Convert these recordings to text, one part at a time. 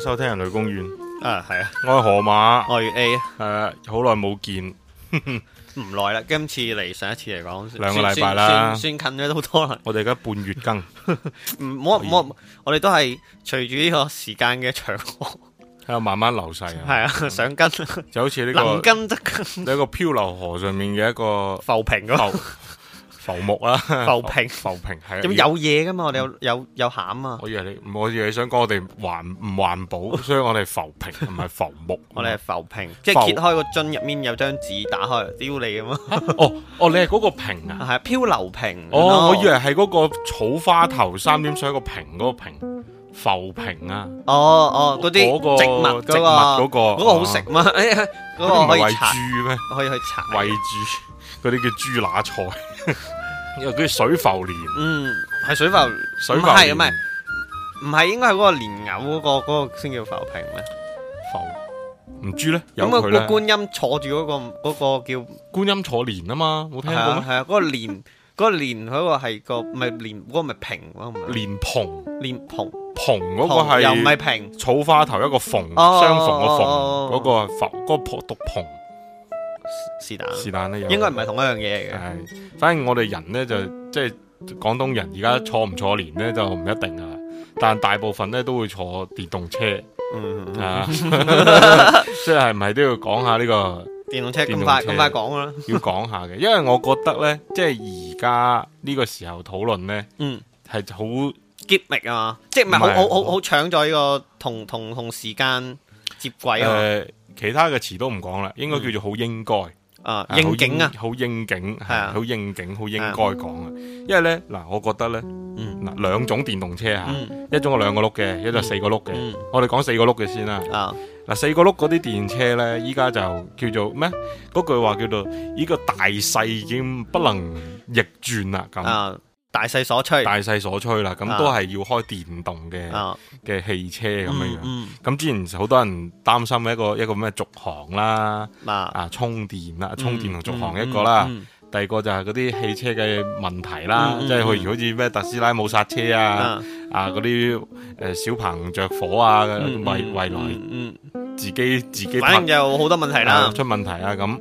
收聽人類公園。啊，係啊，我係河馬，我係 A，係啊，好耐冇見，唔耐啦。今次嚟，上一次嚟講兩個禮拜啦，算近咗好多啦。我哋而家半月更，唔好唔好，我哋都係隨住呢個時間嘅長河，喺度慢慢流逝啊，係啊，想跟就好似呢個跟得呢個漂流河上面嘅一個浮萍咯。浮木啦，浮萍，浮萍係咁有嘢噶嘛？我哋有有有餡啊！我以為你，我以為你想講我哋環唔環保，所以我哋浮萍唔係浮木，我哋係浮萍，即係揭開個樽入面有張紙打開丟你咁啊！哦哦，你係嗰個瓶啊？係漂流瓶。哦，我以為係嗰個草花頭三點水個萍嗰個萍，浮萍啊！哦哦，嗰啲個植物植物嗰個，個好食嘛？個唔可以餵豬咩？可以去炒餵豬。嗰啲叫豬乸菜，因為嗰啲水浮蓮。嗯，係水浮蓮，係啊，唔係唔係，唔係應該係嗰個蓮藕嗰個嗰個先叫浮萍咩？浮唔豬咧？有個個觀音坐住嗰個嗰個叫觀音坐蓮啊嘛？冇聽過咩？係啊，嗰個蓮，嗰個蓮佢個係個唔係蓮？嗰個唔係萍嗰個？蓮蓬，蓮蓬，蓬嗰個係又唔係萍？草花頭一個蓬，相逢個逢，嗰個浮嗰個蒲獨蓬。是但，是但呢，應該唔係同一樣嘢嚟嘅。係，反正我哋人呢，就即係廣東人，而家坐唔坐年呢，就唔一定噶。但大部分呢，都會坐電動車，嗯，即係唔係都要講下呢個電動車？咁快咁快講啦，要講下嘅，因為我覺得呢，即係而家呢個時候討論呢，嗯，係好 gimmick 啊，即係唔係好好好搶咗呢個同同同時間接軌啊。其他嘅詞都唔講啦，應該叫做好應該啊，應景啊，好應景係啊，好應景，好應該講啊。因為咧嗱，我覺得咧，嗯，嗱兩種電動車吓，一種係兩個碌嘅，一種係四個碌嘅。我哋講四個碌嘅先啦。嗱，四個碌嗰啲電車咧，依家就叫做咩？嗰句話叫做依個大勢已經不能逆轉啦咁。大勢所趨，大勢所趨啦，咁都係要開電動嘅嘅汽車咁樣樣。咁之前好多人擔心一個一個咩續航啦，啊充電啦，充電同續航一個啦，第二個就係嗰啲汽車嘅問題啦，即係例如好似咩特斯拉冇剎車啊，啊嗰啲誒小鵬着火啊，咁未未來，自己自己反正有好多問題啦，出問題啊咁，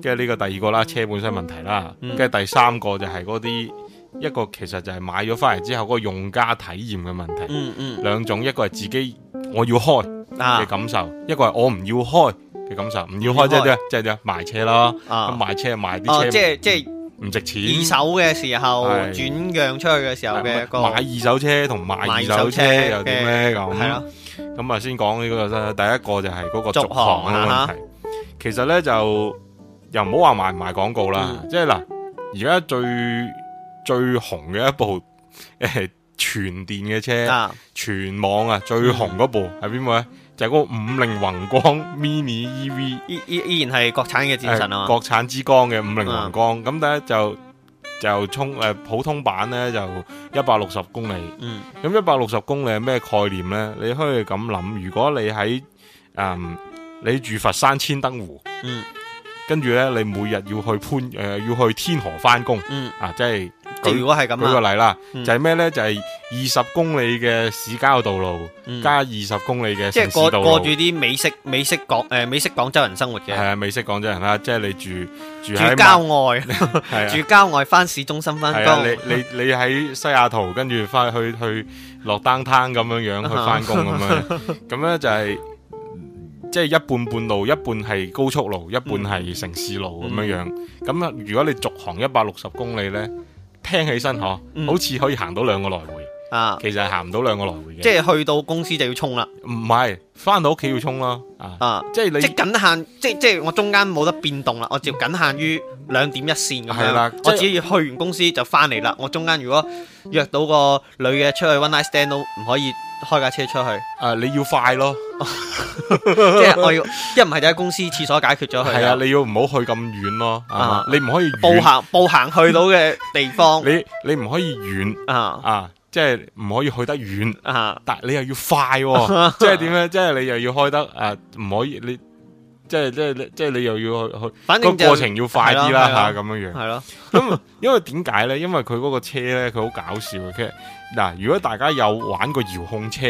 跟住呢個第二個啦，車本身問題啦，跟住第三個就係嗰啲。一個其實就係買咗翻嚟之後嗰個用家體驗嘅問題，兩種，一個係自己我要開嘅感受，一個係我唔要開嘅感受，唔要開即係即係即係賣車啦，賣車賣啲車，即係即係唔值錢。二手嘅時候轉讓出去嘅時候嘅個，買二手車同賣二手車又點咧咁？係咯，咁啊先講呢個啦，第一個就係嗰個續航嘅問題。其實咧就又唔好話賣唔賣廣告啦，即係嗱，而家最。最紅嘅一部誒、欸，全電嘅車，啊、全網啊最紅嗰部係邊位？就係嗰個五菱宏光 mini EV，依依依然係國產嘅戰神啊！國產之光嘅五菱宏光，咁咧、嗯、就就充誒、呃、普通版咧就一百六十公里。嗯，咁一百六十公里係咩概念咧？你可以咁諗，如果你喺誒、呃、你住佛山千燈湖，嗯，跟住咧你每日要去番誒要去天河返工，嗯、呃、啊、呃呃、即係。呃即即係如果係咁，舉個例啦，就係咩咧？就係二十公里嘅市郊嘅道路，加二十公里嘅。即係過過住啲美式美式廣誒美式廣州人生活嘅。係啊，美式廣州人啦，即係你住住喺郊外，住郊外翻市中心翻工。你你你喺西雅圖，跟住翻去去落 downtown 咁樣樣去翻工咁樣，咁咧就係即係一半半路，一半係高速路，一半係城市路咁樣樣。咁啊，如果你續航一百六十公里咧？聽起身呵，嗯、好似可以行到兩個來回。啊，其實行唔到兩個來回嘅，即係去到公司就要衝啦。唔係，翻到屋企要衝咯。啊，即係你即係僅限，即係即係我中間冇得變動啦。我只要僅限於兩點一線咁樣。係啦，我只要去完公司就翻嚟啦。我中間如果約到個女嘅出去 one night stand 都唔可以開架車出去。啊，你要快咯，即係我要一唔係就喺公司廁所解決咗佢。係啊，你要唔好去咁遠咯。啊，你唔可以步行步行去到嘅地方。你你唔可以遠啊啊！即係唔可以去得遠啊！但你又要快、哦 即，即係點咧？即係你又要開得誒，唔、呃、可以你即係即係即係你又要去去，反正個過程要快啲啦吓咁、啊啊啊、樣樣係咯。咁因為點解咧？因為佢嗰個車咧，佢好搞笑嘅。其實，嗱、啊，如果大家有玩過遙控車。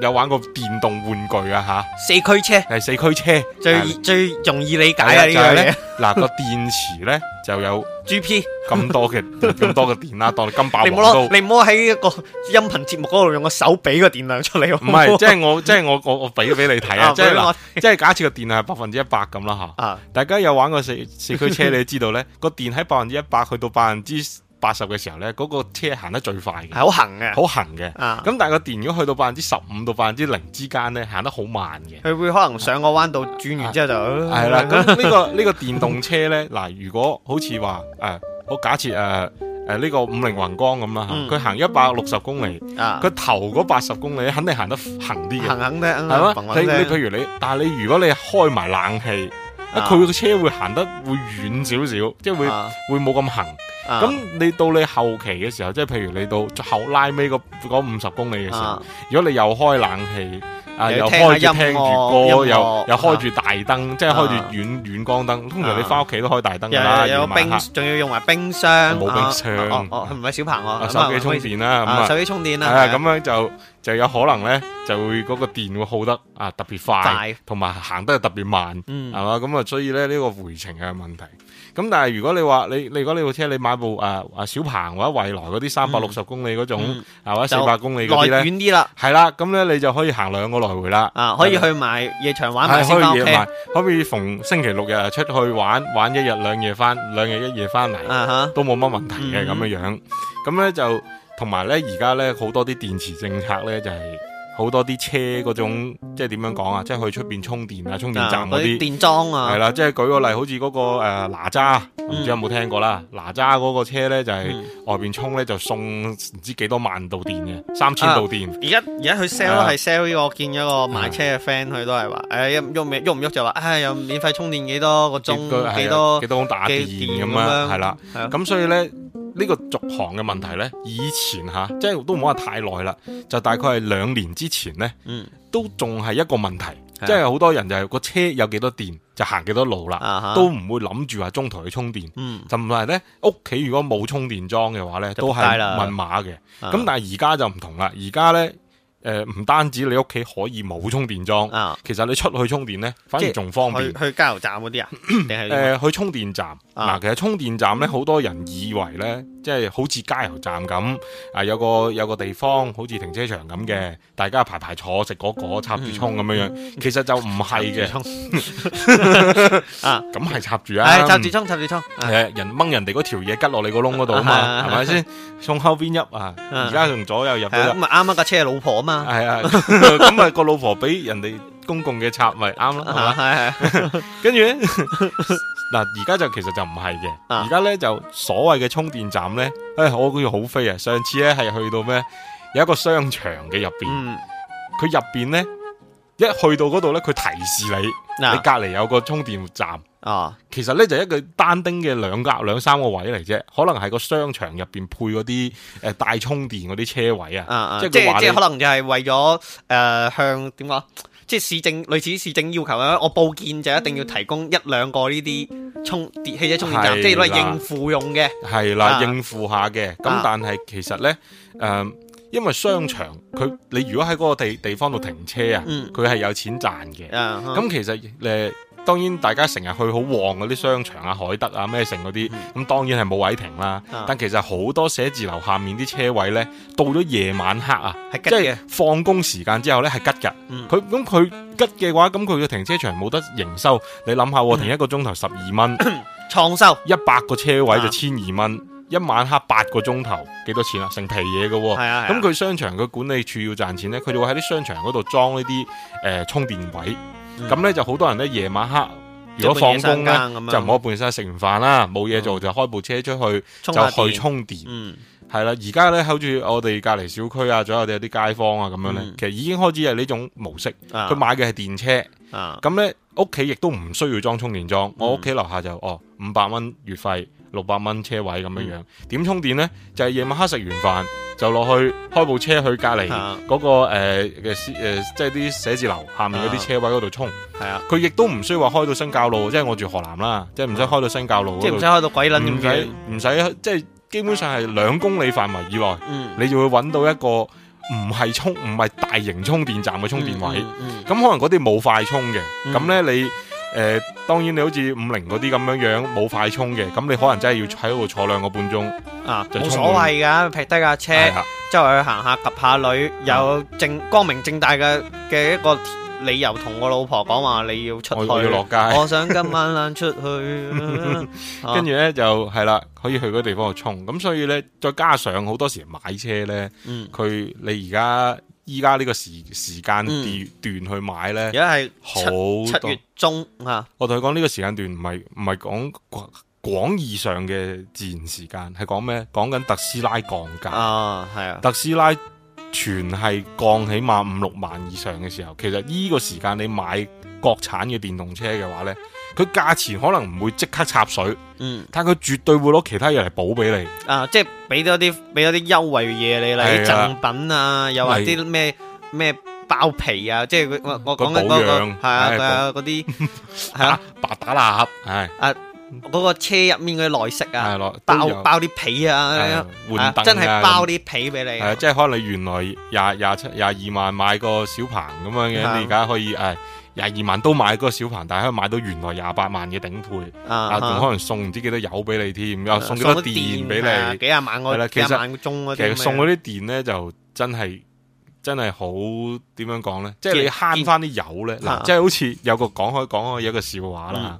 有玩過電動玩具啊吓，四驅車係四驅車，最、啊、最容易理解啊理呢嗱、 嗰個電池咧就有 G P 咁多嘅咁多嘅電啦、啊，當金霸王你唔好，你唔好喺一個音頻節目嗰度用個手俾個電量出嚟。唔係，即係我即係我我我俾咗俾你睇啊！即係 即係假設個電量係百分之一百咁啦吓。大家有玩過四 四驅車，你知道咧個電喺百分之一百去到百分之八十嘅時候咧，嗰個車行得最快嘅，係好行嘅，好行嘅。咁但係個電如果去到百分之十五到百分之零之間咧，行得好慢嘅。佢會可能上個彎道轉完之後就係啦。咁呢個呢個電動車咧，嗱，如果好似話誒，我假設誒誒呢個五菱宏光咁啦，佢行一百六十公里，佢頭嗰八十公里肯定行得行啲嘅，肯定係嘛。你你譬如你，但係你如果你開埋冷氣，佢個車會行得會遠少少，即係會會冇咁行。咁你到你後期嘅時候，即係譬如你到後拉尾嗰五十公里嘅時候，如果你又開冷氣，啊又開住聽住歌，又又開住大燈，即係開住遠遠光燈，通常你翻屋企都開大燈噶啦，有冰，仲要用埋冰箱，冇冰箱哦，唔係小鵬喎，手機充電啦，咁啊，手機充電啦，係啊，咁樣就。就有可能咧，就會嗰、那個電會耗得啊特別快，同埋快 行得特別慢，係嘛咁啊？所以咧呢、這個回程嘅問題。咁但係如果你話你你如果你部車你買部誒阿、啊、小鵬或者蔚來嗰啲三百六十公里嗰種、嗯啊，或者四百公里嗰啲咧，遠啲啦，係啦，咁咧你就可以行兩個來回啦。啊，可以去埋夜場玩埋先 OK，可以逢星期六日出去玩玩一日兩夜翻，兩日一夜翻嚟，嗯、都冇乜問題嘅咁嘅樣。咁、嗯、咧、嗯、就。同埋咧，而家咧好多啲電池政策咧，就係、是、好多啲車嗰種，即係點樣講啊？即係去出邊充電啊，充電站嗰啲電樁啊，係啦、啊。即係舉個例，好似嗰個誒哪吒，唔、呃嗯、知有冇聽過啦？哪吒嗰個車咧就係、是、外邊充咧就送唔知幾多萬度電嘅三千度電。而家而家佢 sell 係 sell，我見咗個買車嘅 friend，佢都係話誒喐唔喐唔喐就話唉有免費充電多、嗯、多幾多個鐘幾多幾多打電咁樣係啦，咁、嗯嗯嗯、所以咧。嗯呢個續航嘅問題呢，以前吓、啊，即係都唔好話太耐啦，就大概係兩年之前呢，嗯、都仲係一個問題，嗯、即係好多人就係、是、個、嗯、車有幾多電就行幾多路啦，啊、哈都唔會諗住話中途去充電，就唔係呢。屋企如果冇充電樁嘅話呢，都係密碼嘅，咁但係而家就唔同啦，而家呢。誒，唔單止你屋企可以冇充電樁，其實你出去充電咧，反而仲方便。去加油站嗰啲啊？定係誒，去充電站。嗱，其實充電站咧，好多人以為咧，即係好似加油站咁，啊有個有個地方好似停車場咁嘅，大家排排坐食個個插住充咁樣樣。其實就唔係嘅，咁係插住啊，插住充，插住充。人掹人哋嗰條嘢吉落你個窿嗰度啊嘛，係咪先？從後邊入啊，而家仲左右入。咁啊，啱啱架車係老婆啊嘛。係啊，咁咪 個老婆俾人哋公共嘅插咪啱咯，係嘛？跟住嗱，而家就其實就唔係嘅，而家咧就所謂嘅充電站咧，誒、哎，我覺得好飛啊！上次咧係去到咩？有一個商場嘅入邊，佢入邊咧一去到嗰度咧，佢提示你，啊、你隔籬有個充電站。哦，啊、其實咧就係，一個單丁嘅兩格兩三個位嚟啫，可能係個商場入邊配嗰啲誒大充電嗰啲車位啊，啊即係是即係可能就係為咗誒、呃、向點講，即係市政類似市政要求咧，我報建就一定要提供一兩個呢啲充電、汽車充電站，啦即係攞嚟應付用嘅。係啦，啊、啦，應付下嘅。咁但係其實咧，誒、呃，因為商場佢你如果喺嗰個地地方度停車啊，佢係有錢賺嘅。咁其實誒。當然，大家成日去好旺嗰啲商場啊、海德啊、咩城嗰啲，咁當然係冇位停啦。但其實好多寫字樓下面啲車位呢，到咗夜晚黑啊，即係放工時間之後呢，係吉嘅。佢咁佢吉嘅話，咁佢嘅停車場冇得營收。你諗下，停一個鐘頭十二蚊，創收一百個車位就千二蚊。一晚黑八個鐘頭幾多錢啊？成皮嘢嘅喎。咁佢商場嘅管理處要賺錢呢，佢就會喺啲商場嗰度裝呢啲誒充電位。咁咧就好多人咧夜晚黑，如果放工咧就唔好半身食完飯啦，冇嘢做就開部車出去就去充電。係啦，而家咧好似我哋隔籬小區啊，仲有我哋有啲街坊啊，咁樣咧，其實已經開始係呢種模式。佢買嘅係電車，咁咧屋企亦都唔需要裝充電樁。我屋企樓下就哦五百蚊月費。六百蚊車位咁樣樣，點充電咧？就係夜晚黑食完飯就落去開部車去隔籬嗰個誒嘅誒，即係啲寫字樓下面嗰啲車位嗰度充。係啊，佢亦都唔需要話開到新滘路，即係我住河南啦，即係唔使開到新滘路。即係唔使開到鬼撚，唔使唔使，即係基本上係兩公里範圍以內，你就會揾到一個唔係充唔係大型充電站嘅充電位。咁可能嗰啲冇快充嘅，咁咧你。誒、呃，當然你好似五菱嗰啲咁樣樣冇快充嘅，咁你可能真係要喺度坐兩個半鐘啊，冇所謂噶，劈低架車，的周圍去行下，及下女，嗯、有正光明正大嘅嘅一個理由，同我老婆講話你要出去，落街，我想今晚出去、啊，跟住、 啊、呢就係啦，可以去嗰個地方去充，咁所以呢，再加上好多時買車呢，佢、嗯、你而家。依家呢個時時間、嗯、段去買呢，而家係好多七月中吓。啊、我同佢講呢個時間段唔係唔係講廣義上嘅自然時間，係講咩？講緊特斯拉降價啊，係啊，特斯拉全係降起碼五六萬以上嘅時候，其實呢個時間你買國產嘅電動車嘅話呢。佢價錢可能唔會即刻插水，嗯，但佢絕對會攞其他嘢嚟補俾你，啊，即係俾多啲俾多啲優惠嘅嘢你，例啲贈品啊，又或啲咩咩包皮啊，即係我我講緊嗰個係啊，嗰啲係啊，白打蠟係啊，嗰個車入面啲內飾啊，包包啲皮啊，真係包啲皮俾你，即係可能你原來廿廿七廿二萬買個小鵬咁樣嘅，你而家可以誒。廿二萬都買嗰個小鵬，但係可以買到原來廿八萬嘅頂配，啊，仲可能送唔知幾多油俾你添，又、啊、送幾多電俾你，啊幾啊萬其實萬其實送嗰啲電咧麼就真係真係好點樣講咧？即係你慳翻啲油咧嗱，即係、啊啊、好似有個講開講開有一個笑話啦。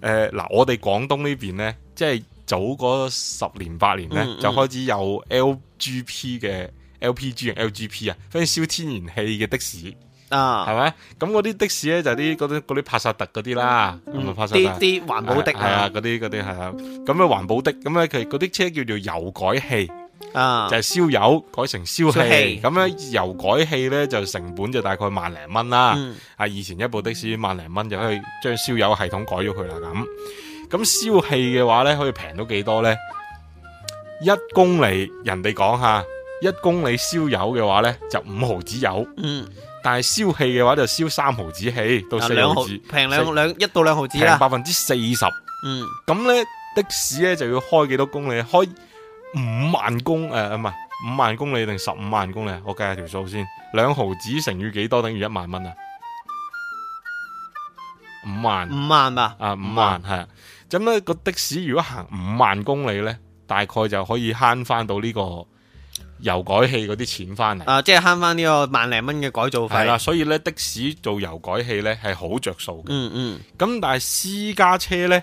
誒嗱、嗯啊，我哋廣東邊呢邊咧，即係早十年八年咧，嗯嗯、就開始有 LGP 嘅 LPG LGP LP LP 啊，可以燒天然氣嘅的、的、的士。啊，係咪咁？嗰啲的士咧就啲啲嗰啲帕薩特嗰啲啦，啲啲環保的係啊，嗰啲嗰啲係啊。咁咩環保的咁咧？佢嗰啲車叫做油改氣啊，就係燒油改成燒氣。咁咧氣油改氣咧就成本就大概萬零蚊啦。嗯、啊，以前一部的士萬零蚊就可以將燒油系統改咗佢啦。咁咁燒氣嘅話咧可以平到幾多咧？一公里人哋講下，一公里燒油嘅話咧就五毫子油，嗯。但係燒氣嘅話就燒三毫子起，到四毫子，平兩四一到兩毫子啦，百分之四十。嗯呢，咁咧的士呢就要開幾多公里？開五萬公誒，唔、呃、係五萬公里定十五萬公里？我計下條數先，兩毫子乘以幾多等於一萬蚊啊？五萬，五萬吧、啊？啊，五萬係啊。咁萬呢個的士如果行五萬公里呢，大概就可以慳翻到呢、這個。油改氣嗰啲錢翻嚟，啊，即係慳翻呢個萬零蚊嘅改造費，係啦，所以咧的士做油改氣咧係好着數嘅，嗯嗯，咁但係私家車咧。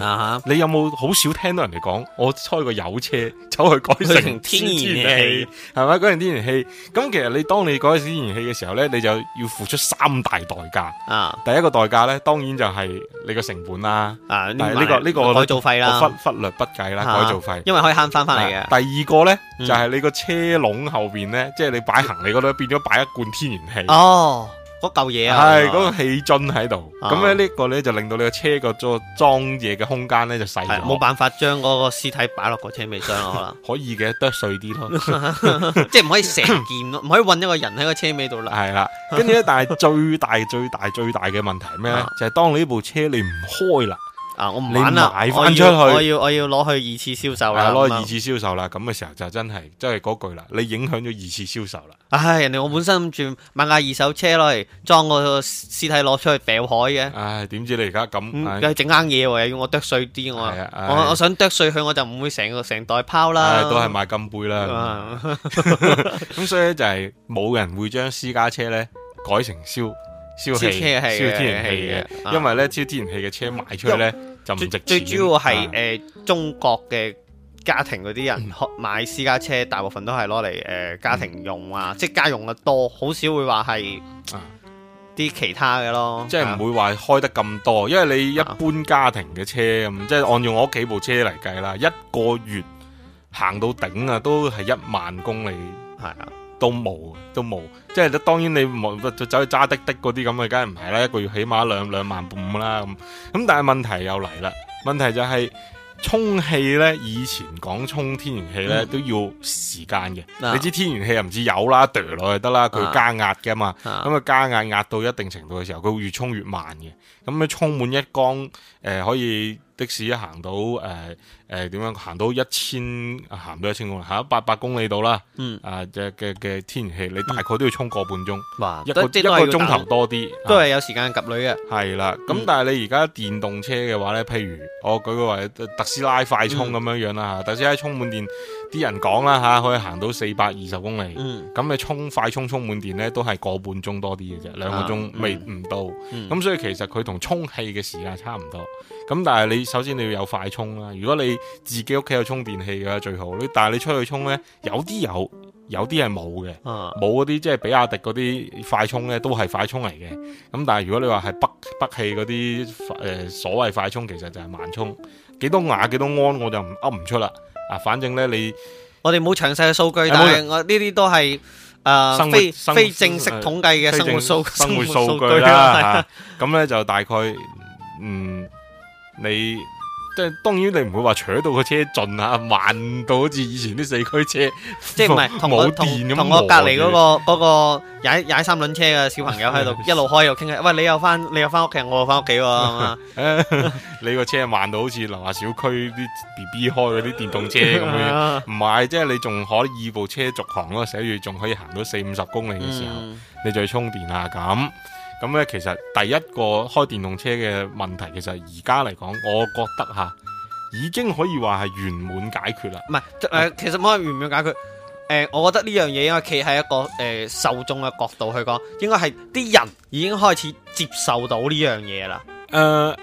啊！Uh huh. 你有冇好少聽到人哋講？我開個油車走去改成天然氣，係咪改成天然氣，咁其實你當你改天然氣嘅時候咧，你就要付出三大代價。啊、uh！Huh. 第一個代價咧，當然就係你個成本啦。啊、uh！呢、huh. 呢個呢、uh huh. 呢個呢個改造費啦，忽忽略不計啦，改造費。Uh huh. 因為可以慳翻翻嚟嘅。第二個咧、uh huh.，就係、是、你個車籠後邊咧，即係你擺行李嗰度變咗擺一罐天然氣。哦。Oh. 嗰嚿嘢啊，係嗰是個氣樽喺度，咁咧、啊、呢個咧就令到你個車個裝裝嘢嘅空間咧就細咗，冇辦法將嗰個屍體擺落個車尾箱咯，可 可以嘅，剁碎啲咯，即係唔可以成件咯，唔 可以運一個人喺個車尾度啦，係啦，跟住咧，但係最大最大最大嘅問題係咩咧，啊、就係當你呢部車你唔開啦。啊！我唔玩啦，我要我要攞去二次銷售啦，攞去二次銷售啦。咁嘅時候就真係，真係嗰句啦，你影響咗二次銷售啦。唉，人哋我本身諗住買架二手車攞嚟裝個屍體攞出去掉海嘅。唉，點知你而家咁，梗係整啱嘢喎，要我剁碎啲我。我想剁碎佢，我就唔會成個成袋拋啦。都係買金杯啦。咁所以咧就係冇人會將私家車呢改成燒燒氣、燒天然氣嘅，因為呢，燒天然氣嘅車賣出去呢。最主要係誒、啊呃、中國嘅家庭嗰啲人，買私家車大部分都係攞嚟誒家庭用啊，嗯、即係家用得多，好少會話係啲其他嘅咯。啊啊、即係唔會話開得咁多，因為你一般家庭嘅車咁，啊、即係按照我屋企部車嚟計啦，一個月行到頂啊，都係一萬公里。係啊。都冇，都冇，即係你當然你唔，就走去揸滴滴嗰啲咁啊，梗係唔係啦，一個月起碼兩兩萬半啦咁。咁但係問題又嚟啦，問題就係充氣呢。以前講充天然氣呢、嗯、都要時間嘅，啊、你知天然氣又唔知有啦，掉落去得啦，佢加壓嘅嘛，咁啊加壓壓到一定程度嘅時候，佢會越充越慢嘅，咁樣充滿一缸誒、呃、可以。的士行到誒誒點樣行到一千行到一千公里行到八百公里度啦，啊嘅嘅天然氣你大概都要充個半鐘，一個一個鐘頭多啲，都係有時間夾女嘅。係啦，咁但係你而家電動車嘅話咧，譬如我舉個例特斯拉快充咁樣樣啦，特斯拉充滿電，啲人講啦吓，可以行到四百二十公里。咁你充快充充滿電咧，都係個半鐘多啲嘅啫，兩個鐘未唔到。咁所以其實佢同充氣嘅時間差唔多。咁但係你首先你要有快充啦，如果你自己屋企有充電器嘅最好，但係你出去充呢，有啲有，有啲係冇嘅，冇嗰啲即係比亞迪嗰啲快充呢，都係快充嚟嘅。咁但係如果你話係北北汽嗰啲，誒所謂快充，其實就係慢充，幾多瓦幾多安我就唔噏唔出啦。啊，反正呢，你我哋冇詳細嘅數據，但係我呢啲都係誒非活非正式統計嘅生活數生活數據啦。咁呢 就大概嗯。你即係當然，你唔會話扯到個車盡啊，慢到好似以前啲四驅車，即係唔係同我隔籬嗰個、嗰個踩踩三輪車嘅小朋友喺度 一路開又傾啊！喂，你又翻你又翻屋企，我又翻屋企喎，係嘛？你個車慢到好似樓下小區啲 B B 開嗰啲電動車咁樣，唔係 即係你仲可以部車續航咯，寫住仲可以行到四五十公里嘅時候，嗯、 你再充電啊咁。咁咧，其實第一個開電動車嘅問題，其實而家嚟講，我覺得吓已經可以話係圓滿解決啦。唔係，誒、呃，呃、其實唔係圓滿解決。誒、呃，我覺得呢樣嘢應該企喺一個誒、呃、受眾嘅角度去講，應該係啲人已經開始接受到呢樣嘢啦。誒、呃，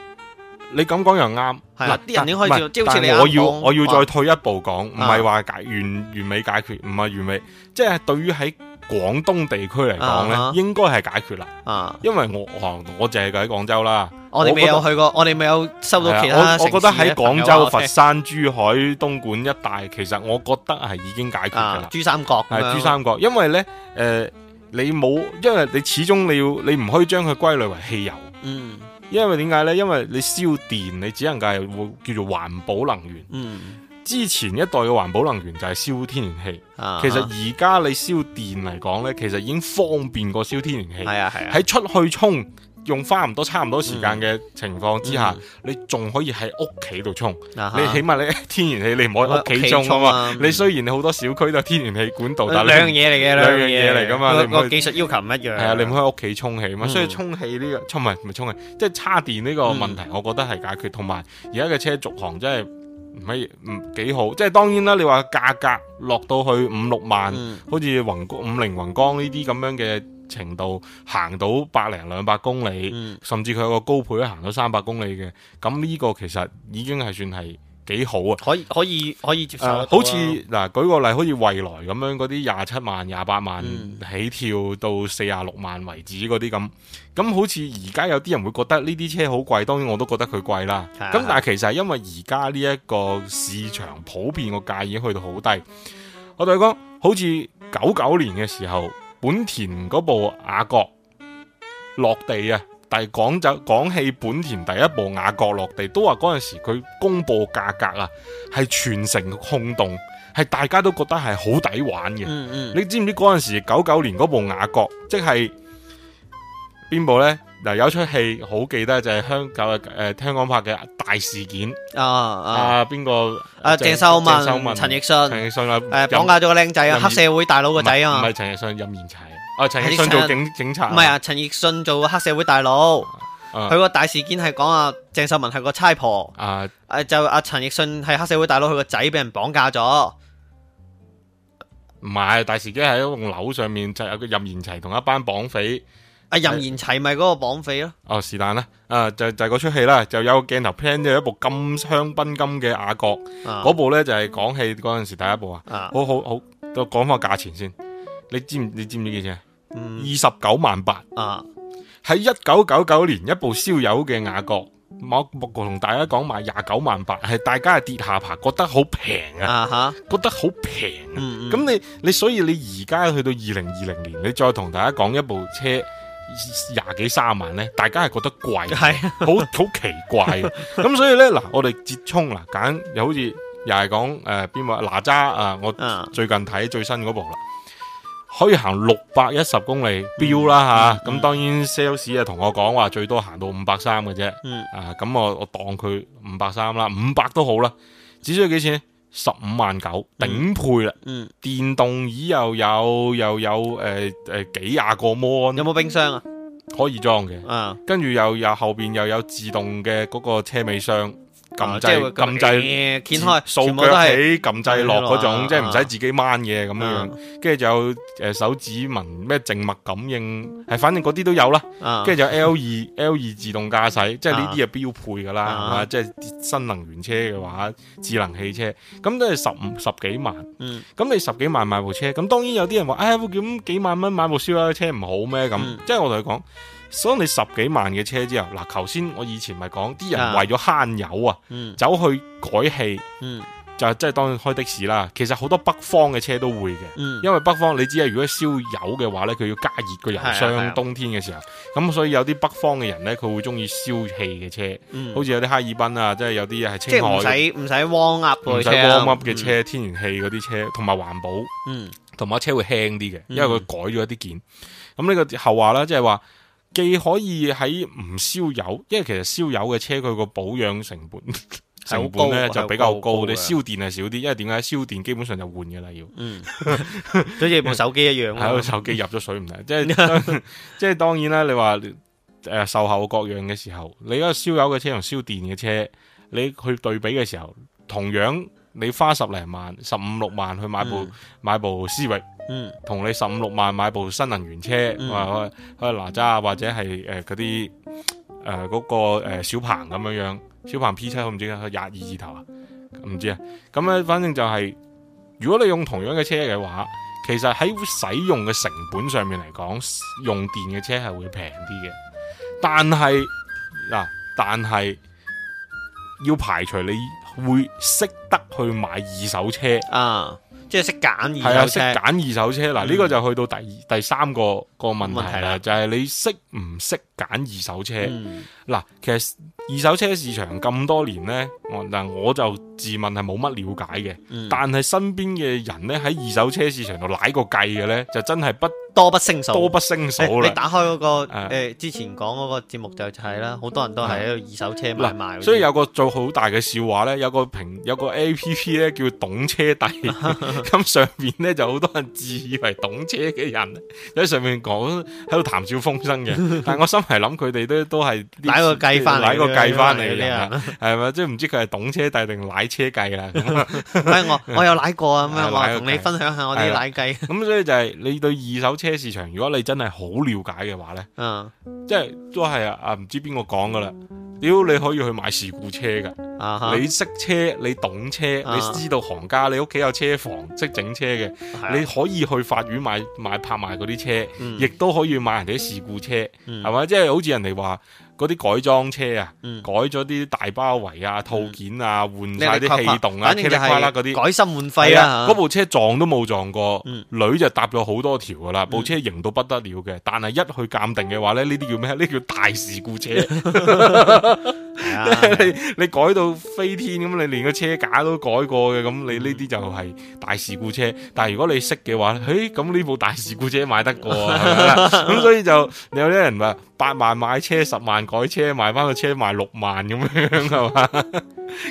你咁講又啱。嗱、啊，啲但人已經開始，即係但我要說我要再退一步講，唔係話解完完美解決，唔係完美，即、就、係、是、對於喺。廣東地區嚟講咧，uh huh. 應該係解決啦。啊、uh，huh. 因為我我，我淨係喺廣州啦。我哋未、uh huh. 有去過，我哋未有收到其他、啊。我我覺得喺廣州、佛山、珠海、東莞一帶，其實我覺得係已經解決噶啦。Uh huh. 珠三角係是、uh huh. 珠三角，因為咧，誒、呃，你冇，因為你始終你要，你唔可以將佢歸類為汽油。嗯、mm。Hmm. 因為點解咧？因為你燒電，你只能夠係會叫做環保能源。嗯、mm。Hmm. 之前一代嘅環保能源就係燒天然氣，其實而家你燒電嚟講呢，其實已經方便過燒天然氣。係啊係啊，喺出去充用花唔多差唔多時間嘅情況之下，你仲可以喺屋企度充。你起碼你天然氣你唔可以喺屋企充啊嘛。你雖然好多小區都係天然氣管道，兩樣嘢嚟嘅，兩樣嘢嚟噶嘛。個技術要求唔一樣。係啊，你唔可以喺屋企充氣嘛，所以充氣呢個，唔係唔係充氣，即係插電呢個問題，我覺得係解決。同埋而家嘅車續航，真係。唔係嘢唔幾好，即係當然啦。你話價格落到去五六萬，嗯、好似雲五菱宏光呢啲咁樣嘅程度，行到百零兩百公里，嗯、甚至佢有個高配都行到三百公里嘅，咁呢個其實已經係算係。幾好啊！可以可以可以接受，呃、好似嗱，呃，舉個例，好似蔚來咁樣，嗰啲廿七萬、廿八萬起跳，嗯、到四十六萬為止嗰啲咁，咁好似而家有啲人會覺得呢啲車好貴，當然我都覺得佢貴啦。咁，嗯、但係其實係因為而家呢一個市場普遍個價已經去到好低。我同你講，好似九九年嘅時候，本田嗰部雅閣落地啊。但係講就講起本田第一部雅閣落地，都話嗰陣時佢公佈價格啊，係全城轟動，係大家都覺得係好抵玩嘅。嗯嗯，你知唔知嗰陣時九九年嗰部雅閣即係邊部咧？嗱，有一出戲好記得就係香港誒、呃、香港拍嘅《大事件》啊啊，邊個？啊，鄭秀文、秀文陳奕迅、陳奕迅啊，誒、呃，綁架咗個靚仔啊，黑社會大佬個仔啊唔係陳奕迅，任賢齊。阿陳、啊、奕迅陳做警警察，唔係啊！陳奕迅做黑社會大佬。佢個、啊、大事件係講阿鄭秀文係個差婆。啊，誒、啊、就阿、啊、陳奕迅係黑社會大佬，佢個仔俾人綁架咗。唔係、啊、大事件係喺一棟樓上面就有個任賢齊同一班綁匪。阿、啊、任賢齊咪嗰個綁匪咯？哦、啊，是但啦，誒、啊、就就嗰出戲啦，就有個鏡頭 plan 咗一部香檳金嘅雅閣。嗰、啊、部咧就係港戲嗰陣時第一部啊，好好好，好，我講翻個價錢先，你知唔你知唔知幾錢？二十九萬八啊！喺一九九九年一部燒油嘅雅閣，我我同大家講，賣廿九萬八，係大家係跌下巴，覺得好平啊！吓、嗯嗯，覺得好平。咁你你所以你而家去到二零二零年，你再同大家講一部車廿幾三萬呢，大家係覺得貴，係好好奇怪。咁 所以呢，嗱，我哋接冲啦，揀又好似又係講誒邊個哪吒啊、呃！我最近睇最新嗰部啦。Uh. 可以行六百一十公里標、嗯、啦吓，咁當然 sales 啊同我講話最多行到五百三嘅啫，嗯、啊咁我我當佢五百三啦，五百都好啦，只需要幾錢？十五萬九頂配啦，嗯嗯、電動椅又有又有誒誒、呃呃、幾廿個摩安，有冇冰箱啊？可以裝嘅，嗯嗯、跟住又又後邊又有自動嘅嗰個車尾箱。撳掣撳掣，掀開掃腳起撳掣落嗰種，即係唔使自己掹嘅咁樣樣。跟住就有誒手指紋咩靜脈感應，係反正嗰啲都有啦。跟住就 L 二 L 二自動駕駛，即係呢啲係標配噶啦，即係新能源車嘅話，智能汽車咁都係十十幾萬。咁你十幾萬買部車，咁當然有啲人話，哎咁點幾萬蚊買部燒油車唔好咩？咁即係我同佢講。所以你十幾萬嘅車之後，嗱，頭先我以前咪講，啲人為咗慳油啊，走去改氣，就即係當然開的士啦。其實好多北方嘅車都會嘅，因為北方你知啊，如果燒油嘅話呢，佢要加熱個油箱，冬天嘅時候，咁所以有啲北方嘅人呢，佢會中意燒氣嘅車，好似有啲哈爾濱啊，即係有啲係青海，唔使唔使 warm up 嘅車，唔使 warm up 嘅車，天然氣嗰啲車，同埋環保，同埋車會輕啲嘅，因為佢改咗一啲件。咁呢個後話呢，即係話。既可以喺唔燒油，因為其實燒油嘅車佢個保養成本 成本咧呢就比較高，高你燒電係少啲，因為點解燒電基本上就換嘅啦要，嗯，好似 部手機一樣，係、嗯，手機入咗水唔得，即係即係當然啦，你話，誒、呃、售後各樣嘅時候，你一個燒油嘅車同燒電嘅車，你去對比嘅時候，同樣你花十零萬、十五六萬去買部、嗯、買部思域。嗯，同你十五六萬買部新能源車，嗯、或者係哪吒，或者係誒嗰啲誒嗰個誒、呃、小鵬咁樣樣，小鵬 P 七我唔知啊，廿二字頭啊，唔知啊。咁咧，反正就係、是、如果你用同樣嘅車嘅話，其實喺使用嘅成本上面嚟講，用電嘅車係會平啲嘅。但係嗱、啊，但係要排除你會識得去買二手車啊。即係識揀二手車，識揀二手車嗱，呢、嗯、個就去到第二、第三個個問題啦，題就係你識唔識。揀二手車，嗱、嗯、其實二手車市場咁多年呢，我嗱我就自問係冇乜了解嘅，嗯、但係身邊嘅人呢，喺二手車市場度舐個計嘅呢，就真係不多不勝數，多不勝數，欸、你打開嗰、嗰個、啊、之前講嗰個節目就係啦，好多人都係喺度二手車賣賣，嗯嗯。所以有個做好大嘅笑話呢，有個平有個 A P P 咧叫懂車帝，咁 上面呢，就好多人自以為懂車嘅人喺上面講喺度談笑風生嘅，但我心。 係諗佢哋都都係買個計翻嚟，買個計翻嚟嘅人係咪？ 即係唔知佢係懂車帝定買車計啦。 我有 我有買過咁樣話，同你分享下我啲買計。咁的 所以就係你對二手車市場，如果你真係好了解嘅話咧，嗯，即係都係啊，唔知邊個講噶啦。屌，你可以去買事故車噶，uh huh. 你識車，你懂車，uh huh. 你知道行家，你屋企有車房，識整車嘅，uh huh. 你可以去法院買買拍賣嗰啲車，亦都、mm. 可以買人哋啲事故車，係咪、mm.？即係好似人哋話。嗰啲改裝車啊，嗯、改咗啲大包圍啊、套件啊、嗯、換晒啲氣動啊、拉嗰啲改心換肺啊，嗰、嗯、部車撞都冇撞過，嗯、女就搭咗好多條噶啦，嗯、部車型到不得了嘅，但係一去鑑定嘅話咧，呢啲叫咩？呢啲叫大事故車。嗯 你你改到飛天咁，你連個車架都改過嘅，咁你呢啲就係大事故車。但係如果你識嘅話，誒，咁呢部大事故車買得過啊？咁 所以就有啲人話八萬買車，十萬改車，買翻個車賣六萬咁樣，係嘛？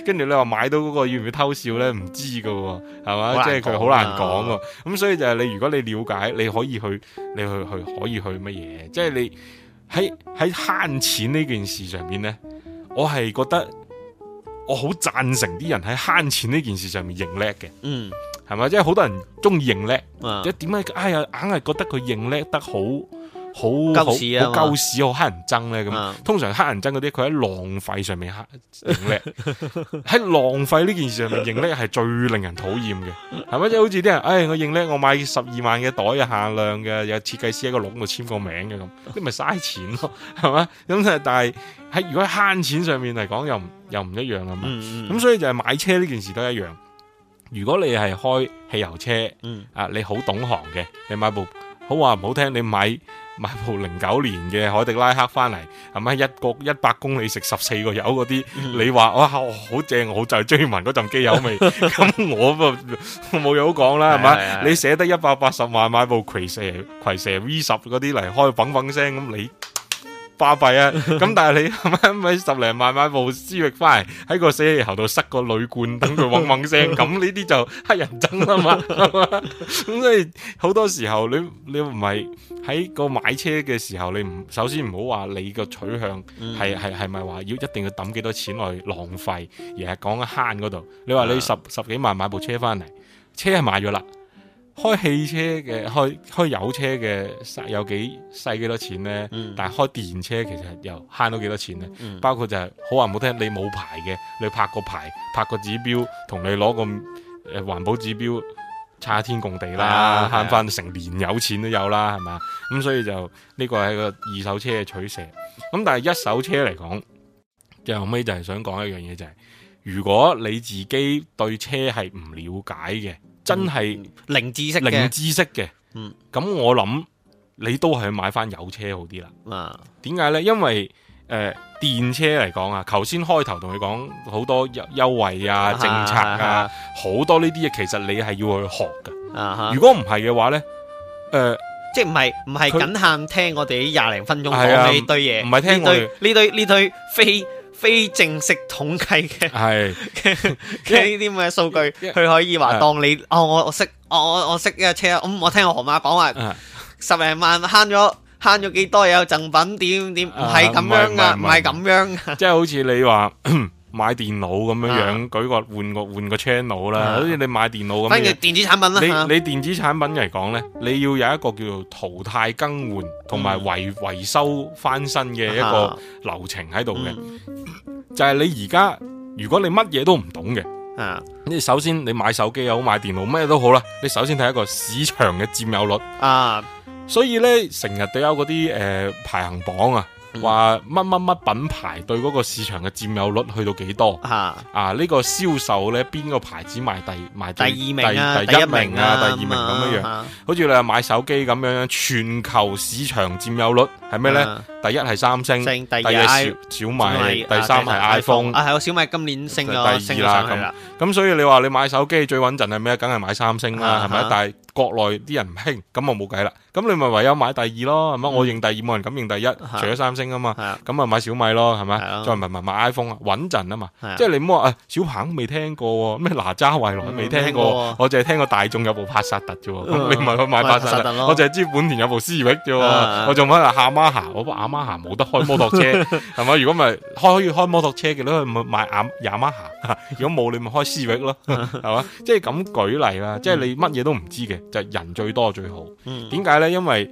跟住 你話買到嗰個要唔要偷笑咧？唔知噶，係嘛？即係佢好難講噶。咁所以就係你如果你了解，你可以去，你去去可以去乜嘢？即係、就是、你喺喺慳錢呢件事上邊咧。我係覺得我好贊成啲人喺慳錢呢件事上面認叻嘅，嗯，係咪？即係好多人中意認叻，啊、即係點解？哎呀，硬係覺得佢認叻得好。好狗屎好狗屎，好乞人憎咧咁。通常乞人憎嗰啲，佢喺浪費上面乞認叻。喺 浪費呢件事上面認叻係最令人討厭嘅，係咪？即係 好似啲人，唉、哎，我認叻，我買十二萬嘅袋啊，限量嘅，有設計師喺個籠度簽個名嘅咁，你咪嘥錢咯，係咪？咁但係喺如果慳錢上面嚟講，又唔又唔一樣啊嘛。咁、嗯嗯、所以就係買車呢件事都一樣。如果你係開汽油車，嗯、啊，你好懂行嘅，你買部，你買部好話唔好聽，你買。買部零九年嘅凱迪拉克翻嚟，係咪一個一百公里食十四個油嗰啲？你話哇好、哦、正，我就係中意聞嗰陣機油味。咁 我咪冇嘢好講啦，係咪？是是哎哎哎你捨得一百八十萬買部蝰蛇、蝰蛇 V 十嗰啲嚟開噴噴聲、嘣嘣聲咁你。巴閉啊！咁但係你咪咪 十零萬買部思域翻嚟，喺個死氣喉度塞個鋁罐，等佢嗡嗡聲，咁呢啲就黑人憎啦嘛，咁所以好多時候你你唔係喺個買車嘅時候你，你唔首先唔好話你個取向係係係咪話要一定要抌幾多錢落去浪費，而係講慳嗰度。你話你十、嗯、十幾萬買部車翻嚟，車係買咗啦。開汽車嘅開開油車嘅有幾使幾多錢呢？嗯、但係開電車其實又慳到幾多錢呢？嗯、包括就係、是、好話唔好聽，你冇牌嘅，你拍個牌，拍個指標，同你攞個誒環保指標，差天共地啦，慳翻成年有錢都有啦，係嘛？咁、嗯、所以就呢、這個係個二手車嘅取捨。咁、嗯、但係一手車嚟講，最後尾就係想講一樣嘢、就是，就係如果你自己對車係唔了解嘅。真係零知識，零知識嘅，咁、嗯、我諗你都係買翻有車好啲啦。點解、啊、呢？因為誒、呃，電車嚟講啊，頭先開頭同你講好多優惠啊、政策啊，好、啊啊啊、多呢啲嘢，其實你係要去學噶。啊啊、如果唔係嘅話呢，誒、呃，即係唔係唔係僅限聽我哋廿零分鐘講呢堆嘢，唔係、啊、聽我呢堆呢堆呢堆非。非正式統計嘅，係呢啲咁嘅數據，佢 Yeah. Yeah. 可以話當你，Yeah. 哦，我我識，我我我識架車啊，咁我，我聽我河馬講話，Yeah. 十零萬慳咗慳咗幾多，有贈品點點，唔係咁樣噶，唔係咁樣噶，即係好似你話。 買電腦咁樣樣，啊、舉個換個換個 channel 啦，好似、啊、你買電腦咁。反正電子產品啦，啊、你你電子產品嚟講咧，你要有一個叫做淘汰更換同埋維維修翻新嘅一個流程喺度嘅，啊嗯、就係你而家如果你乜嘢都唔懂嘅，啊、你首先你買手機又好買電腦乜嘢都好啦，你首先睇一個市場嘅佔有率啊，所以咧成日都有嗰啲誒排行榜啊。話乜乜乜品牌對嗰個市場嘅佔有率去到幾多？啊呢個銷售呢邊個牌子賣第賣第二名第一名啊，第二名咁樣樣。好似你話買手機咁樣樣，全球市場佔有率係咩呢？第一係三星，第二係小米，第三係 iPhone。係啊，小米今年升咗第二啦。咁咁，所以你話你買手機最穩陣係咩？梗係買三星啦，係咪？但係國內啲人唔興，咁我冇計啦。咁你咪唯有買第二咯，係咪？我認第二，冇人敢認第一，除咗三星啊嘛。咁咪買小米咯，係咪？再唔係咪買 iPhone 啊？穩陣啊嘛，即係你唔好話小鵬未聽過，咩哪吒蔚來未聽過，我淨係聽過大眾有部帕薩特啫。咁你咪去買帕薩特咯，我淨係知本田有部思域啫。我仲買下阿瑪霞，我阿瑪霞冇得開摩托車，係咪？如果咪開可以開摩托車嘅，你可以買阿廿瑪霞。如果冇，你咪開思域咯，係嘛？即係咁舉例啦，即係你乜嘢都唔知嘅，就人最多最好。點解咧？因為。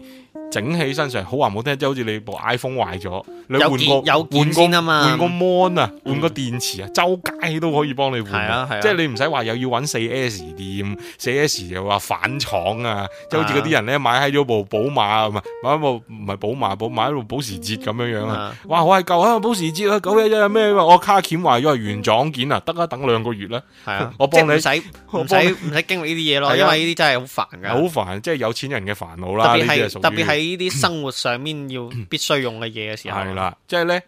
整起身上好話唔好聽，即係好似你部 iPhone 壞咗，你換個有件換先啊嘛換，換個 mon 啊，換、嗯、個電池啊，周街都可以幫你換，啊啊、即係你唔使話又要揾四 S 店，四 S 又話返廠啊，即係好似嗰啲人咧買喺咗部寶馬啊嘛，買一部唔係寶馬，買買部保時捷咁樣樣是啊,啊，哇我係舊啊保時捷啊九一一咩，我、啊、卡鉗壞咗係原廠件啊，得啊等兩個月啦，啊、我幫你洗唔使唔使經歷呢啲嘢咯，因為呢啲真係好煩噶，好煩，即係有錢人嘅煩惱啦，特別係特別你呢啲生活上面要必須用嘅嘢嘅時候，係啦，即係呢，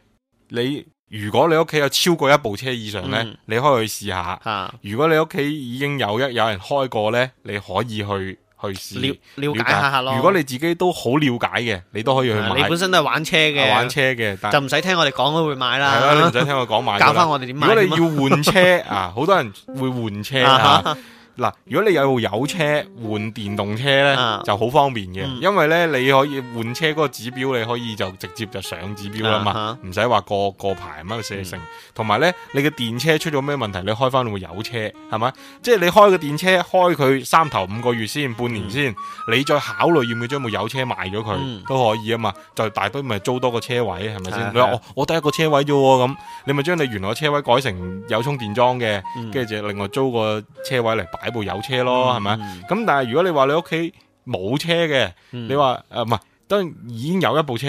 你如果你屋企有超過一部車以上呢，嗯、你可以去試下。啊、如果你屋企已經有一有人開過呢，你可以去去試了，了解下咯。如果你自己都好了解嘅，你都可以去買。啊、你本身都係玩車嘅、啊，玩車嘅，但就唔使聽我哋講都會買啦。係咯、啊，你唔使聽我講買， 教翻我哋點買。如果你要換車 啊，好多人會換車 啊。啊啊。嗱，如果你有油車換電動車咧，就好方便嘅，因為咧你可以換車嗰個指標，你可以就直接就上指標啊嘛，唔使話個個牌乜樣寫成。同埋咧，你嘅電車出咗咩問題，你開翻會有車，係咪？即係你開個電車開佢三頭五個月先，半年先，你再考慮要唔要將部油車賣咗佢都可以啊嘛。就大不了咪租多個車位，係咪先？我我得一個車位啫喎，咁你咪將你原來個車位改成有充電樁嘅，跟住就另外租個車位嚟擺。一部有車咯，係咪、嗯？咁但係如果你話你屋企冇車嘅，嗯、你話誒唔係當然已經有一部車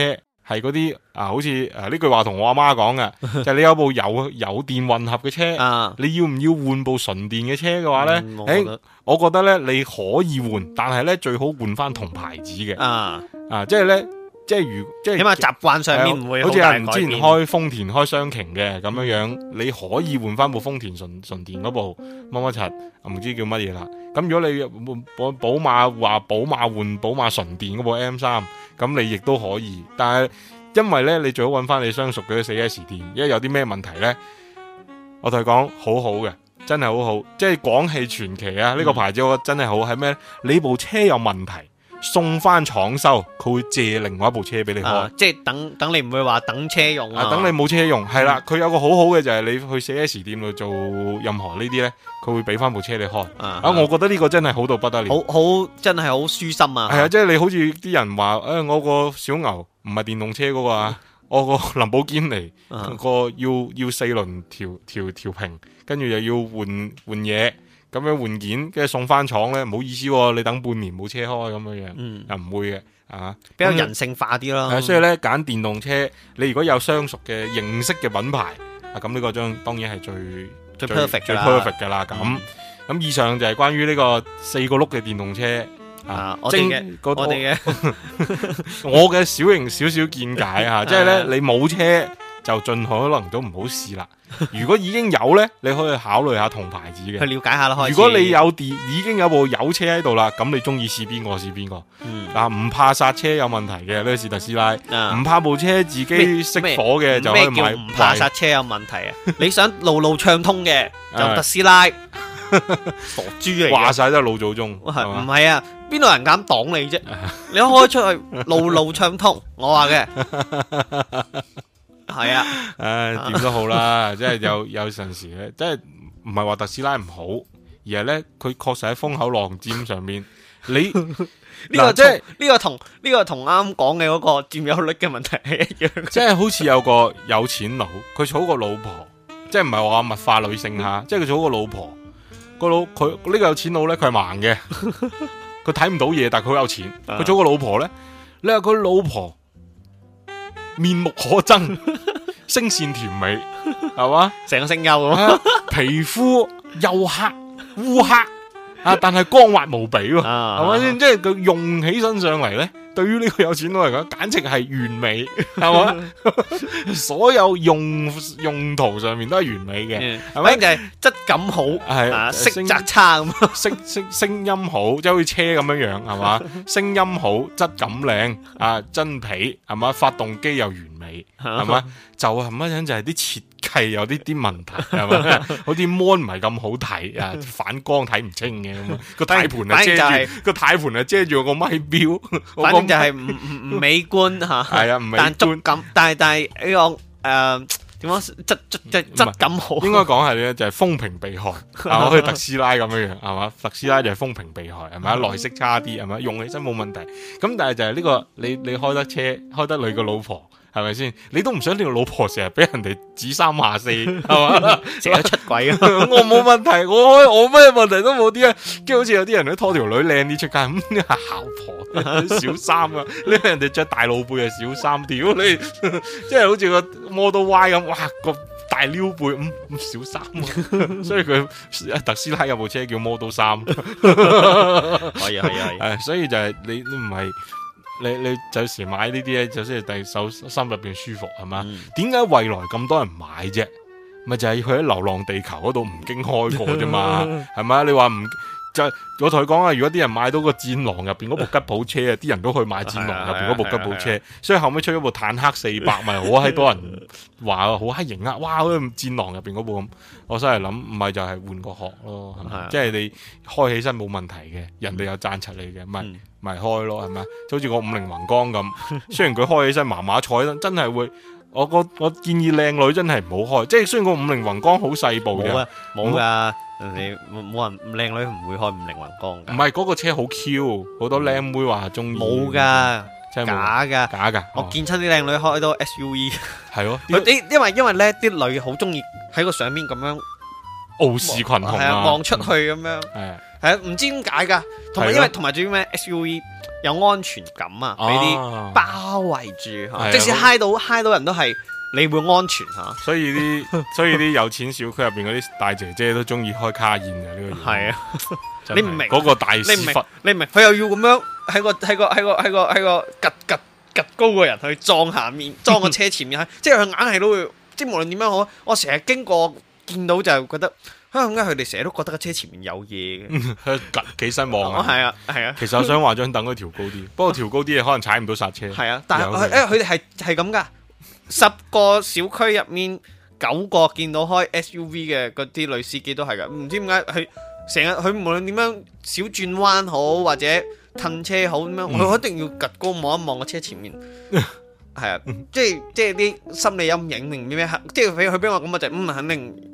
係嗰啲啊，好似誒呢句話同我阿媽講嘅， 就係你有部有油電混合嘅車，啊、你要唔要換部純電嘅車嘅話咧？誒、嗯，我覺得咧、欸、你可以換，但係咧最好換翻同牌子嘅啊啊，即係咧。就係即係如，即係起碼習慣上面唔會好大改變。好似啊，之前開豐田開雙擎嘅咁樣樣，你可以換翻部豐田純純電嗰部乜乜柒，唔知叫乜嘢啦。咁如果你保寶馬話寶馬換寶馬純電嗰部 M 三，咁你亦都可以。但係因為咧，你最好搵翻你相熟嘅四 S 店，因為有啲咩問題咧，我同你講好好嘅，真係好好，即係廣汽傳奇啊！呢、這個牌子我覺得真係好係咩、嗯？你部車有問題。送翻廠修，佢會借另外一部車俾你開，啊、即係等等你唔會話等車用啊，啊等你冇車用係啦。佢、嗯、有個好好嘅就係你去四 S 店度做任何呢啲呢，佢會俾翻部車你開啊。啊我覺得呢個真係好到不得了，好好真係好舒心啊。係 啊，即係你好似啲人話，誒、哎，我個小牛唔係電動車嗰個啊，我個林寶堅尼個、啊、要要四輪調調調平，跟住又要換換嘢。咁樣換件，跟住送翻廠咧，唔好意思，你等半年冇車開咁樣樣，又唔、嗯、會嘅，啊，比較人性化啲咯。所以咧，揀、嗯、電動車，你如果有相熟嘅認識嘅品牌，啊，咁、這、呢個將當然係最最 perfect 最 perfect 噶啦。咁、嗯、咁、嗯、以上就係關於呢個四個碌嘅電動車啊，我哋嘅我嘅小型少少見解吓，即係咧你冇車。就盡可能都唔好試啦。如果已經有呢，你可以考慮下同牌子嘅。去了解下啦。如果你有電，已經有部有車喺度啦，咁你中意試邊個試邊個。嗱，唔怕剎車有問題嘅，呢個是特斯拉。唔怕部車自己熄火嘅，就可以買。唔怕剎車有問題啊？你想路路暢通嘅，就特斯拉。傻豬嚟，話晒都係老祖宗。唔係啊，邊度人敢擋你啫？你開出去路路暢通，我話嘅。係啊，誒、啊，點都好啦，即係有有陣時咧，即係唔係話特斯拉唔好，而係咧佢確實喺風口浪尖上面。 你呢 個是 說即係呢個同呢、這個同啱啱講嘅嗰個佔有率嘅問題係一樣。即係好似有個有錢佬，佢娶個老婆，即係唔係話物化女性吓，嗯、即係佢娶個老婆，個老佢呢個有錢佬咧，佢係盲嘅，佢睇唔到嘢，但係佢好有錢，佢娶個老婆咧，你話佢老婆。面目可憎，聲線甜美，係嘛？ 成個聲優，皮膚黝黑烏黑啊，但係光滑無比，係咪先？即係佢用起身上嚟咧。對於呢個有錢佬嚟講，簡直係完美，係嘛？ 所有用用途上面都係完美嘅，係咪 Yeah. 吧？即係質感好，係是、啊、色澤差咁，聲聲聲音好，即係好似車咁樣樣，係嘛？聲 音好，質感靚，啊，真皮，係嘛？發動機又完美，係嘛？就係乜樣？就係啲設。係有啲啲問題，係嘛？ 好似芒唔係咁好睇啊，反光睇唔清嘅咁啊，個胎盤啊遮住，個胎盤啊遮住個咪表，反正就係唔唔唔美觀吓。係啊，唔美觀。 哎、美觀但質但係但係呢個誒點講質質質感好，應該講係咧，就係、是、風評被害啊，好似特斯拉咁樣樣，係嘛？特斯拉就係風評被害，係咪啊？內飾差啲係咪啊？用起身冇問題。咁但係就係呢、這個你你開得車，開得女個老婆。係咪先？你都唔想你個老婆成日俾人哋指三下四，係嘛？成日 出軌啊！ 我冇問題，我我咩問題都冇啲啊！即係好似有啲人都拖條女靚啲出街，咁你係姣婆小三啊？你俾 人哋着大露背啊小三，屌你！ 即係好似個 model Y 咁，哇個大撩背，嗯，嗯小三、啊、 所以佢特斯拉有部車叫 Model 三， 可以係啊，可以 所以就係你唔係。你你你有時買呢啲咧，就先係第二手心入邊舒服係嘛？點解蔚來咁多人買啫？咪就係佢喺流浪地球嗰度唔經開過啫嘛，係咪 你話唔？就我同佢講啊，如果啲人買到個戰狼入邊嗰部吉普車啊，啲 人都去買戰狼入邊嗰部吉普車， 所以後尾出咗部坦克四百，咪好閪多人話 好閪型啊！哇，好似戰狼入邊嗰部咁，我真係諗唔係就係換個殼咯，係咪？ 即係你開起身冇問題嘅，人哋又贊出你嘅，咪咪 開咯，係咪？就好似個五菱宏光咁，雖然佢開起身麻麻彩，真係會我我建議靚女真係唔好開，即係雖然個五菱宏光好細部嘅，冇㗎、啊。 你冇人靚女唔會開五菱宏光噶？唔係嗰個車好 Q，好多靚妹話中意。冇噶，真假噶，假噶。我見親啲靚女開到 SUV 係咯，啲因為因為咧啲女好中意喺個上面咁樣傲視群雄。係啊，望出去咁樣。係，啊，唔知點解噶？同埋因為同埋仲要咩？SUV 有安全感啊，俾啲包圍住，即使嗨到嗨到人都係。你會安全吓，所以啲所以啲有錢小區入邊嗰啲大姐姐都中意開卡宴嘅呢個樣，係啊，你唔明嗰個大你唔明，你唔明佢又要咁樣喺個喺個喺個喺個喺個吉吉吉高個人去撞下面，撞個車前面， 即係佢硬係都會，即係無論點樣，我我成日經過見到就覺得香港咧，佢哋成日都覺得個車前面有嘢嘅，佢幾失望啊，係啊係啊，啊啊其實我想話張凳佢調高啲， 不過調高啲嘢可能踩唔到剎車，係啊，人啊，但係因為佢哋係係咁噶。呃十個小區入面九個見到開 SUV 嘅嗰啲女司機都係噶，唔知點解佢成日佢無論點樣小轉彎好或者褪車好咁樣，佢一定要吉高望一望個車前面。係啊，即係即係啲心理陰影定咩咩？即係俾佢俾我咁啊，就嗯肯定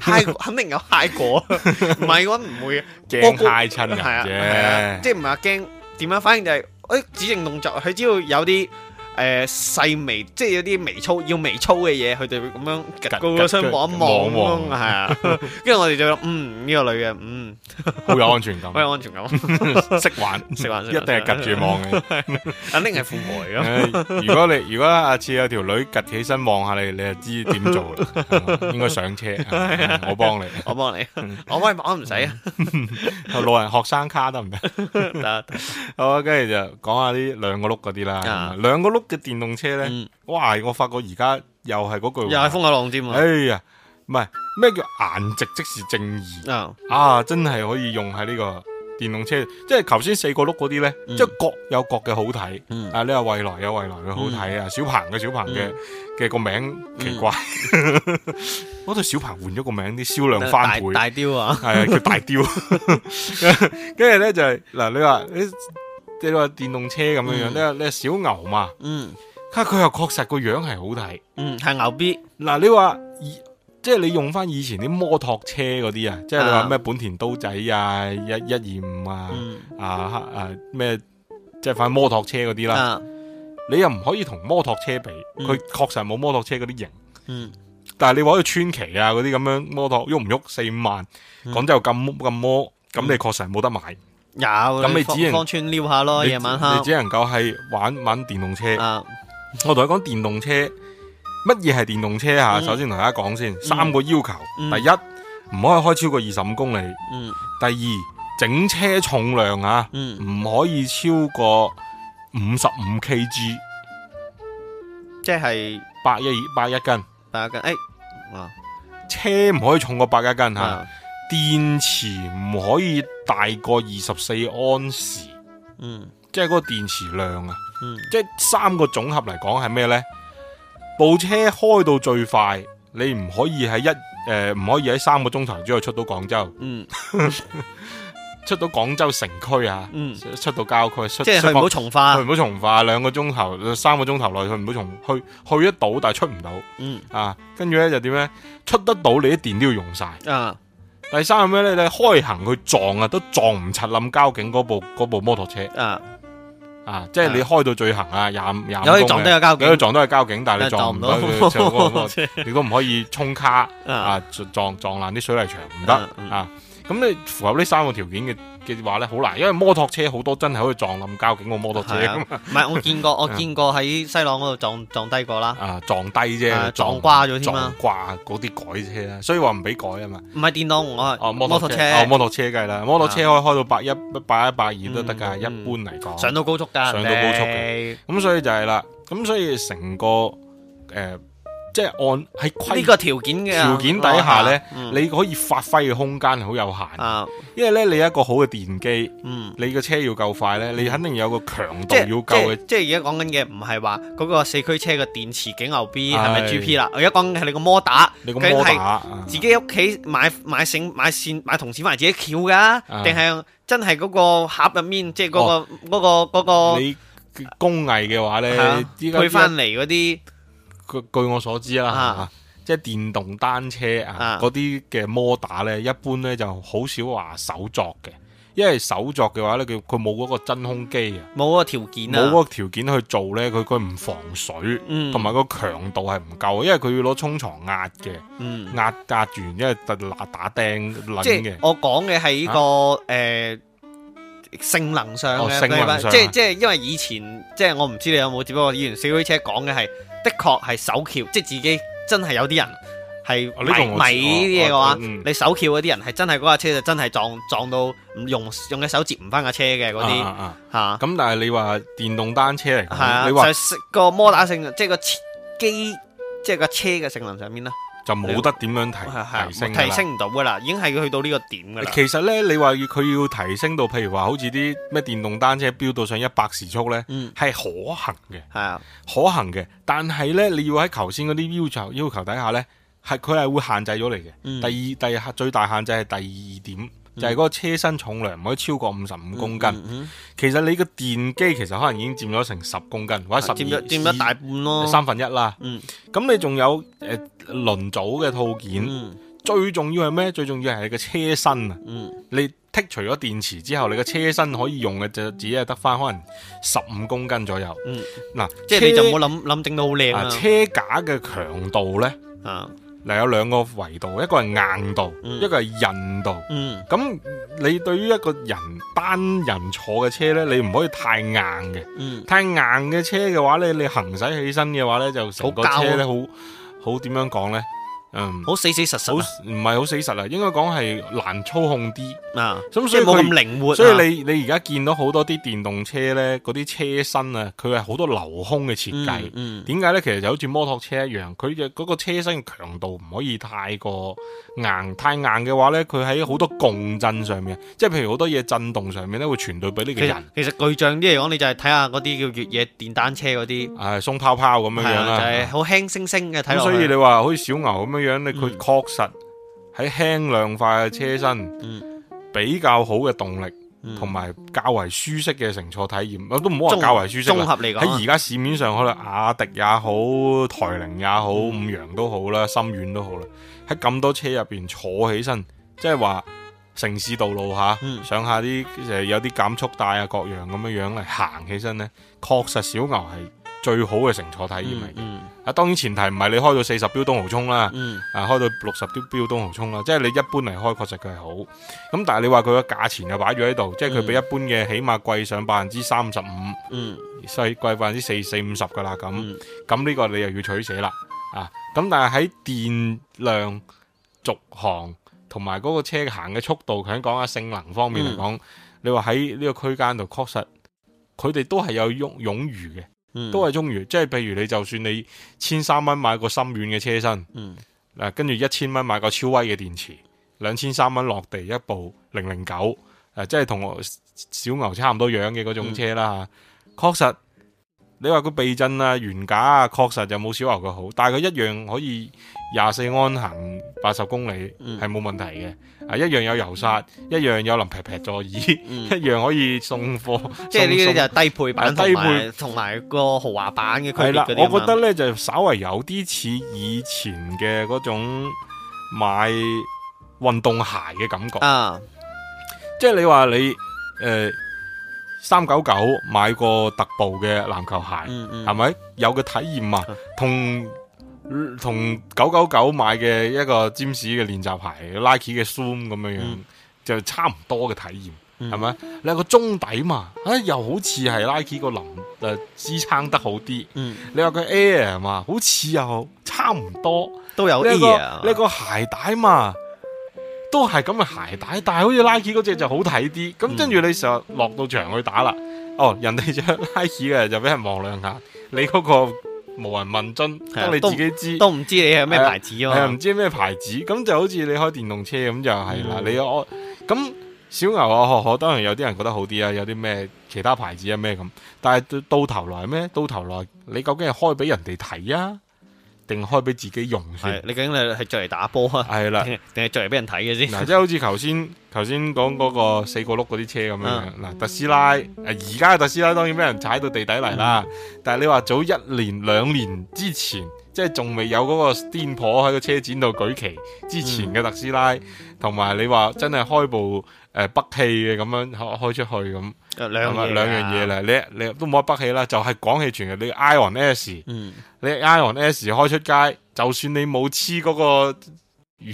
吓，肯定有吓過，唔係我唔會驚吓親嘅，即係唔係啊驚點樣？反正就係誒指定動作，佢只要有啲。誒，細微、呃、即係有啲微粗，要微粗嘅嘢，佢哋咁樣趌高高身望一望係啊。跟住、啊、 我哋就諗，嗯呢、這個女嘅，嗯 好有安全感，好有安全感，識玩識玩， 一定係趌住望嘅，肯定係富婆嚟嘅。如果你如果阿次有條女趌起身望下你，你就知點做啦。應該上車， 我幫你， 你，我幫你，我幫你，我唔使啊。老人學生卡得唔得？得，好。跟住就講下啲兩個碌嗰啲啦，兩個碌。啊嘅電動車咧，哇！我發覺而家又係嗰句，又係風口浪尖啊！哎呀，唔係咩叫顏值即是正義啊？真係可以用喺呢個電動車，即係頭先四個碌嗰啲咧，即係各有各嘅好睇。啊，你話蔚來有蔚來嘅好睇啊，小鵬嘅小鵬嘅嘅個名奇怪，我對小鵬換咗個名，啲銷量翻倍，大雕啊，係啊叫大雕，跟住咧就係嗱，你話你。即係話電動車咁樣樣咧，你小牛嘛？嗯，睇佢又確實個樣係好睇，嗯，係牛逼。嗱，你話即係你用翻以前啲摩托車嗰啲啊，即係你話咩本田刀仔啊，一一二五啊，啊啊咩，即係翻摩托車嗰啲啦。你又唔可以同摩托車比，佢確實冇摩托車嗰啲型。嗯，但係你搵佢川崎啊嗰啲咁樣摩托，喐唔喐四五萬？廣州咁咁摩，咁你確實冇得買。有咁你只能光串撩下咯，夜晚黑你只能夠係玩玩電動車。我同你講電動車乜嘢係電動車吓，首先同大家講先，三個要求：第一唔可以開超過二十五公里，第二整車重量吓唔可以超過五十五 Kg，即係八一八一斤八一斤誒，車唔可以重過八一斤吓。電池唔可以大過二十四安時，嗯，即係嗰個電池量啊，嗯，即係三個總合嚟講係咩呢？部車開到最快，你唔可以喺一誒唔可以喺三個鐘頭之內出到廣州，嗯，出到廣州城區啊，出到郊區，出即係唔好從化，唔好從化，兩個鐘頭、三個鐘頭內，佢唔好從去去得到，但係出唔到，嗯，啊，跟住呢，就點呢？出得到你啲電都要用晒，啊。第三係咩咧？你開行去撞啊，都撞唔出冧交警嗰部嗰部摩托車。啊啊，即係你開到最行啊，廿廿五公里，有你撞都係交警，有你撞到係交警，但係你撞唔到如果唔可以衝卡啊！撞撞撞爛啲水泥牆唔得啊！咁你符合呢三個條件嘅嘅話咧，好難，因為摩托車多好多真係可以撞冧交警，個摩托車唔係、啊，我見過，我見過喺西朗嗰度撞撞低過啦。啊，撞低啫，撞掛咗添啊！撞掛嗰啲改車啦，所以話唔俾改啊嘛。唔係電動，我係摩托車。摩托車哦，摩托車計啦，摩托車可以開到八一、八一、嗯、八二都得噶，一般嚟講。上到高速㗎。家上到高速嘅。咁所以就係、是、啦，咁所以成個誒。呃即係按係規呢個條件嘅條件底下咧，你可以發揮嘅空間好有限。因為咧，你一個好嘅電機，你個車要夠快咧，你肯定有個強度要夠嘅。即係而家講緊嘅唔係話嗰個四驅車嘅電池幾牛 B，係咪 GP 啦？而家講緊係你個摩打，你個摩打，自己屋企買買繩、買線、買銅線，或者自己撬噶，定係真係嗰個盒入面，即係嗰個嗰個嗰個。你工藝嘅話咧，推翻嚟嗰啲。據我所知啦，啊、即係電動單車啊，嗰啲嘅摩打呢，一般呢就好少話手作嘅，因為手作嘅話呢，佢冇嗰個真空機啊，冇個條件冇、啊、個條件去做咧，佢佢唔防水，同埋個強度係唔夠，因為佢要攞沖床壓嘅，嗯、壓壓完，因為特拿打釘撚嘅。我講嘅係呢個誒、啊呃、性能上嘅，哦、性能上即係、啊、即係因為以前即係我唔知你有冇，只不過以前小推車講嘅係。的確係手橋，即係自己真係有啲人係迷、啊這個、迷啲嘢嘅話，哦、你手橋嗰啲人係、哦、真係嗰架車就真係撞、嗯、撞到用用嘅手接唔翻架車嘅嗰啲吓。咁但係你話電動單車嚟，係啊，你話就個摩打性，能、嗯，即係個機，即、就、係、是、個車嘅性能上面啦。就冇得點樣提是是是提升了了，提升唔到噶啦，已經係去到呢個點噶啦。其實咧，你話要佢要提升到，譬如話好似啲咩電動單車飆到上一百時速咧，係、嗯、可行嘅，係啊，可行嘅。但係咧，你要喺頭先嗰啲要求要求底下咧。係佢係會限制咗嚟嘅。第二、第二最大限制係第二點，就係嗰個車身重量唔可以超過五十五公斤。其實你個電機其實可能已經佔咗成十公斤，或者十佔咗佔咗大半咯，三分一啦。咁你仲有誒輪組嘅套件，最重要係咩？最重要係你個車身啊！你剔除咗電池之後，你個車身可以用嘅就只係得翻可能十五公斤左右。嗱，即係你就冇諗諗整到好靚啊！車架嘅強度咧啊！嗱，有兩個維度，一個係硬度，嗯、一個係韌度。咁、嗯、你對於一個人單人坐嘅車咧，你唔可以太硬嘅。嗯、太硬嘅車嘅話咧，你行駛起身嘅話咧，就成個車咧好好點樣講咧？嗯，好死死實實，唔係好死實啊，應該講係難操控啲啊，咁、嗯、所以冇咁靈活、啊，所以你你而家見到好多啲電動車咧，嗰啲車身啊，佢係好多鏤空嘅設計，點解咧？其實就好似摩托車一樣，佢嘅嗰個車身強度唔可以太過硬，太硬嘅話咧，佢喺好多共振上面，即係譬如好多嘢震動上面咧，會傳到俾呢個人其。其實具象啲嚟講，你就係睇下嗰啲叫越野電單車嗰啲，係鬆、哎、泡泡咁樣樣啊，好輕升升嘅睇。所以你話好似小牛咁樣。樣佢確實喺輕量化嘅車身，嗯、比較好嘅動力，同埋、嗯、較為舒適嘅乘坐體驗。啊、嗯，都唔好話較為舒適，綜合嚟講，喺而家市面上可能雅迪也好，台鈴也好，嗯、五羊都好啦，心軟都好啦。喺咁多車入邊坐起身，即係話城市道路吓，啊嗯、上下啲有啲減速帶啊各樣咁樣樣嚟行起身呢，確實小牛係。最好嘅乘坐體驗嚟嘅，啊，當然前提唔係你開到四十標東濠涌啦，啊，開到六十標標東濠涌啦，即係你一般嚟開，確實佢係好。咁但係你話佢個價錢又擺咗喺度，即係佢比一般嘅起碼貴上百分之三十五，嗯，細貴百分之四四五十噶啦咁，咁呢個你又要取捨啦，啊，咁但係喺電量續航同埋嗰個車行嘅速度，想講下性能方面嚟講，你話喺呢個區間度，確實佢哋都係有擁擁餘嘅。都係中如，即係譬如你就算你千三蚊買個心軟嘅車身，嗱、嗯啊、跟住一千蚊買個超威嘅電池，兩千三蚊落地一部零零九，誒即係同小牛差唔多樣嘅嗰種車啦吓，確、嗯啊、實你話佢避震啊、原架啊，確實就冇小牛嘅好，但係佢一樣可以。廿四安行八十公里係冇問題嘅，嗯、啊一樣有油剎，一樣有林劈劈座椅，嗯、一樣可以送貨。送送嗯、即係呢啲就係低配版，低配同埋個豪華版嘅區別。係啦，我覺得呢嗎就稍為有啲似以前嘅嗰種買運動鞋嘅感覺啊！即係你話你誒三九九買個特步嘅籃球鞋，係咪、嗯嗯、有個體驗啊？同同九九九買嘅一個占士嘅練習鞋 Nike 嘅 Zoom 咁樣樣，嗯、就差唔多嘅體驗係咪？你有個中底嘛，啊又好似係 Nike 個林誒支撐得好啲，嗯、你話個 Air 係嘛？好似又差唔多都有啲嘢。你個鞋帶嘛都係咁嘅鞋帶，但係好似 Nike 嗰隻就好睇啲。咁跟住你成日落到場去打啦，哦人哋着 Nike 嘅就俾人望兩下。你嗰、嗰個。冇人問津，啊、你自己知都唔知你係咩牌子喎？係啊，唔、啊啊、知咩牌子，咁就好似你開電動車咁就係啦。你我咁小牛啊，學學當然有啲人覺得好啲啊，有啲咩其他牌子啊咩咁，但係到到頭來咩？到頭來你究竟係開俾人哋睇啊？定開俾自己用係你究竟係再嚟打波啊，係啦的，定係再嚟俾人睇嘅先。嗱， 即係好似頭先頭先講嗰個四個轆嗰啲車咁樣。嗱、嗯，特斯拉，而家嘅特斯拉當然俾人踩到地底嚟啦。嗯、但係你話早一年兩年之前，即係仲未有嗰個癲婆喺個車展度舉旗之前嘅特斯拉，同埋、嗯、你話真係開部。誒北汽嘅咁樣開開出去咁，兩兩樣嘢啦，你你都冇得北汽啦，就係、是、廣汽傳嘅呢個 i-on S， 嗯，呢個 i-on S 開出街，就算你冇黐嗰個。如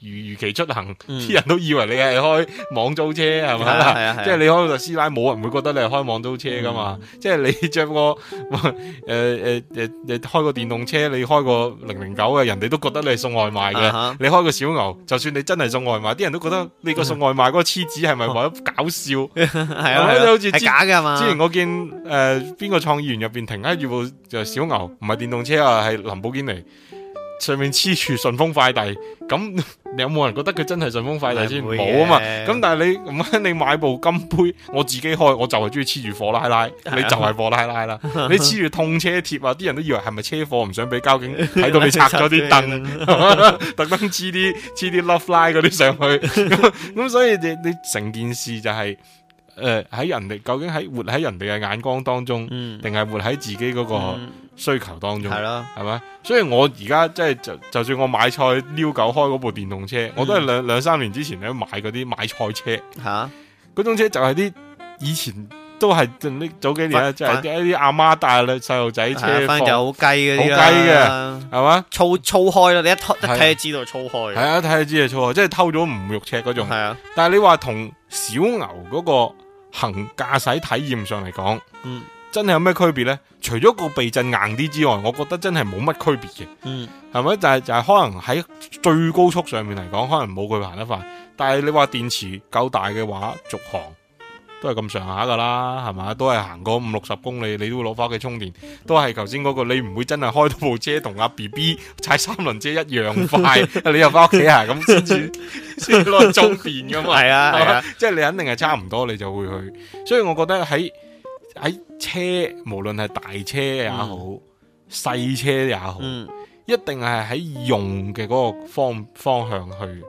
如如期出行，啲、嗯、人都以為你係開網租車係咪？係啊、嗯，吧即係你開個師奶，冇人會覺得你係開網租車噶嘛？嗯、即係你着個誒誒誒誒開個電動車，你開個零零九嘅，人哋都覺得你係送外賣嘅。啊、哈你開個小牛，就算你真係送外賣，啲人都覺得你個送外賣嗰個貼紙係咪為咗搞笑？係啊、嗯，好似假嘅嘛。之前我見誒邊、呃、個創意園入邊停喺住部就係、小牛，唔係電動車啊，係林寶堅尼。上面黐住順豐快遞，咁你有冇人覺得佢真係順豐快遞先，冇啊嘛？咁但係你咁你買部金杯，我自己開我就係中意黐住貨拉拉，的你就係貨拉拉啦，的你黐住痛車貼啊，啲人都以為係咪車貨唔想俾交警睇到你拆咗啲燈， 特登黐啲黐啲 Love Line 嗰啲上去，咁所以你，你，你成件事就係、是。誒，喺人哋究竟喺活喺人哋嘅眼光當中，定係活喺自己嗰個需求當中？係咯，係嘛？所以我而家即係就就算我買菜遛狗開嗰部電動車，我都係兩兩三年之前咧買嗰啲買菜車吓，嗰種車就係啲以前都係早幾年即係啲阿媽帶嘅細路仔車，反正就好雞嗰啲啦，係嘛？粗粗開咯，你一一睇就知道粗開，係啊，睇就知係粗，即係偷咗唔肉赤嗰種，係啊。但係你話同小牛嗰個。行駕駛體驗上嚟講，嗯，真係有咩區別呢？除咗個避震硬啲之外，我覺得真係冇乜區別嘅，嗯，係咪？就係、就係、可能喺最高速上面嚟講，可能冇佢行得快，但係你話電池夠大嘅話，續航。都係咁上下噶啦，係嘛？都係行個五六十公里，你都會攞翻屋企充電。都係頭先嗰個，你唔會真係開到部車同阿 B B 踩三輪車一樣快， 你又翻屋企啊？咁先至先攞充電噶嘛？係 吧啊，啊即係你肯定係差唔多，你就會去。所以我覺得喺喺車，無論係大車也好，細、嗯、車也好，嗯、一定係喺用嘅嗰個方方向去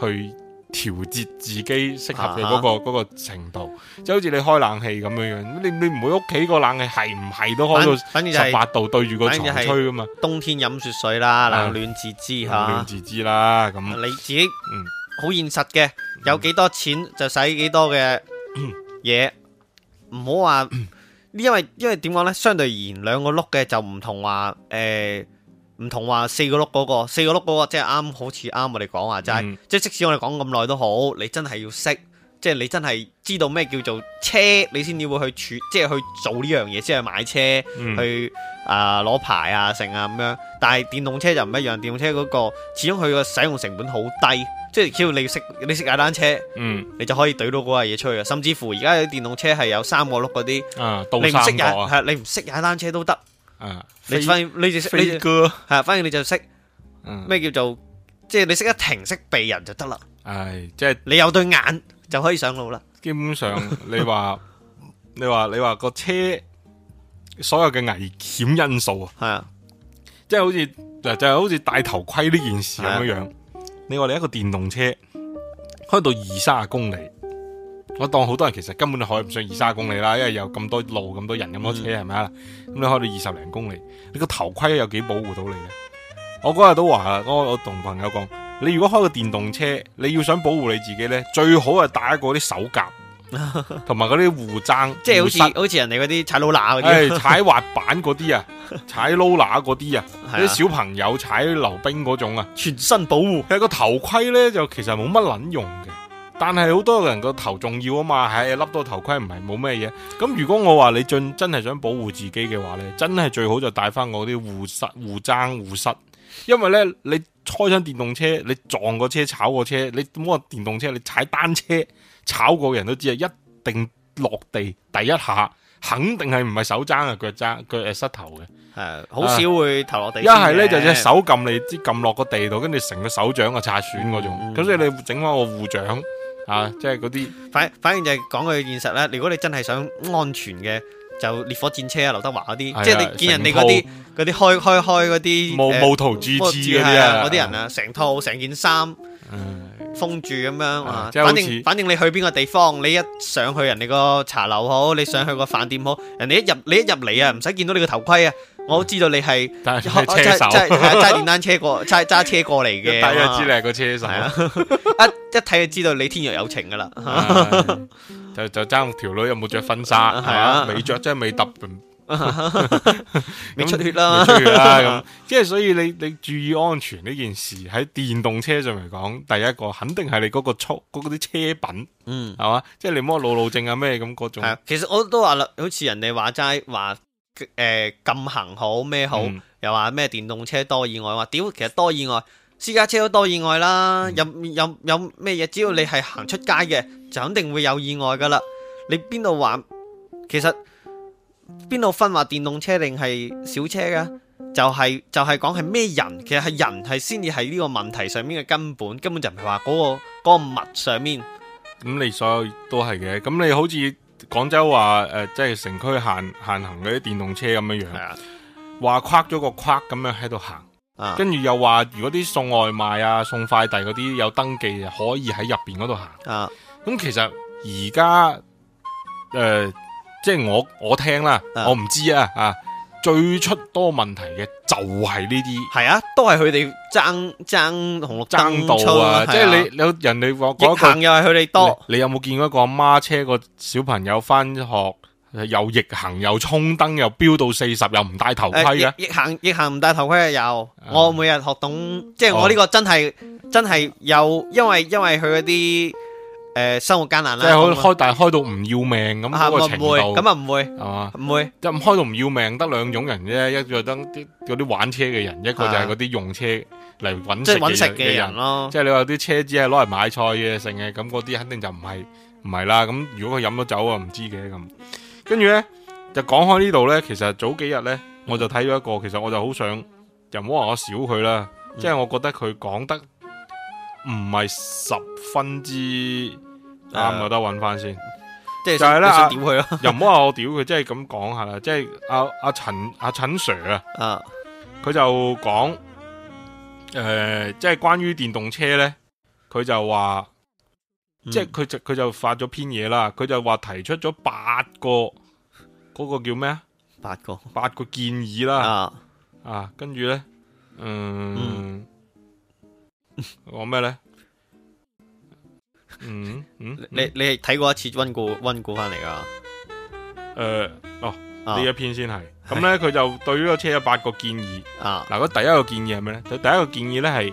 去。調節自己適合嘅嗰個個程度，uh huh. 即係好似你開冷氣咁樣樣，你你唔會屋企個冷氣係唔係都開到十八度對住個床吹噶嘛？冬天飲雪水啦，冷、啊、暖自知吓、啊，冷暖自知啦咁。你自己好現實嘅，嗯、有幾多錢就使幾多嘅嘢。唔好話，因為因為點講呢？相對而言，兩個碌嘅就唔同話誒。呃唔同話四個碌嗰、嗰個，四個碌嗰個即係啱，好似啱我哋講話齋。即係、嗯、即使我哋講咁耐都好，你真係要識，即係你真係知道咩叫做車，你先至會去處，即係去做呢樣嘢，先去買車，嗯、去啊攞、呃、牌啊成啊咁樣。但係電動車就唔一樣，電動車嗰、嗰個始終佢個使用成本好低，即係只要識你識你識踩單車，嗯、你就可以懟到嗰個嘢出去。甚至乎而家啲電動車係有三個碌嗰啲，你唔識踩係你唔識踩單車都得。啊！反正你就識呢哥，係啊！反正你就識咩叫做，即係你識一停識避人就得啦。係，即係你有對眼就可以上路啦。基本上你話， 你話，你話個 車所有嘅危險因素是啊，係啊，即係好似就就係好似戴頭盔呢件事咁樣樣。是啊、你話你一個電動車開到二三十公里。我當好多人其實根本就開唔上二三公里啦，因為有咁多路、咁多人、咁多車，係咪啊？咁你開到二十零公里，你個頭盔有幾保護到你咧？我嗰日都話，我我同朋友講，你如果開個電動車，你要想保護你自己呢，最好係戴一個啲手夾，同埋嗰啲護踭，護膝 即係好似好似人哋嗰啲踩老乸嗰啲，踩滑板嗰啲啊，踩老乸嗰啲啊，啲 小朋友踩溜冰嗰種啊，全身保護。其實個頭盔呢，就其實冇乜撚用嘅。但係好多人個頭重要啊嘛，係，笠到頭盔唔係冇咩嘢。咁如果我話你進真係想保護自己嘅話咧，真係最好就帶翻我啲護膝、護踭、護膝。因為咧，你開緊電動車，你撞個車、炒個車，你冇話電動車，你踩單車、炒過人都知啊，一定落地第一下，肯定係唔係手踭啊，腳踭、腳膝頭嘅。係，好少會頭落地。一係咧就只、是、手撳你，即撳落個地度，跟住成個手掌啊擦損嗰種。咁所以你整翻個護掌。啊！即係嗰啲反，反正就係講佢現實啦。如果你真係想安全嘅，就烈火戰車啊，劉德華嗰啲。即係你見人哋嗰啲嗰啲開開開嗰啲冇冇頭 G 啊，嗰啲人啊，成套成件衫封住咁樣啊。反正反正你去邊個地方，你一上去人哋個茶樓好，你上去個飯店好，人哋一入你一入嚟啊，唔使見到你個頭盔啊。我都知道你係揸揸電單車過揸揸車過嚟嘅，大約知你係個車手，一一睇就知道你天若有情噶啦，就就爭條女有冇着婚紗，係啊，未着真係未揼，你出血啦，出血啦！即係所以你你注意安全呢件事喺電動車上嚟講，第一個肯定係你嗰個速嗰嗰啲車品，嗯，係嘛，即係你摸路路證啊咩咁嗰種。其實我都話啦，好似人哋話齋話。誒、呃，禁行好咩好？嗯、又話咩電動車多意外？話屌，其實多意外，私家車都多意外啦。嗯、有有有咩嘢？只要你係行出街嘅，就肯定會有意外噶啦。你邊度話？其實邊度分話電動車定係小車噶？就係、是、就係講係咩人？其實係人係先至係呢個問題上面嘅根本，根本就唔係話嗰個、那個物上面。咁、嗯、你所有都係嘅。咁你好似。廣州話誒、呃，即係城區限限行嗰啲電動車咁樣樣，話 Yeah. 框咗個框咁樣喺度行，Yeah. 跟住又話如果啲送外賣啊、送快遞嗰啲有登記，可以喺入邊嗰度行。咁 Yeah.、嗯、其實而家誒，即係我我聽啦，Yeah. 我唔知啊啊。最出多問題嘅就係呢啲，係啊，都係佢哋爭爭，爭紅綠燈道啊！即係、啊、你，你人哋話講一句，逆行又係佢哋多。你有冇見過一個媽，媽車個小朋友返學又逆行又衝燈又飆到四十又唔戴頭盔嘅、呃？逆行逆行唔戴頭盔又有。我每日學懂，即係、嗯、我呢個真係真係有，因為因為佢嗰啲。誒，生活艱難啦、啊，即係開，但係開到唔要命咁嗰、啊、個程度，咁啊唔會係嘛，唔會一開到唔要命，得兩種人啫，嗯、一個等啲嗰啲玩車嘅人，啊、一個就係嗰啲用車嚟搵食嘅人、嗯、人咯，即係你話啲車只係攞嚟買菜嘅成嘅，咁嗰啲肯定就唔係唔係啦。咁如果佢飲咗酒啊，唔知嘅咁。跟住咧就講開呢度咧，其實早幾日咧我就睇咗一個，其實我就好想就唔好話我少佢啦，即係、嗯、我覺得佢講得唔係十分之。啊，咪得搵翻先，即係就係啦，想屌佢啊，又唔好話我屌佢，即係咁講下啦，即係阿阿陳阿陳 Sir 啊，佢就講，誒，即係關於電動車咧，佢就話，即係佢就佢就發咗篇嘢啦，佢就話提出咗八個，嗰個叫咩啊？八個，八個建議啦，啊，跟住咧，嗯，講咩咧？嗯嗯，嗯你你係睇過一次溫故溫故翻嚟㗎？誒、呃，哦，呢、啊、一篇先係，咁、啊、呢佢是就對呢個車有八個建議啊。嗱，佢第一個建議係咩呢？第一個建議呢係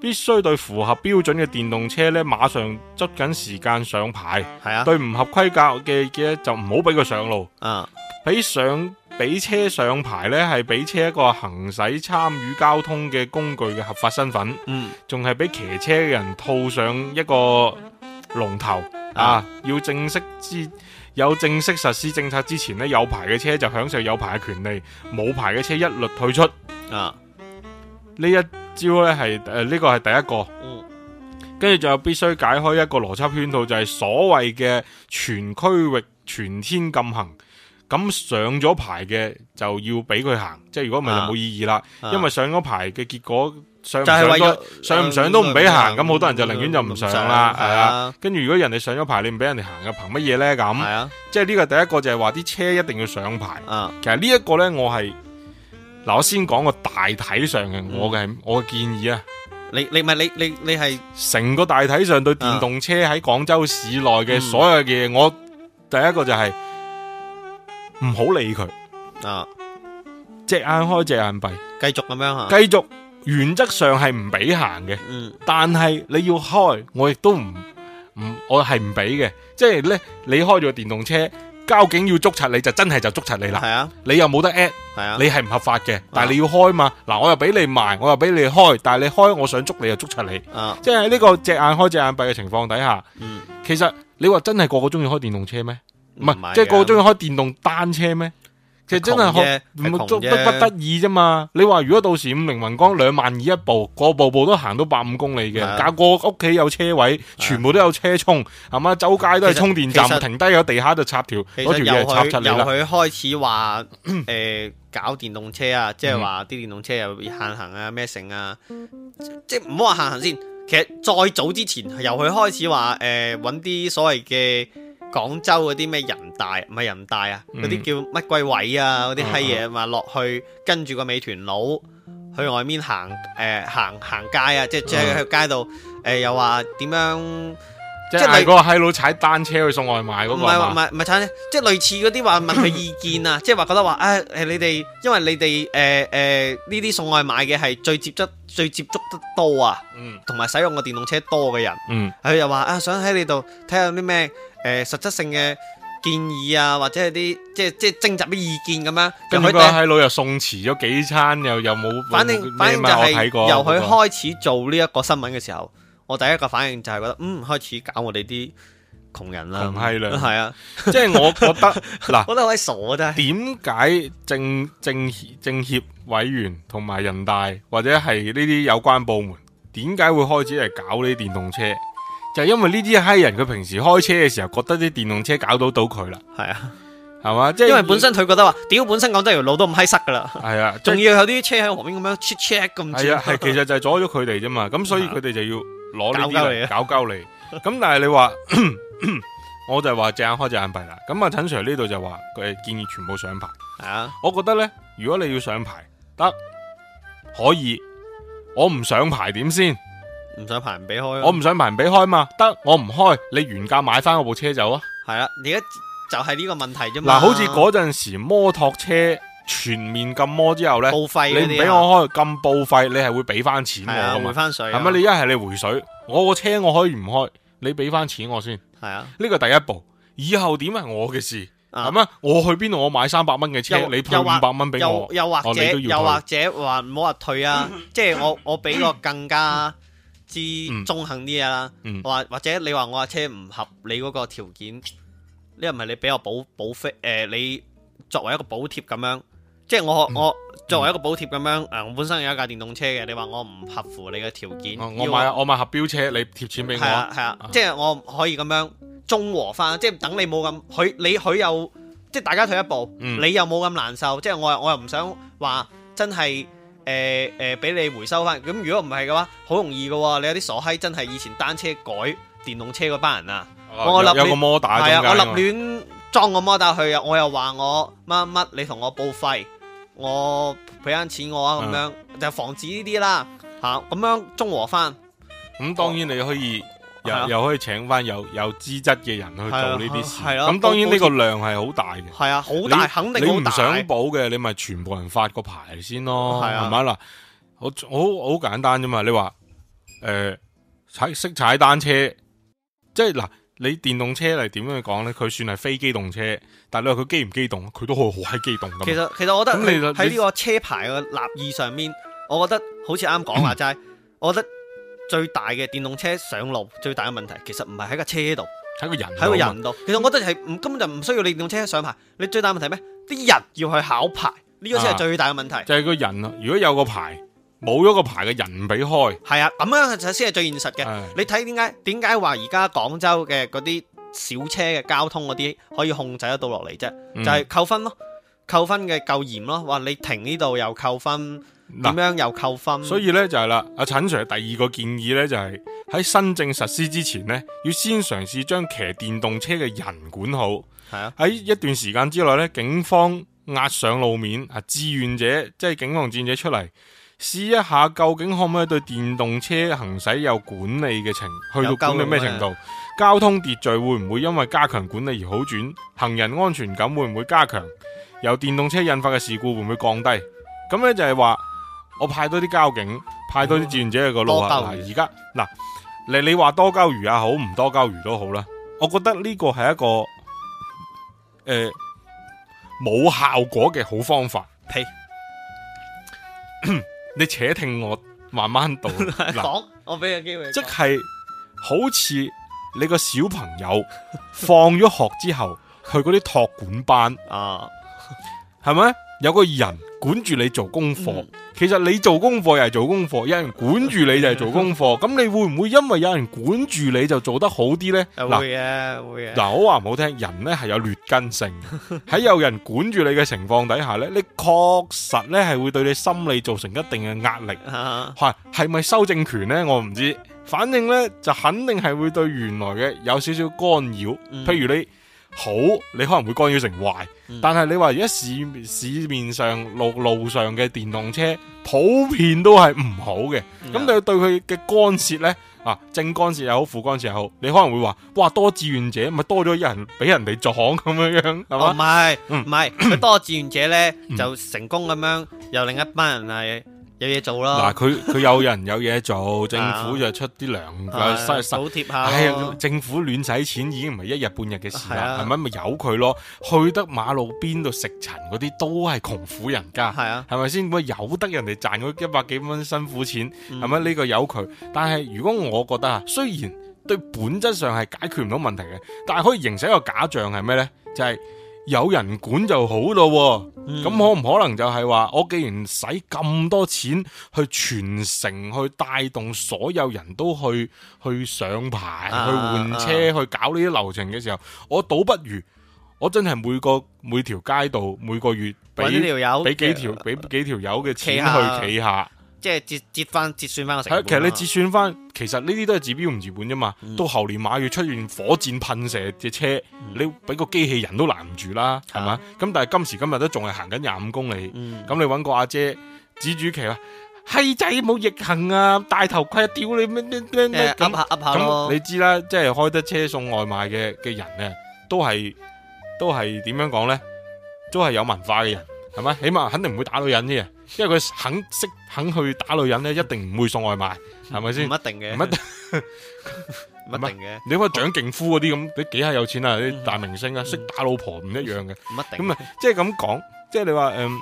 必須對符合標準嘅電動車呢馬上捉緊時間上牌。係啊，對唔合規格嘅嘅就唔好俾佢上路。啊，俾上俾車上牌呢係俾車一個行駛參與交通嘅工具嘅合法身份。嗯，仲係俾騎車嘅人套上一個。龍頭啊，要正式之有正式實施政策之前咧，有牌嘅車就享受有牌嘅權利，冇牌嘅車一律退出啊！呢一招咧係誒呢個係第一個，跟住，嗯、就必須解開一個邏輯圈套，就係、是、所謂嘅全區域全天禁行。咁上咗牌嘅就要俾佢行，即係如果唔係就冇意義啦，啊、因為上咗牌嘅結果。上就係上唔上都唔俾行，咁好多人就寧願就唔上啦，係啊。跟住如果人哋上咗牌，你唔俾人哋行嘅，憑乜嘢咧？咁，即係呢個第一個就係話啲車一定要上牌。其實呢一個咧，我係嗱，我先講個大體上嘅，我嘅我嘅建議啊。你你係你你你係成個大體上對電動車喺廣州市內嘅所有嘢，我第一個就係唔好理佢啊，隻眼開隻眼閉，繼續咁樣啊。繼續。原則上係唔俾行嘅，嗯、但係你要開，我亦都唔唔，我係唔俾嘅。即係咧，你開咗電動車，交警，要捉查你就真係就捉查你啦。係、嗯、啊，你又冇得 at，係啊，你係唔合法嘅。但係你要開嘛？嗱、啊，我又俾你賣，我又俾你開，但係你開，我想捉你又捉查你。啊，即係呢個隻眼開隻眼閉嘅情況底下，嗯、其實你話真係個個中意開電動車咩？唔係，即係個個中意開電動單車咩？其實真係好，唔足得不得已啫嘛！你話如果到時五菱雲江兩萬二一步，個步步都行到百五公里嘅，搞個屋企有車位，的全部都有車充，係嘛的？周街都係充電站，實停低喺地下度插條條嘢，插出嚟由佢開始話誒、呃，搞電動車啊，即係話啲電動車又要限行啊，咩城啊，嗯、即係唔好話限行先。其實再早之前，由佢開始話誒，搵、呃、啲所謂嘅。廣州嗰啲咩人大唔係人大啊，嗰啲叫乜鬼位啊，嗰啲閪嘢，話落、嗯嗯嗯、去跟住個美團佬去外面行，誒、呃、行行街啊，即係即係去街度，誒、呃、又話點樣？即係嗌嗰個閪佬踩單車去送外賣嗰，那個唔係唔係唔係踩單車，即係嗎、就是、類似嗰啲話問佢意見啊， 即係話覺得話，誒、啊、你哋因為你哋誒誒呢啲送外賣嘅係最接觸最接觸得多啊，同埋使用個電動車多嘅人，佢、嗯嗯、又話啊想喺你度睇下啲咩。誒、呃，實質性嘅建議啊，或者係啲即係即係徵集啲意見咁樣。咁佢喺旅遊送遲咗幾餐，又又冇。反正反正就係睇過由佢開始做呢一個新聞嘅時候，嗯、我第一個反應就係覺得，嗯，開始搞我哋啲窮人啦，窮閪啦、嗯，係啊、嗯，即係我覺得嗱， 啦我覺得好鬼傻真係。點解政政協政協委員同埋人大或者係呢啲有關部門，點解會開始嚟搞呢啲電動車？就因為呢啲閪人，佢平時開車嘅時候覺得啲電動車搞到到佢啦。係是啊，係嘛，即係因為本身佢覺得話屌，本身廣州條路都咁閪塞噶啦。係啊，仲要有啲車喺旁邊咁樣 check check 咁。係啊，係、啊，其實就係阻咗佢哋啫嘛。咁、啊、所以佢哋就要攞呢啲嚟搞鳩、啊、 你。咁但係你話，我就話隻眼開隻眼閉啦。咁啊，陳 Sir 呢度就話佢建議全部上牌。係啊，我覺得咧，如果你要上牌得，可以，我唔上牌點先？唔想排人俾開，我唔想排人俾開嘛，得我唔開，你原價買翻嗰部車走啊。係啊，而家就係呢個問題啫嘛。嗱，好似嗰陣時摩托車全面禁摩之後咧，報廢你唔俾我開，禁報廢，你係會俾翻錢我噶嘛？回翻水係咪？你一係你回水，我個車我可以唔開，你俾翻錢我先。係啊，呢個第一步，以後點係我嘅事，係咪？我去邊度我買三百蚊嘅車，你退五百蚊俾我，又或者又或者話唔好話退啊，即係我我俾個更加。啲中肯啲嘢啦，或或者你話我架車唔合你嗰個條件，你又唔係你俾我補補飛？誒，你作為一個補貼咁樣，即係我我作為一個補貼咁樣誒，我本身有一架電動車嘅，你話我唔合乎你嘅條件，我買我買合標車，你貼錢俾我，係啊，即係我可以咁樣中和翻，即係等你冇咁許你許又即係大家退一步，你又冇咁難受，即係我我又唔想話真係。誒誒，俾、呃呃、你回收翻。咁如果唔係嘅話，好容易㗎喎、哦。你有啲傻閪，真係以前單車改電動車嗰班人啊！啊我立，我立亂裝個摩打去啊！我又話我乜乜，什麼什麼你同我報廢，我俾翻錢我啊咁樣，嗯、就防止呢啲啦嚇。咁、啊、樣中和翻。咁、嗯、當然你可以。又可以請翻有有資質嘅人去做呢啲事，咁、啊啊啊、當然呢個量係好大嘅。係啊，好大，你肯定好大。你唔想補嘅，你咪全部人發個牌先咯，係咪嗱？我好好，好簡單啫嘛。你話誒、呃、踩識踩單車，即係嗱，你電動車嚟點樣講咧？佢算係非機動車，但係你話佢機唔機動，佢都可以好閪機動㗎嘛。其實其實我覺得喺呢你個車牌嘅立意上面，我覺得好似啱講話齋，嗯、我覺得。最大嘅電動車，上路最大嘅問題其實唔係喺個車度，喺道個人喺個人度。其實我覺得係唔、嗯、根本就唔需要你電動車上牌，你最大問題咩？啲人要去考牌，呢、這個先係最大嘅問題。啊、就係、是、個人咯，如果有個牌，冇咗個牌嘅人唔俾開。係啊，咁樣就先係最現實嘅。唉你睇點解？點解話而家廣州嘅嗰啲小車嘅交通嗰啲可以控制得到落嚟啫？就係、是、扣分咯，扣分嘅夠嚴咯。話你停呢度又扣分。點樣又扣分？啊、所以咧就係啦，阿陳 sir 第二個建議咧就係、是、喺新政實施之前呢，要先嘗試將騎電動車嘅人管好。係啊，喺一段時間之內咧，警方壓上路面，啊，志願者即係警防志者出嚟，試一下究竟可唔可以對電動車行駛有管理嘅程，去到管理咩程度？啊、交通秩序會唔會因為加強管理而好轉？行人安全感會唔會加強？由電動車引發嘅事故會唔會降低？咁咧就係話。我派多啲交警，派多啲志願者去個路下啊！而家嗱，你你話多鳩餘也好，唔多鳩餘都好啦。我覺得呢個係一個誒冇、呃、效果嘅好方法。呸皮！ 你且聽我慢慢讀。講，我俾個機會，即係、就是、好似你個小朋友放咗學之後， 去嗰啲托管班啊，係咪？有個人管住你做功課，嗯、其實你做功課又係做功課，有人管住你就係做功課。咁 你會唔會因為有人管住你就做得好啲呢？嗱會嘅、啊，喏會嘅、啊。嗱好話唔好聽，人呢係有劣根性。喺 有人管住你嘅情況底下呢，你確實咧係會對你心理造成一定嘅壓力。吓係咪修正權呢？我唔知，反正呢，就肯定係會對原來嘅有少少干擾。譬如你。嗯好，你可能會干擾成壞，嗯、但係你話而家市市面上路路上嘅電動車普遍都係唔好嘅，咁、嗯、你對佢嘅干涉呢？啊正干涉又好，負干涉又好，你可能會話，哇多志願者咪多咗一人俾人哋撞咁樣樣，係嘛？唔係唔係佢多志願者呢就成功咁樣又另一班人係。有嘢做咯！嗱、啊，佢佢有人有嘢做， 政府就出啲糧，補貼、啊、下、啊。係、啊、政府亂使錢，已經唔係一日半日嘅事啦。係咪咪由佢咯？去得馬路邊度食塵嗰啲都係窮苦人家，係啊，係咪先？咁由得人哋賺嗰一百幾蚊辛苦錢，係咪呢個由佢？但係如果我覺得啊，雖然對本質上係解決唔到問題嘅，但係可以形成一個假象，係咩咧？就係、是。有人管就好咯，咁、嗯、可唔可能就係話我既然使咁多錢去全城，去帶動所有人都去去上牌，去換車、啊啊、去搞呢啲流程嘅時候，我倒不如我真係每個每條街道每個月揾條友，俾幾條俾 幾條友嘅錢去企下、啊、企下。即係，折折翻折算翻個成本其實你折算翻，其實呢啲都係治標唔治本啫嘛。到猴、嗯、年馬月出現火箭噴射隻車，你俾個機器人都攔唔住啦，係嘛、啊？咁但係今時今日都仲係行緊廿五公里，咁你搵個阿姐指住佢話，係仔冇逆行啊，戴頭盔啊，屌你咩咩咩咩！咁吓，咁你知啦，即係開得車送外賣嘅嘅人咧，都係都係點樣講咧？都係有文化嘅人，係咪？起碼肯定唔會打女人啲因為佢肯識肯去打女人咧，一定唔會送外賣，係咪先？唔一定嘅，唔一定，唔 一定嘅。 你話蔣勁夫嗰啲咁，你幾下有錢啊？啲大明星啊，識打老婆唔一樣嘅，唔一定。咁啊，即係咁講，即係你話，嗯，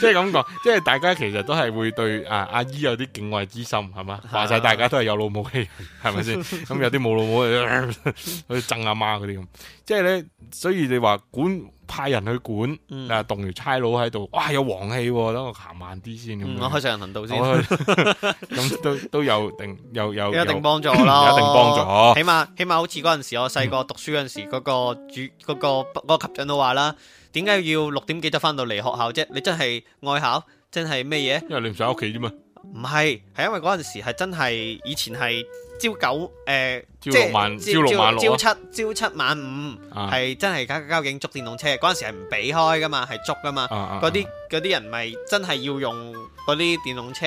即係咁講，即係大家其實都係會對啊阿姨有啲敬畏之心，係嘛？話晒 大家都係有老母嘅人，係咪先？咁有啲冇老母去憎阿媽嗰啲咁，即係咧，所以你話管。派人去管，啊、嗯，動員差佬喺度，哇，有黃氣、啊，等我行慢啲先咁樣。開、嗯、上人行道先，咁、哦、 都都，都有定，有有一定幫助咯， 一定幫助，起碼，起碼起碼好似嗰陣時，我細個讀書嗰陣時，嗰、嗯、個主嗰、嗰個、嗰個嗰個級長都話啦，點解要六點幾就翻到嚟學校啫？你真係外考，真係咩嘢？因為你唔想喺屋企啫嘛。唔係，係因為嗰陣時係真係以前係。朝九誒，即係朝六晚六，朝七朝七晚五係真係交交警捉電動車，嗰陣時係唔俾開噶嘛，係捉噶嘛。嗰啲嗰啲人咪真係要用嗰啲電動車，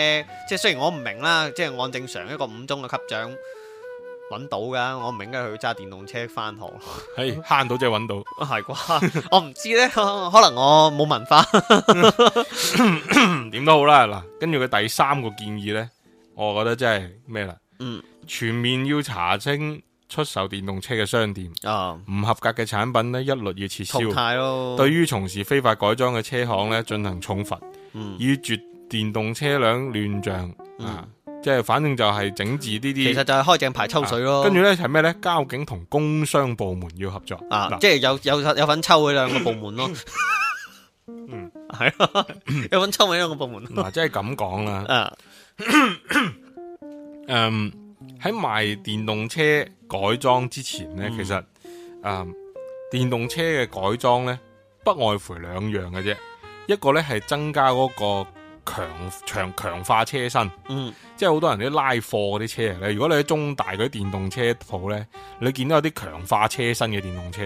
即係雖然我唔明啦，即係按正常一個五中嘅級長搵到噶，我唔明點解佢揸電動車翻學。誒，慳到真係搵到，係啩？我唔知呢，可能我冇文化，點都好啦。嗱，跟住佢第三個建議呢，我覺得真係咩啦？嗯。全面要查清出售電動車嘅商店，唔合格嘅產品咧，一律要撤銷。對於從事非法改裝嘅車行咧，進行重罰。嗯，以絕電動車輛亂象。啊，即係反正就係整治呢啲。其實就係開正牌抽水咯。跟住咧係咩呢？交警同工商部門要合作。啊，即係有有有份抽佢兩個部門咯。嗯，係。有份抽佢兩個部門。嗱，即係咁講啦。嗯。喺賣電動車改裝之前呢，嗯、其實誒、呃，電動車嘅改裝呢，不外乎兩樣嘅啫。一個呢係增加嗰個強強強化車身，嗯、即係好多人啲拉貨嗰啲車咧。如果你喺中大嗰啲電動車鋪呢，你見到有啲強化車身嘅電動車，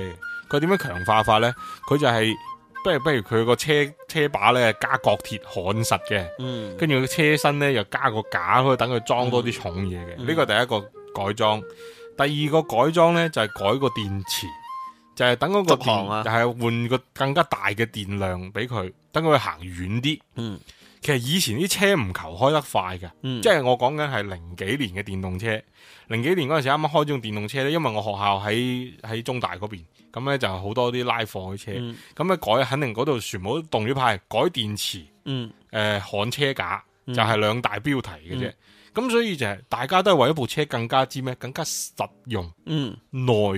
佢點樣強化法呢？佢就係、是。不，不如佢個車車把咧加角鐵焊實嘅，跟住佢個車身咧又加個架，可以等佢裝多啲重嘢嘅。呢個、嗯、第一個改裝，嗯、第二個改裝咧就係、是、改個電池，就係等嗰個電，就係、啊、換個更加大嘅電量俾佢，等佢行遠啲。嗯，其實以前啲車唔求開得快嘅，即係、嗯、我講緊係零幾年嘅電動車。零幾年嗰陣時啱啱開咗電動車咧，因為我學校喺喺中大嗰邊。咁咧就好多啲拉貨嘅車，咁咧、嗯、改肯定嗰度全部都動力派改電池，誒焊、嗯呃、車架、嗯、就係兩大標題嘅啫。咁、嗯、所以就係、是、大家都係為一部車更加之咩，更加實用、耐、嗯、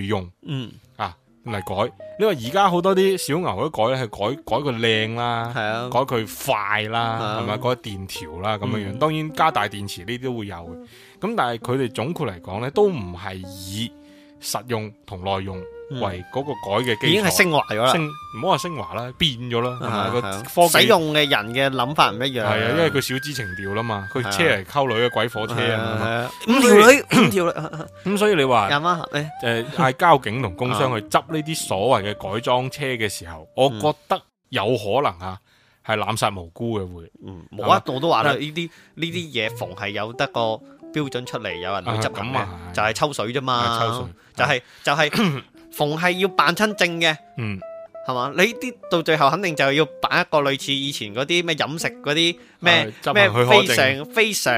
用、嗯、啊嚟改。你話而家好多啲小牛嗰啲改咧，係改，改改佢靚啦，啊、改佢快啦，係咪、啊、改電條啦咁樣樣。嗯、當然加大電池呢啲都會有嘅，咁但係佢哋總括嚟講咧都唔係以實用同耐用。為嗰個改嘅已經係升華咗啦，唔好話升華啦，變咗啦。係啊，使用嘅人嘅諗法唔一樣。係啊，因為佢小資情調啦嘛，佢車嚟溝女嘅鬼火車啊嘛，五條女，五條女。咁所以你話廿蚊盒咧？誒，嗌交警同工商去執呢啲所謂嘅改裝車嘅時候，我覺得有可能啊，係濫殺無辜嘅會。嗯，冇啊，我都話啦，呢啲呢啲嘢，逢係有得個標準出嚟，有人去執咁嘅，就係抽水啫嘛，抽水，就係就係。逢係要辦親證嘅，嗯，係嘛？你啲到最後肯定就要辦一個類似以前嗰啲咩飲食嗰啲咩咩非常非常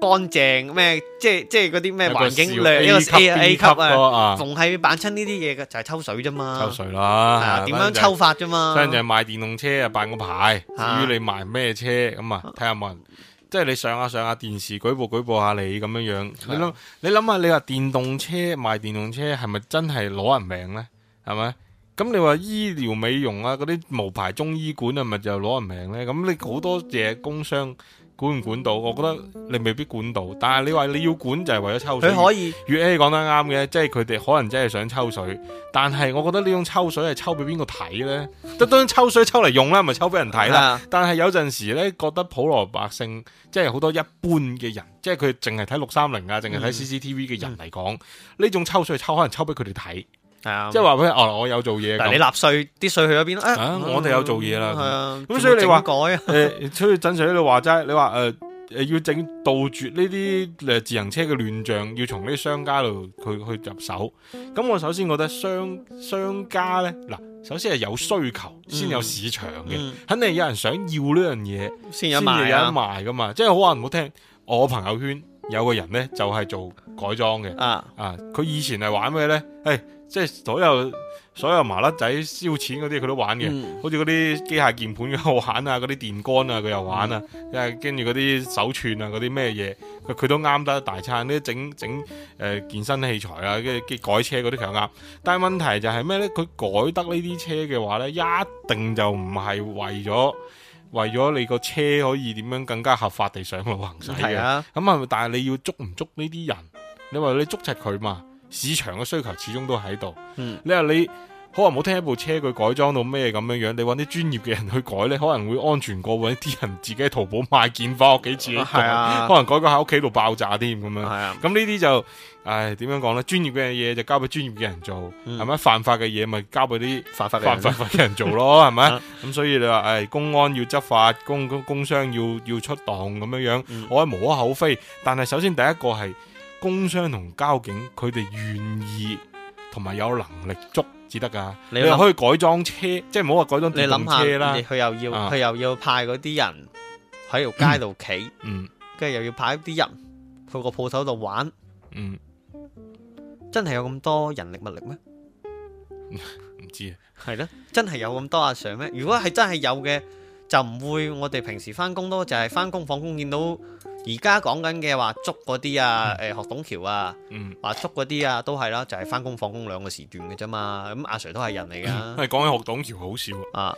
乾淨咩，即係即係嗰啲咩環境量呢個 A A 級啊，逢係辦親呢啲嘢嘅就係抽水啫嘛，抽水啦，係啊，點樣抽法啫嘛，就係賣電動車啊，辦個牌，至於你賣咩車咁啊，睇下問。看看有即係你上下、啊、上下、啊、電視舉報舉報下你咁樣樣，你諗你諗下，你話電動車賣電動車係咪真係攞人命呢？係咪？咁你話醫療美容啊嗰啲無牌中醫館啊，係咪就攞人命呢？咁你好多嘢工傷。嗯管唔管到？我覺得你未必管到，但係你話你要管就係為咗抽水。佢可以，粵 A 講得啱嘅，即係佢哋可能真係想抽水，但係我覺得呢種抽水係抽俾邊個睇呢？嗯、都當抽水抽嚟用啦，咪抽俾人睇啦。嗯、但係有陣時呢，覺得普羅百姓，即係好多一般嘅人，即係佢淨係睇六三零啊，淨係睇 CCTV 嘅人嚟講，呢種抽水抽可能抽俾佢哋睇。係啊，嗯、即係話俾人哦，我有做嘢。嗱，你納稅啲稅去咗邊啦？哎啊嗯、我哋有做嘢啦。係、嗯、樣啊，咁所以你話改、啊，誒、呃，所以正常你話齋，你話誒誒，要整杜絕呢啲誒自行車嘅亂象，要從呢商家度去去入手。咁我首先覺得商商家咧，嗱，首先係有需求先有市場嘅，嗯嗯、肯定有人想要呢樣嘢，先有賣啊，有得賣噶嘛。即係好話唔好聽，我朋友圈有個人咧，就係、是、做改裝嘅。啊，佢、啊、以前係玩咩咧？誒、欸。即係所有所有麻甩仔燒錢嗰啲，佢都玩嘅。嗯、好似嗰啲機械鍵盤佢玩啊，嗰啲電杆啊，佢又玩啊。又係跟住嗰啲手串啊，嗰啲咩嘢，佢都啱得大餐。啲整整誒、呃、健身器材啊，跟住改車嗰啲佢又啱。但係問題就係咩咧？佢改得呢啲車嘅話咧，一定就唔係為咗為咗你個車可以點樣更加合法地上路行駛。係啊，咁啊，但係你要捉唔捉呢啲人？你話你捉齊佢嘛？市場嘅需求始終都喺度、嗯。你話你可能冇聽一部車佢改裝到咩咁樣樣，你揾啲專業嘅人去改咧，可能會安全過或啲人自己喺淘寶買件翻屋企自己。係、嗯、啊，可能改個喺屋企度爆炸添咁樣。係是啊，咁呢啲就，唉、哎，點樣講咧？專業嘅嘢就交俾專業嘅人做，係咪、嗯？犯法嘅嘢咪交俾啲犯法犯法嘅人做咯，係咪？ 咁、嗯、所以你話，唉、哎，公安要執法，工工商要要出檔咁樣樣，我係無可厚非。但係首先第一個係。工商同交警，佢哋願意同埋有能力捉至得噶。你諗下，你又可以改裝車，即係唔好話改裝電動車啦。佢、啊、又要佢又要派嗰啲人喺條街度企，跟住、嗯嗯、又要派啲人去個鋪頭度玩。嗯，真係有咁多人力物力咩？唔知啊。係咯，真係有咁多阿 Sir 咩？如果係真係有嘅，就唔會我哋平時翻工多，就係翻工放工見到。而家講緊嘅話，築嗰啲啊，誒、嗯欸、學董橋啊，話築嗰啲啊，都係啦，就係翻工放工兩個時段嘅啫嘛。咁、啊、阿 Sir 都係人嚟噶，係講起學董橋好笑啊。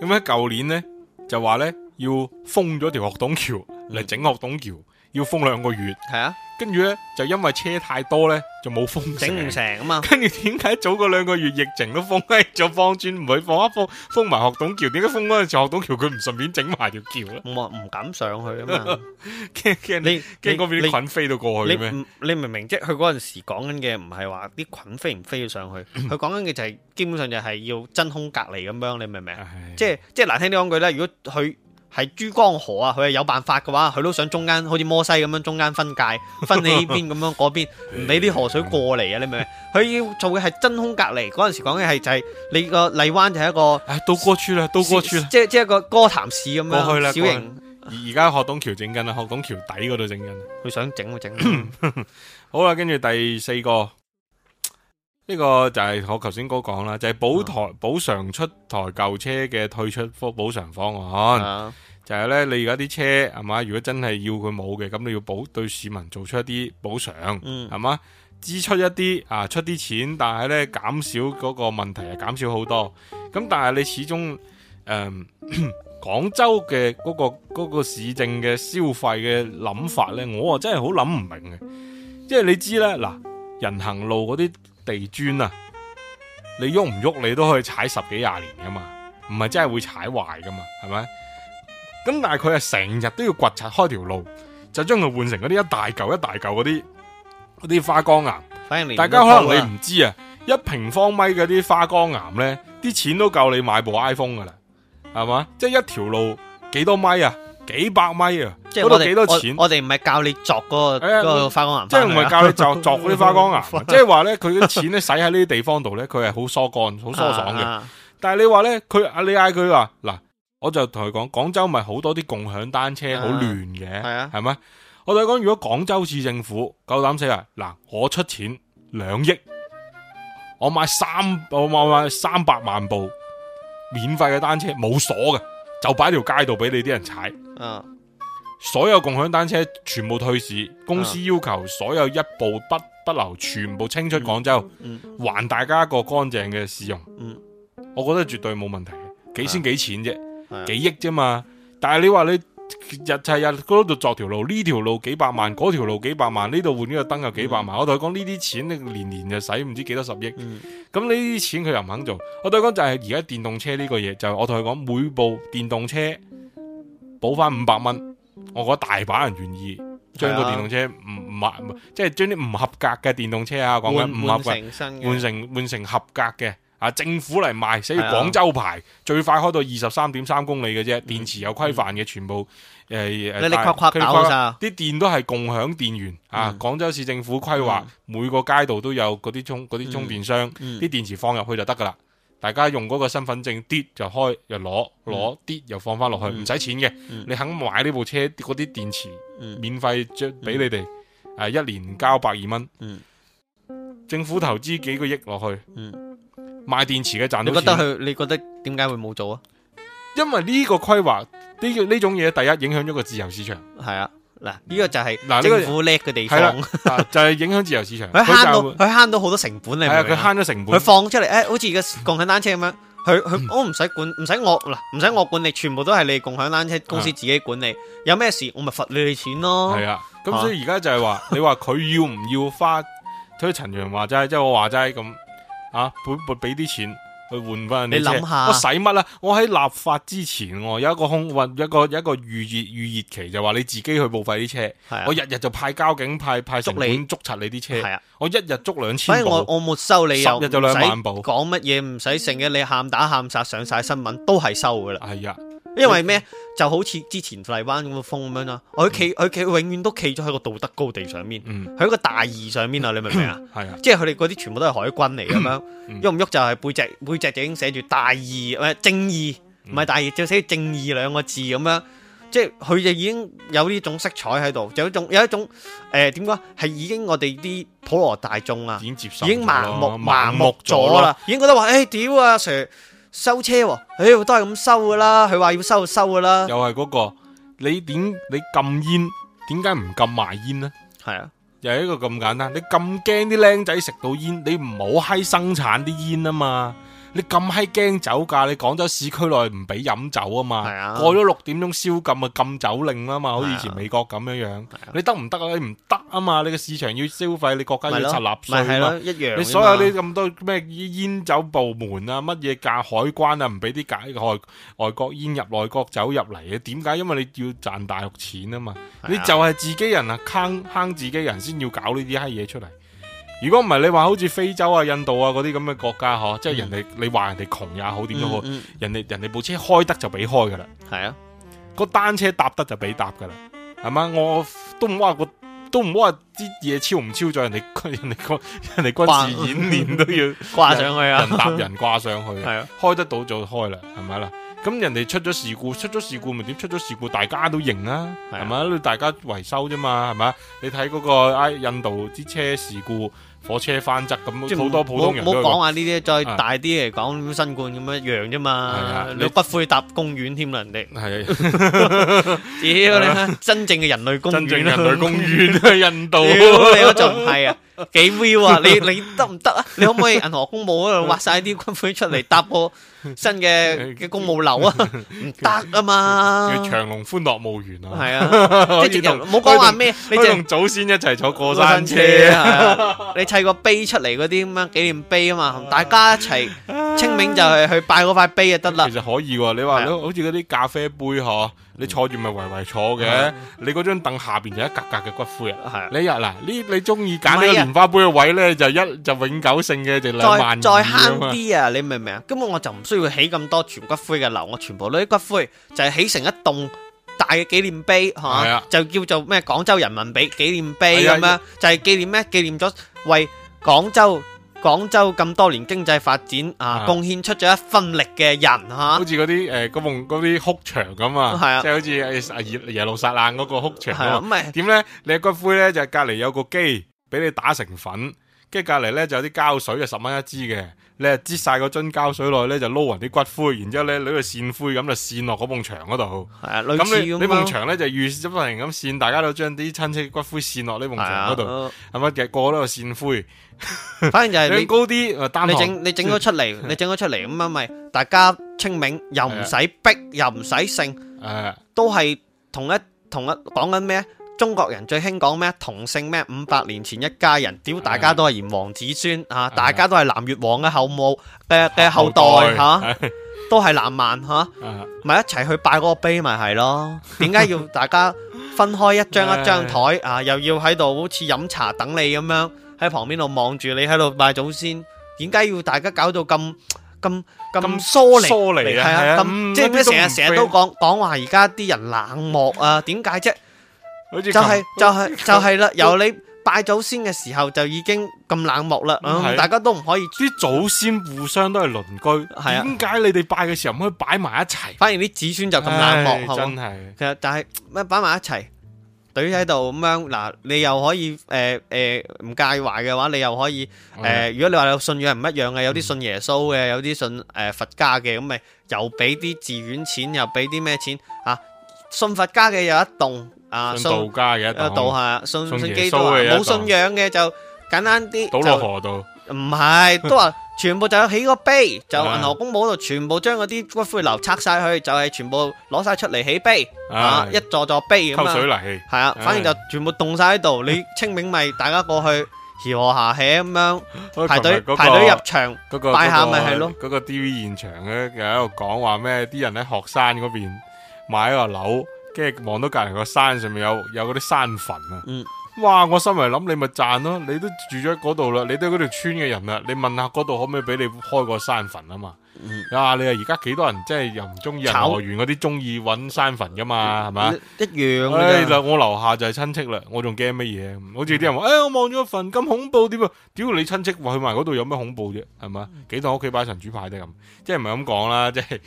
咁喺舊年呢，就話呢，要封咗條學董橋嚟整學董橋，要封兩個月。係啊。跟住咧，就因為車太多咧，就冇封，整唔成啊嘛。跟住點解早嗰兩個月疫情都封，就放轉唔會放一放封封埋學董橋？點解封嗰陣時學董橋佢唔順便整埋條橋咧？唔敢上去啊嘛，驚驚 你驚嗰邊啲菌飛到你過去咩？你明唔明？即係佢嗰陣時講緊嘅唔係話啲菌飛唔飛到上去，佢講緊嘅就係、是、基本上就係要真空隔離咁樣。你明唔明？ 即係即係難聽啲講句咧，如果佢。係珠江河啊，佢係有辦法嘅話，佢都想中間好似摩西咁樣中間分界，分你呢邊咁樣嗰邊，唔俾啲河水過嚟啊！你明唔明？佢要 做嘅係真空隔離，嗰陣時講嘅係就係、是、你個荔灣就係一個誒、哎，到過處啦，到過處啦，即係即係一個哥譚市咁樣過型過。過去啦，小瑩，而家鶴東橋整緊啦，鶴東橋底嗰度整緊。佢想整咪整，好啦、啊，跟住第四個。呢個就係我頭先嗰講啦，就係、是、補台、啊、補償出台舊車嘅退出方補償方案，啊、就係呢，你而家啲車係嘛？如果真係要佢冇嘅，咁你要補對市民做出一啲補償係嘛、嗯？支出一啲啊，出啲錢，但係呢，減少嗰個問題係減少好多，咁但係你始終誒、嗯、 廣州嘅嗰、嗰個嗰個市政嘅消費嘅諗法呢，我啊真係好諗唔明嘅，即、就、係、是、你知呢，嗱，人行路嗰啲。地磚啊，你喐唔喐你都可以踩十幾廿年噶嘛，唔係真係會踩壞噶嘛，係咪？咁但係佢係成日都要掘拆開條路，就將佢換成嗰啲一大嚿一大嚿嗰啲啲花崗岩。是大家可能你唔知啊，啊一平方米嗰啲花崗岩呢，啲錢都夠你買部 iPhone 噶啦，係嘛？即係一條路幾多米啊？幾百米啊！嗰度幾多，多錢？我哋唔係教你鑿嗰、嗰個、啊、個花崗岩、啊，即係唔係教你鑿鑿嗰啲花崗岩、啊， 即係話咧佢啲錢咧使喺呢啲 地方度咧，佢係好疏乾、好疏爽嘅。但係你話咧，佢啊，啊你嗌佢話嗱，我就同佢講，廣州咪好多啲共享單車好亂嘅，係啊，係咪、啊？我哋講如果廣州市政府夠膽死啊，嗱，我出錢兩億，我買三我買買三百萬部免費嘅單車，冇鎖嘅。就擺條街度俾你啲人踩，啊、所有共享單車全部退市，公司要求所有一部不不留，全部清出廣州，嗯嗯、還大家一個乾淨嘅市容。嗯、我覺得絕對冇問題，幾千幾錢啫，幾億啫嘛。但係你話你。日係日嗰度作條路，呢條路幾百萬，嗰條路幾百萬，呢度換呢個燈又幾百萬。百萬百萬嗯、我同佢講呢啲錢，你年年就使唔知幾多十億。咁呢啲錢佢又唔肯做。我同佢講就係而家電動車呢個嘢，就係、是、我同佢講每部電動車補翻五百蚊，我覺得大把人願意將個電動車唔唔即係將啲唔合格嘅電動車啊，講緊唔合格，換成換成合格嘅。啊！政府嚟賣寫住廣州牌，最快開到二十三點三公里嘅啫。電池有規範嘅，全部誒你啲電都係共享電源啊！廣州市政府規劃每個街道都有嗰啲充嗰啲充電箱，啲電池放入去就得噶啦。大家用嗰個身份證啲就開，又攞攞啲又放翻落去，唔使錢嘅。你肯買呢部車，啲嗰啲電池免費將俾你哋，一年交百二蚊。政府投資幾個億落去。賣電池嘅賺，你覺得佢你覺得點解會冇做啊？因為呢個規劃呢，呢種嘢，第一影響咗個自由市場。係啊，嗱，呢個就係嗱，政府叻嘅地方，啊、就係、是、影響自由市場。佢慳到佢慳到好多成本嚟，佢慳咗成本，佢放出嚟、哎，好似而家共享單車咁樣，佢佢 我唔使管，唔使我嗱，唔使我管理，全部都係你共享單車公司自己管理。啊、有咩事我咪罰你哋錢咯。係啊，咁所以而家就係話，你話佢要唔要花？推陳揚話齋，即係、就是、我話齋咁。啊，本本俾啲錢去換翻，你諗下，我使乜啦？我喺立法之前，我有一個空運，一個有一個預熱預熱期，就話你自己去報廢啲車。啊、我日日就派交警派派城管捉查你啲車。啊、我一日捉兩千，所以我我沒收你又唔使，日日就兩萬部。講乜嘢，唔使成日你喊打喊殺上晒新聞都係收噶啦。係啊。因為咩？就好似之前荔灣咁嘅風咁樣啦，佢企我企永遠都企咗喺個道德高地上面，喺、嗯、個大義上面啊！你明唔明 是啊？係啊，即係佢哋嗰啲全部都係海軍嚟，咁樣喐唔喐就係背脊背脊就已經寫住大義唔係正義，唔係大義、嗯、就寫正義兩個字咁樣，即係佢就已經有呢種色彩喺度，有一種有一種誒點講係已經我哋啲普羅大眾啊，已經接受，已經盲目盲目咗啦，啦，已經覺得話誒屌啊 Sir 收車、哦，哎，都係咁收噶啦。佢話要收就收噶啦。又係嗰個，你點你禁煙，點解唔禁賣煙呢？係啊，又係一個咁簡單。你咁驚啲靚仔食到煙，你唔好閪生產啲煙啊嘛。你咁閪驚酒㗎？你廣州市區內唔俾飲酒啊嘛，啊過咗六點鐘宵禁咪禁酒令啦嘛，好似以前美國咁樣樣。啊、你得唔得啊？你唔得啊嘛！你個市場要消費，你國家要實立、啊是是啊。一樣。你所有啲咁多咩煙酒部門啊，乜嘢架海關啊，唔俾啲架外外國煙入內國酒入嚟嘅點解？因為你要賺大陸錢啊嘛。啊你就係自己人啊，坑坑自己人先要搞呢啲閪嘢出嚟。如果唔係你話好似非洲啊、印度啊嗰啲咁嘅國家嗬，即係、嗯、人哋你話人哋窮也好點都好嗯嗯人，人哋人哋部車開得就俾開噶啦，係是啊，個單車搭得就俾搭噶啦，係嘛，我都唔好話個，都唔好話啲嘢超唔超咗人哋，人哋個人哋軍事演練都要掛 上去啊人，人搭人掛上去，係 是、啊、開得到就開啦，係咪啦？咁人哋出咗事故，出咗事故咪點？出咗事故大家都認啊，係咪？吧大家維修啫嘛，係咪？你睇嗰個印度啲車事故。火車翻側咁，即係好多普通人。唔好講話呢啲，再大啲嚟講新冠咁樣一樣啫嘛。啊、你骨灰搭公園添啦，人哋。係，屌 你，啊、真正嘅人類公園，真正人類公園啊，印度哩，你仲係啊，幾 real 啊？你啊啊你得唔得啊？你可唔可以銀河公墓嗰度挖晒啲骨灰出嚟搭個？新嘅嘅公務樓啊，唔得啊嘛！長隆歡樂墓園啊，係啊，即係直頭冇講話咩？你同祖先一齊坐過山車啊？你砌個碑出嚟嗰啲咁樣紀念碑啊嘛？大家一齊清明就係去拜嗰塊碑就得啦。其實可以，你話好似嗰啲咖啡杯嗬，你坐住咪圍圍坐嘅，你嗰張凳下邊就一格格嘅骨灰啊。你日嗱，呢你中意揀呢個蓮花杯嘅位咧，就一就永久性嘅，就再再慳啲啊！你明唔明啊？根本我就唔。需要起咁多全骨灰嘅樓，我全部攞啲骨灰就係起成一棟大嘅紀念碑，係嘛？就叫做咩？廣州人民幣紀念碑咁樣，就係紀念咩？紀念咗為廣州廣州咁多年經濟發展啊，貢獻出咗一分力嘅人，吓。好似嗰啲誒，個夢嗰啲哭牆咁啊，係啊，即係好似阿阿耶耶路撒冷嗰個哭牆咁啊。點咧？你嘅骨灰咧就係隔籬有個機俾你打成粉，跟住隔籬咧就有啲膠水啊，十蚊一支嘅。你啊，擠晒個樽膠水落去，咧，就撈人啲骨灰，然之後咧攞個扇灰咁就扇落嗰埲牆嗰度，係啊，類似咁。呢埲牆咧就預咗不人咁扇，大家都將啲親戚骨灰扇落呢埲牆嗰度，係咪？其實個個都係扇灰，反正就係高啲。你整你整咗出嚟，你整咗出嚟咁咪，大家清明又唔使逼，又唔使剩，誒，都係同一同一講緊咩？中國人最興講咩？同姓咩？五百年前一家人，屌大家都係炎黃子孫啊！大家都係南越王嘅後母，嘅嘅後代嚇，都係南蠻嚇，咪一齊去拜嗰個碑咪係咯？點解要大家分開一張一張枱啊？又要喺度好似飲茶等你咁樣喺旁邊度望住你喺度拜祖先？點解要大家搞到咁咁咁疏離疏離啊？咁即係成日成日都講講話而家啲人冷漠啊？點解啫？就係、是、就係、是、就係、是、啦。由你拜祖先嘅時候就已經咁冷漠啦是、嗯，大家都唔可以。啲祖先互相都係鄰居，點解、啊、你哋拜嘅時候唔可以擺埋一齊？反而啲子孫就咁冷漠，真係其實、就是，但係咩擺埋一齊，懟喺度咁樣嗱？你又可以誒誒唔介懷嘅話，你又可以誒 Okay.、呃？如果你話你信仰唔一樣嘅，有啲信耶穌嘅，有啲信誒、呃、佛家嘅，咁咪又俾啲寺院錢，又俾啲咩錢啊？信佛家嘅又一棟。啊，信道家嘅，信下，信信基督啊，冇信仰嘅就簡單啲，倒落河度。唔係，都話全部就起個碑，就銀河公墓嗰度全部將嗰啲骨灰樓拆晒去，就係全部攞晒出嚟起碑啊，一座座碑。溝水泥係啊，反正就全部凍晒喺度。你清明咪大家過去沿河下起咁樣排隊排隊入場，拜下咪係咯。嗰個 DV 現場咧，又喺度講話咩？啲人喺鶴山嗰邊買個樓。即係望到隔籬個山上面有有嗰啲山墳啊！哇、嗯，我心為諗你咪賺咯，你都住咗喺嗰度啦，你都係嗰條村嘅人啦，你問下嗰度可唔可以俾你開個山墳啊？嘛，嗯、啊，你話而家幾多人即係又唔中意？炒完嗰啲中意搵山墳噶嘛，係咪？一樣、哎我樓。我樓下就係親戚啦，我仲驚乜嘢？好似啲人話，誒，我望咗個墳咁恐怖，點啊？屌你親戚話去埋嗰度有咩恐怖啫？係嘛？幾多屋企擺神主牌啫咁，即係唔係咁講啦，即係誒，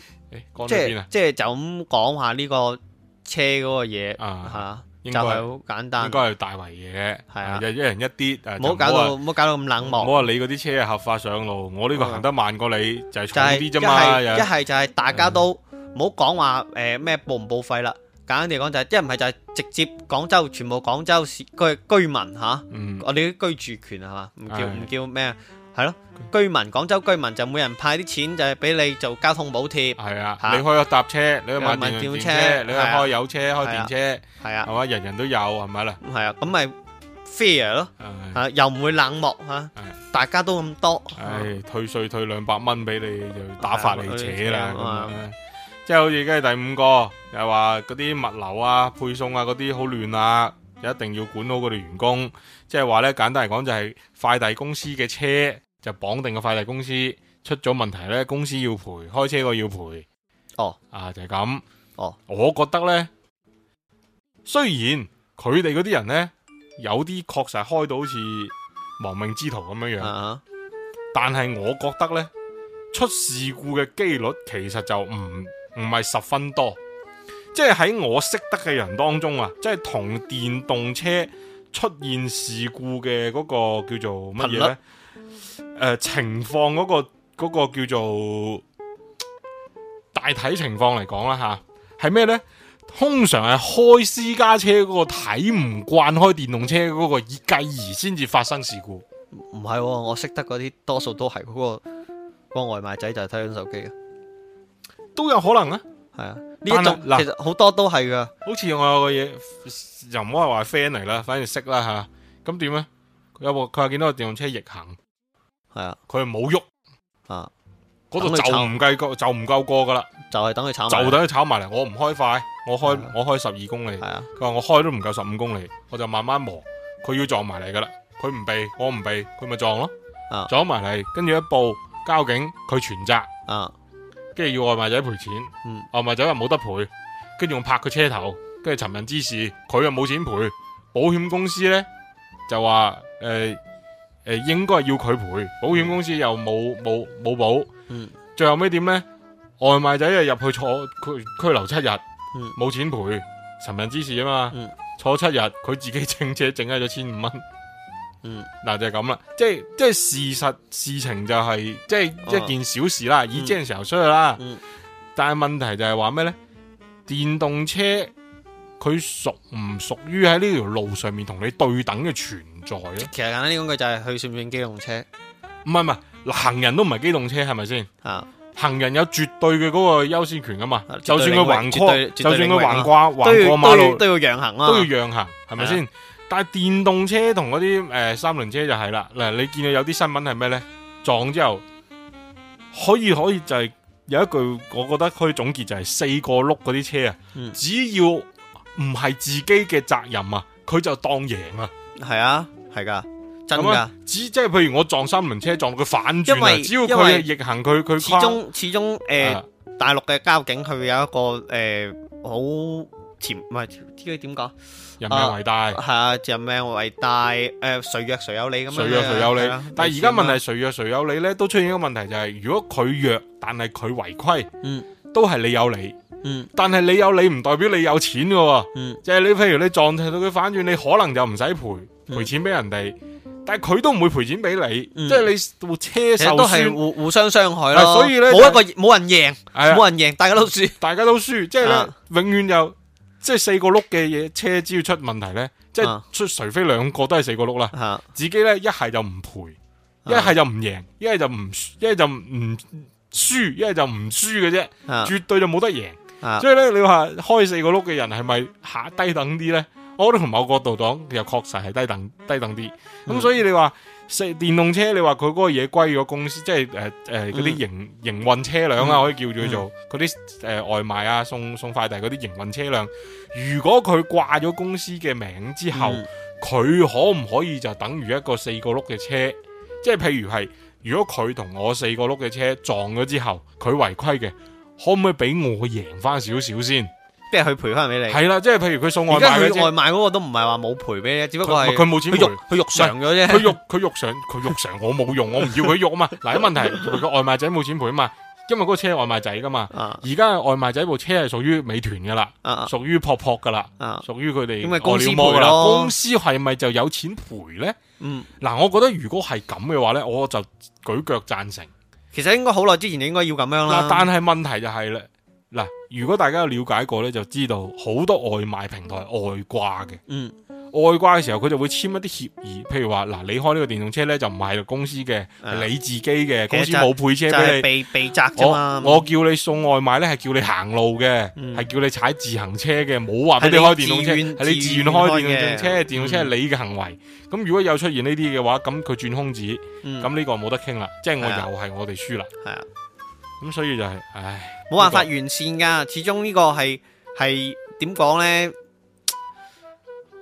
講到邊啊是？即係是是就咁講下呢、這個。車嗰個嘢吓，就係好簡單，應該係大圍嘢，係啊，就一人一啲，唔好搞到唔好搞到咁冷漠，唔好話你嗰啲車係合法上路，我呢個行得慢過你就係粗啲啫嘛，一係就係大家都唔好講話誒咩報唔報廢啦，簡單嚟講就係一唔係就係直接廣州全部廣州市居居民吓，我哋啲居住權係嘛，唔叫唔叫咩啊？係咯，居民廣州居民就每人派啲錢就係俾你做交通補貼。係啊，你可以搭車，你可以買電車，你可以開有車開電車，係啊，係嘛，人人都有係咪啦？係啊，咁咪 fair 咯，吓又唔會冷漠吓，大家都咁多，係退稅退兩百蚊俾你，就打發你扯啦。即係好似跟住第五個又話嗰啲物流啊、配送啊嗰啲好亂啊。一定要管好佢哋員工，即係話呢，簡單嚟講就係快遞公司嘅車就綁定個快遞公司，出咗問題呢，公司要賠，開車個要賠。哦、oh. 啊，啊就係、是、咁。哦，oh. 我覺得呢，雖然佢哋嗰啲人呢，有啲確實係開到好似亡命之徒咁樣樣，uh huh. 但係我覺得呢，出事故嘅幾率其實就唔唔係十分多。即係喺我識得嘅人當中啊，即係同電動車出現事故嘅嗰個叫做乜嘢呢？了呃、情況嗰、嗰個、嗰個叫做大體情況嚟講啦吓，係、啊、咩呢？通常係開私家車嗰、嗰個睇唔慣開電動車嗰、嗰個以繼而先至發生事故。唔係、啊，我識得嗰啲多數都係嗰、嗰個嗰、嗰個外賣仔就係睇緊手機嘅，都有可能啊。係啊。呢種其實好多都係噶，好似我有個嘢又唔可以係話 friend 嚟啦，反而識啦吓。咁點咧？有部佢話見到個電動車逆行，係啊，佢冇喐啊，嗰度就唔計過，就唔夠過噶啦，就係等佢炒，就等佢炒埋嚟。我唔開快，我開我開十二公里，係啊。佢話我開都唔夠十五公里，我就慢慢磨。佢要撞埋嚟噶啦，佢唔避，我唔避，佢咪撞咯。撞埋嚟，跟住一報交警，佢全責。嗯。跟住要外賣仔賠錢，嗯、外賣仔又冇得賠，跟住用拍佢車頭，跟住尋人之事，佢又冇錢賠，保險公司咧就話誒誒應該要佢賠，保險公司又冇冇冇保，最後尾點咧，外賣仔又入去坐拘拘留七日，冇、嗯、錢賠，尋人之事啊嘛，嗯、坐七日佢自己整車整起咗千五蚊。嗯，嗱就係咁啦，即係即係事實事情就係即係一件小事啦，以正時候出去啦。但係問題就係話咩咧？電動車佢屬唔屬於喺呢條路上面同你對等嘅存在咧？其實簡單啲講，佢就係佢算唔算機動車？唔係唔係，行人都唔係機動車，係咪先？行人有絕對嘅嗰個優先權㗎嘛？就算佢橫過，就算佢橫掛橫過馬路都要讓行啊，都要讓行，係咪先？但係電動車同嗰啲誒三輪車就係啦，嗱你見到有啲新聞係咩咧？撞之後可以可以就係有一句，我覺得可以總結就係四個碌嗰啲車、嗯、啊，只要唔係自己嘅責任啊，佢就當贏啊。係啊，係噶，真噶。只即係譬如我撞三輪車撞到佢反轉，因為只要佢因為逆行，佢佢始終始終誒，呃、的大陸嘅交警佢有一個誒、呃、好。唔係，呢個點講？人命為大，係啊，人命為大。誒、呃，誰弱誰有理。咁樣，誰弱誰有理。誰誰有理，但係而家問題，誰弱誰有理咧，都出現一個問題就係、是，如果佢弱，但係佢違規，都係你有理，嗯、但係你有理唔代表你有錢噶，嗯，即係你，譬如你撞到佢反轉，你可能就唔使賠賠錢俾人哋，但係佢都唔會賠錢俾你，嗯、即係你部車受損，都係互互相傷害啦。所以咧，冇一個冇人贏，冇的人贏，大家都輸，大家都輸，即係咧，永遠就。即係四個轆嘅嘢車，只要出問題咧，啊、即係出，除非兩個都係四個轆啦，啊、自己咧一係就唔賠，一係、啊、就唔贏，一係就唔一係就唔輸，一係就唔輸嘅啫，絕對就冇得贏。啊、所以咧，你話開四個轆嘅人係咪下低等啲咧？我覺得同某個角度講，又確實係低等低等啲。咁、嗯、所以你話。電動車，你話佢嗰個嘢歸咗公司，即係誒誒嗰啲營、嗯、營運車輛啊，可以叫做佢做嗰啲誒外賣啊、送送快遞嗰啲營運車輛。如果佢掛咗公司嘅名之後，佢、嗯、可唔可以就等於一個四個碌嘅車？即係譬如係，如果佢同我四個碌嘅車撞咗之後，佢違規嘅，可唔可以俾我贏翻少少先？即係佢賠翻俾你，係啦，即係譬如佢送外賣，佢外賣嗰個都唔係話冇賠俾你，只不過佢冇錢賠，佢肉佢肉償嘅啫，佢肉佢肉償，佢肉償，我冇用，我唔要佢肉啊嘛。嗱，問題個外賣仔冇錢賠啊嘛，因為嗰車外賣仔噶嘛，而家外賣仔部車係屬於美團噶啦，屬於樸樸噶啦，屬於佢哋公司賠咯。公司係咪就有錢賠咧？嗱，我覺得如果係咁嘅話咧，我就舉腳贊成。其實應該好耐之前你應該要咁樣啦，但係問題就係咧。嗱，如果大家有了解過咧，就知道好多外賣平台外掛嘅，嗯，外掛嘅時候佢就會簽一啲協議，譬如話嗱，你開呢個電動車咧就唔係公司嘅，係你自己嘅，公司冇配車俾你，避避責啫嘛。我叫你送外賣咧係叫你行路嘅，係叫你踩自行車嘅，冇話俾你開電動車，係你自願開電動車，電動車係你嘅行為。咁如果有出現呢啲嘅話，咁佢轉空子，咁呢個冇得傾啦，即係我又係我哋輸啦。係啊，咁所以就係，唉。冇辦法完善噶，始終呢、這個係係點講呢？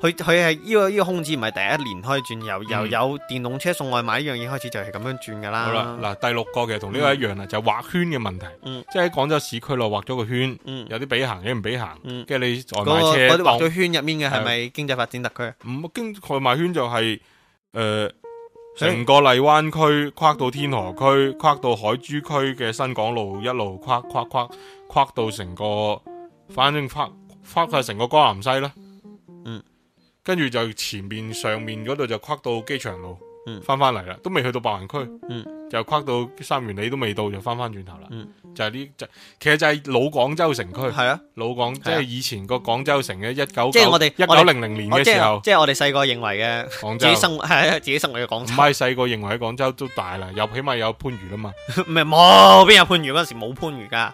佢佢係呢個呢個空置唔係第一年開轉，又又、嗯、有電動車送外賣呢樣嘢開始就係咁樣轉噶啦。好啦，嗱第六個嘅同呢個一樣啦，嗯、就畫圈嘅問題，嗯、即係喺廣州市區內畫咗個圈，嗯、有啲俾行，有啲唔俾行，跟住、嗯、你外賣畫咗圈入面嘅係咪經濟發展特區？唔、啊、經外賣圈就係、是、誒。呃成個荔灣區，跨到天河區，跨到海珠區嘅新港路，一路跨跨跨跨到成個，反正跨跨到成個江南西啦。嗯，跟住就前面上面度就跨到機場路。嗯，翻翻嚟啦，都未去到白雲區，嗯，就跨到三元里都未到，就翻翻轉頭啦，嗯，就係呢，就其實就係老廣州城區，係、嗯、啊，老廣即係以前個廣州城嘅一九，即係我哋一九零零年嘅時候，即係我哋細個認為嘅，自己生係自己生活嘅廣州，唔係細個認為喺廣州都大啦，又起碼有番禺啊嘛，唔係冇邊有番禺嗰陣時冇番禺噶，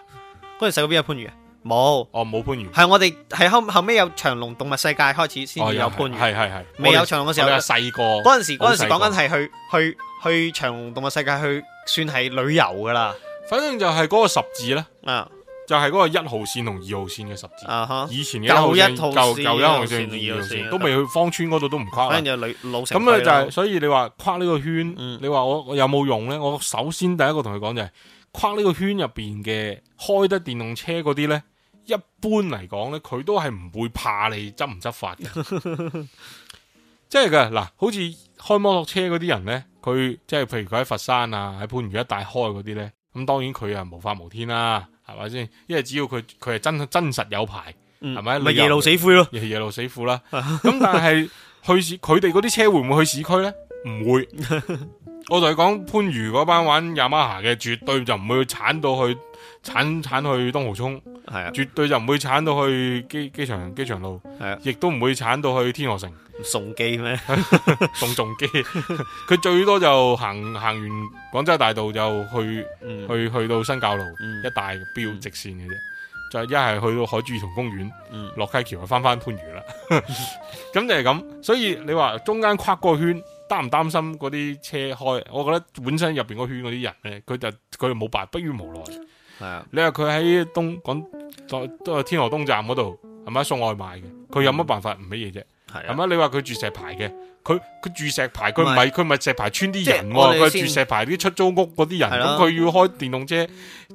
嗰陣時細個邊有番禺啊？冇，哦冇番禺，係我哋係後後尾有長隆動物世界開始先至有番禺，係係係，未有長隆嘅時候細個，嗰陣時嗰陣時講緊係去去去長隆動物世界去算係旅遊噶啦，反正就係嗰個十字咧，啊，就係嗰個一號線同二號線嘅十字，啊哈，以前嘅一號線舊舊一號線二號線，都未去芳村嗰度都唔跨，反正就老老城區咯，咁咧就係，所以你話跨呢個圈，你話我我有冇用咧？我首先第一個同佢講就係。框呢個圈入邊嘅開得電動車嗰啲呢，一般嚟講呢，佢都係唔會怕你執唔執法嘅，即係嘅嗱，好似開摩托車嗰啲人呢，佢即係譬如佢喺佛山啊，喺番禺一帶開嗰啲呢，咁當然佢啊無法無天啦，啊，係咪先？因為只要佢佢係真真實有牌，係咪？咪夜、嗯、路死灰咯，夜夜路死灰啦。咁 但係去佢哋嗰啲車會唔會去市區呢？唔會， 我就係講番禺嗰班玩雅馬哈嘅，絕對就唔會鏟到去鏟鏟去東濠涌，係啊，絕對就唔會鏟到去機機場機場路，係啊，亦都唔會鏟到去天河城，送機機咩？ 送送機機，佢 最多就行行完廣州大道就去、嗯、去去到新滘路、嗯、一帶，標直線嘅啫，嗯、就一係去到海珠兒童公園，洛、嗯、溪橋就返返番禺啦，咁 就係咁，所以你話中間跨個圈。擔唔擔，擔心嗰啲車開？我覺得本身入邊嗰圈嗰啲人咧，佢就佢又冇辦，迫於無奈。係啊， 你話佢喺東廣在天河東站嗰度係咪送外賣嘅？佢有乜辦法唔俾嘢啫？係，係你話佢住石牌嘅？佢，佢住石牌，佢唔係佢唔係石牌村啲人喎？啊？佢住石牌啲出租屋嗰啲人，咁佢是的 要開電動車，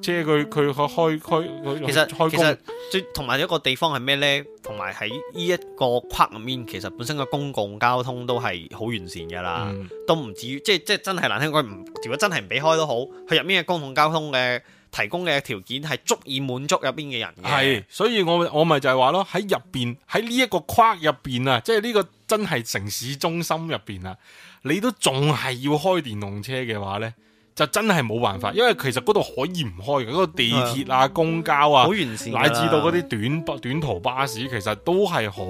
即係佢，佢開開開工其，其實其實同埋一個地方係咩呢？同埋喺呢一個框入面，其實本身嘅公共交通都係好完善噶啦，嗯、都唔至於即係即係真係難聽講，佢唔，如果真係唔俾開都好，佢入面嘅公共交通嘅，提供嘅條件係足以滿足入邊嘅人嘅，係，所以我我咪就係話咯，喺入邊喺呢一個框入邊啊，即係呢個真係城市中心入邊啊，你都仲係要開電動車嘅話呢。就真係冇辦法，因為其實嗰度可以唔開嘅，嗰個地鐵啊、公交啊，嗯、完善乃至到嗰啲短短途巴士，其實都係好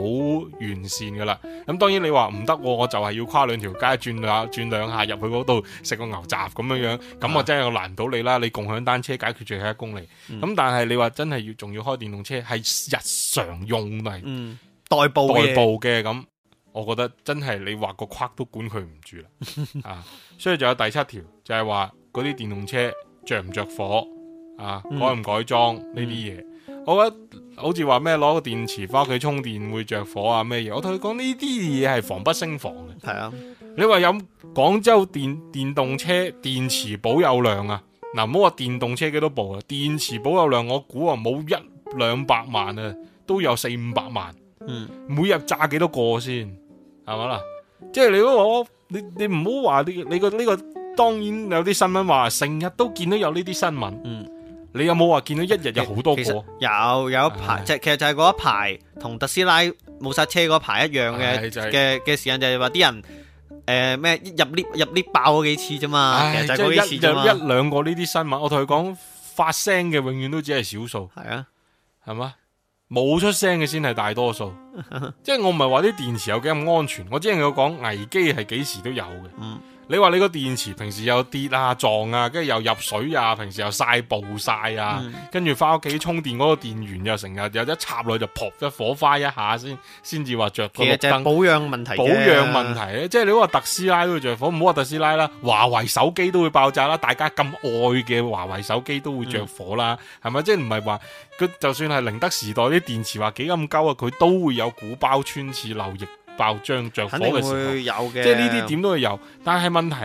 完善噶啦。咁、嗯、當然你話唔得，我就係要跨兩條街，轉兩轉兩下入去嗰度食個牛雜咁樣樣，咁我真係難到你啦。你共享單車解決最後一公里，咁、嗯嗯、但係你話真係要仲要開電動車，係日常用嚟、嗯、代步嘅咁，代步我覺得真係你畫個框都管佢唔住啦。 啊，所以仲有第七條。就係話嗰啲電動車着唔着火啊？改唔改裝呢啲嘢？我覺得好似話咩攞個電池翻屋企充電會着火啊？咩嘢？我同佢講呢啲嘢係防不勝防嘅。係啊，你話有廣州電電動車電池保有量啊？嗱、啊，唔好話電動車幾多部啊？電池保有量我估啊，冇一兩百萬啊，都有四五百萬。嗯，每日炸幾多個先係咪啦？即係你都我你你唔好話你你，你個呢、呢個。呢個當然有啲新聞話，成日都見到有呢啲新聞。嗯，你有冇話見到一日有好多個？有有一排，就其實就係嗰一排同特斯拉冇剎車嗰排一樣嘅嘅嘅時間，就係話啲人誒咩入 lift 入 lift 爆咗幾次啫嘛，就係嗰幾次就一兩個呢啲新聞。我同佢講，發聲嘅永遠都只係少數，係啊，係嘛，冇出聲嘅先係大多數。即係我唔係話啲電池有幾咁安全，我只係要講危機係幾時都有嘅。嗯。你話你個電池平時又跌啊撞啊，跟住又入水啊，平時又曬暴曬啊，跟住翻屋企充電嗰個電源又成日又一插落就撲一火花一下先，先至話着。其實就保養問題，保養問題咧，即係你話特斯拉都會着火，唔好話特斯拉啦，華為手機都會爆炸啦，大家咁愛嘅華為手機都會着火啦，係咪、嗯？即係唔係話佢就算係寧德時代啲電池話幾咁高啊，佢都會有鼓包、穿刺、漏液。爆漿着火嘅時候，有嘅，即係呢啲點都會有，但係問題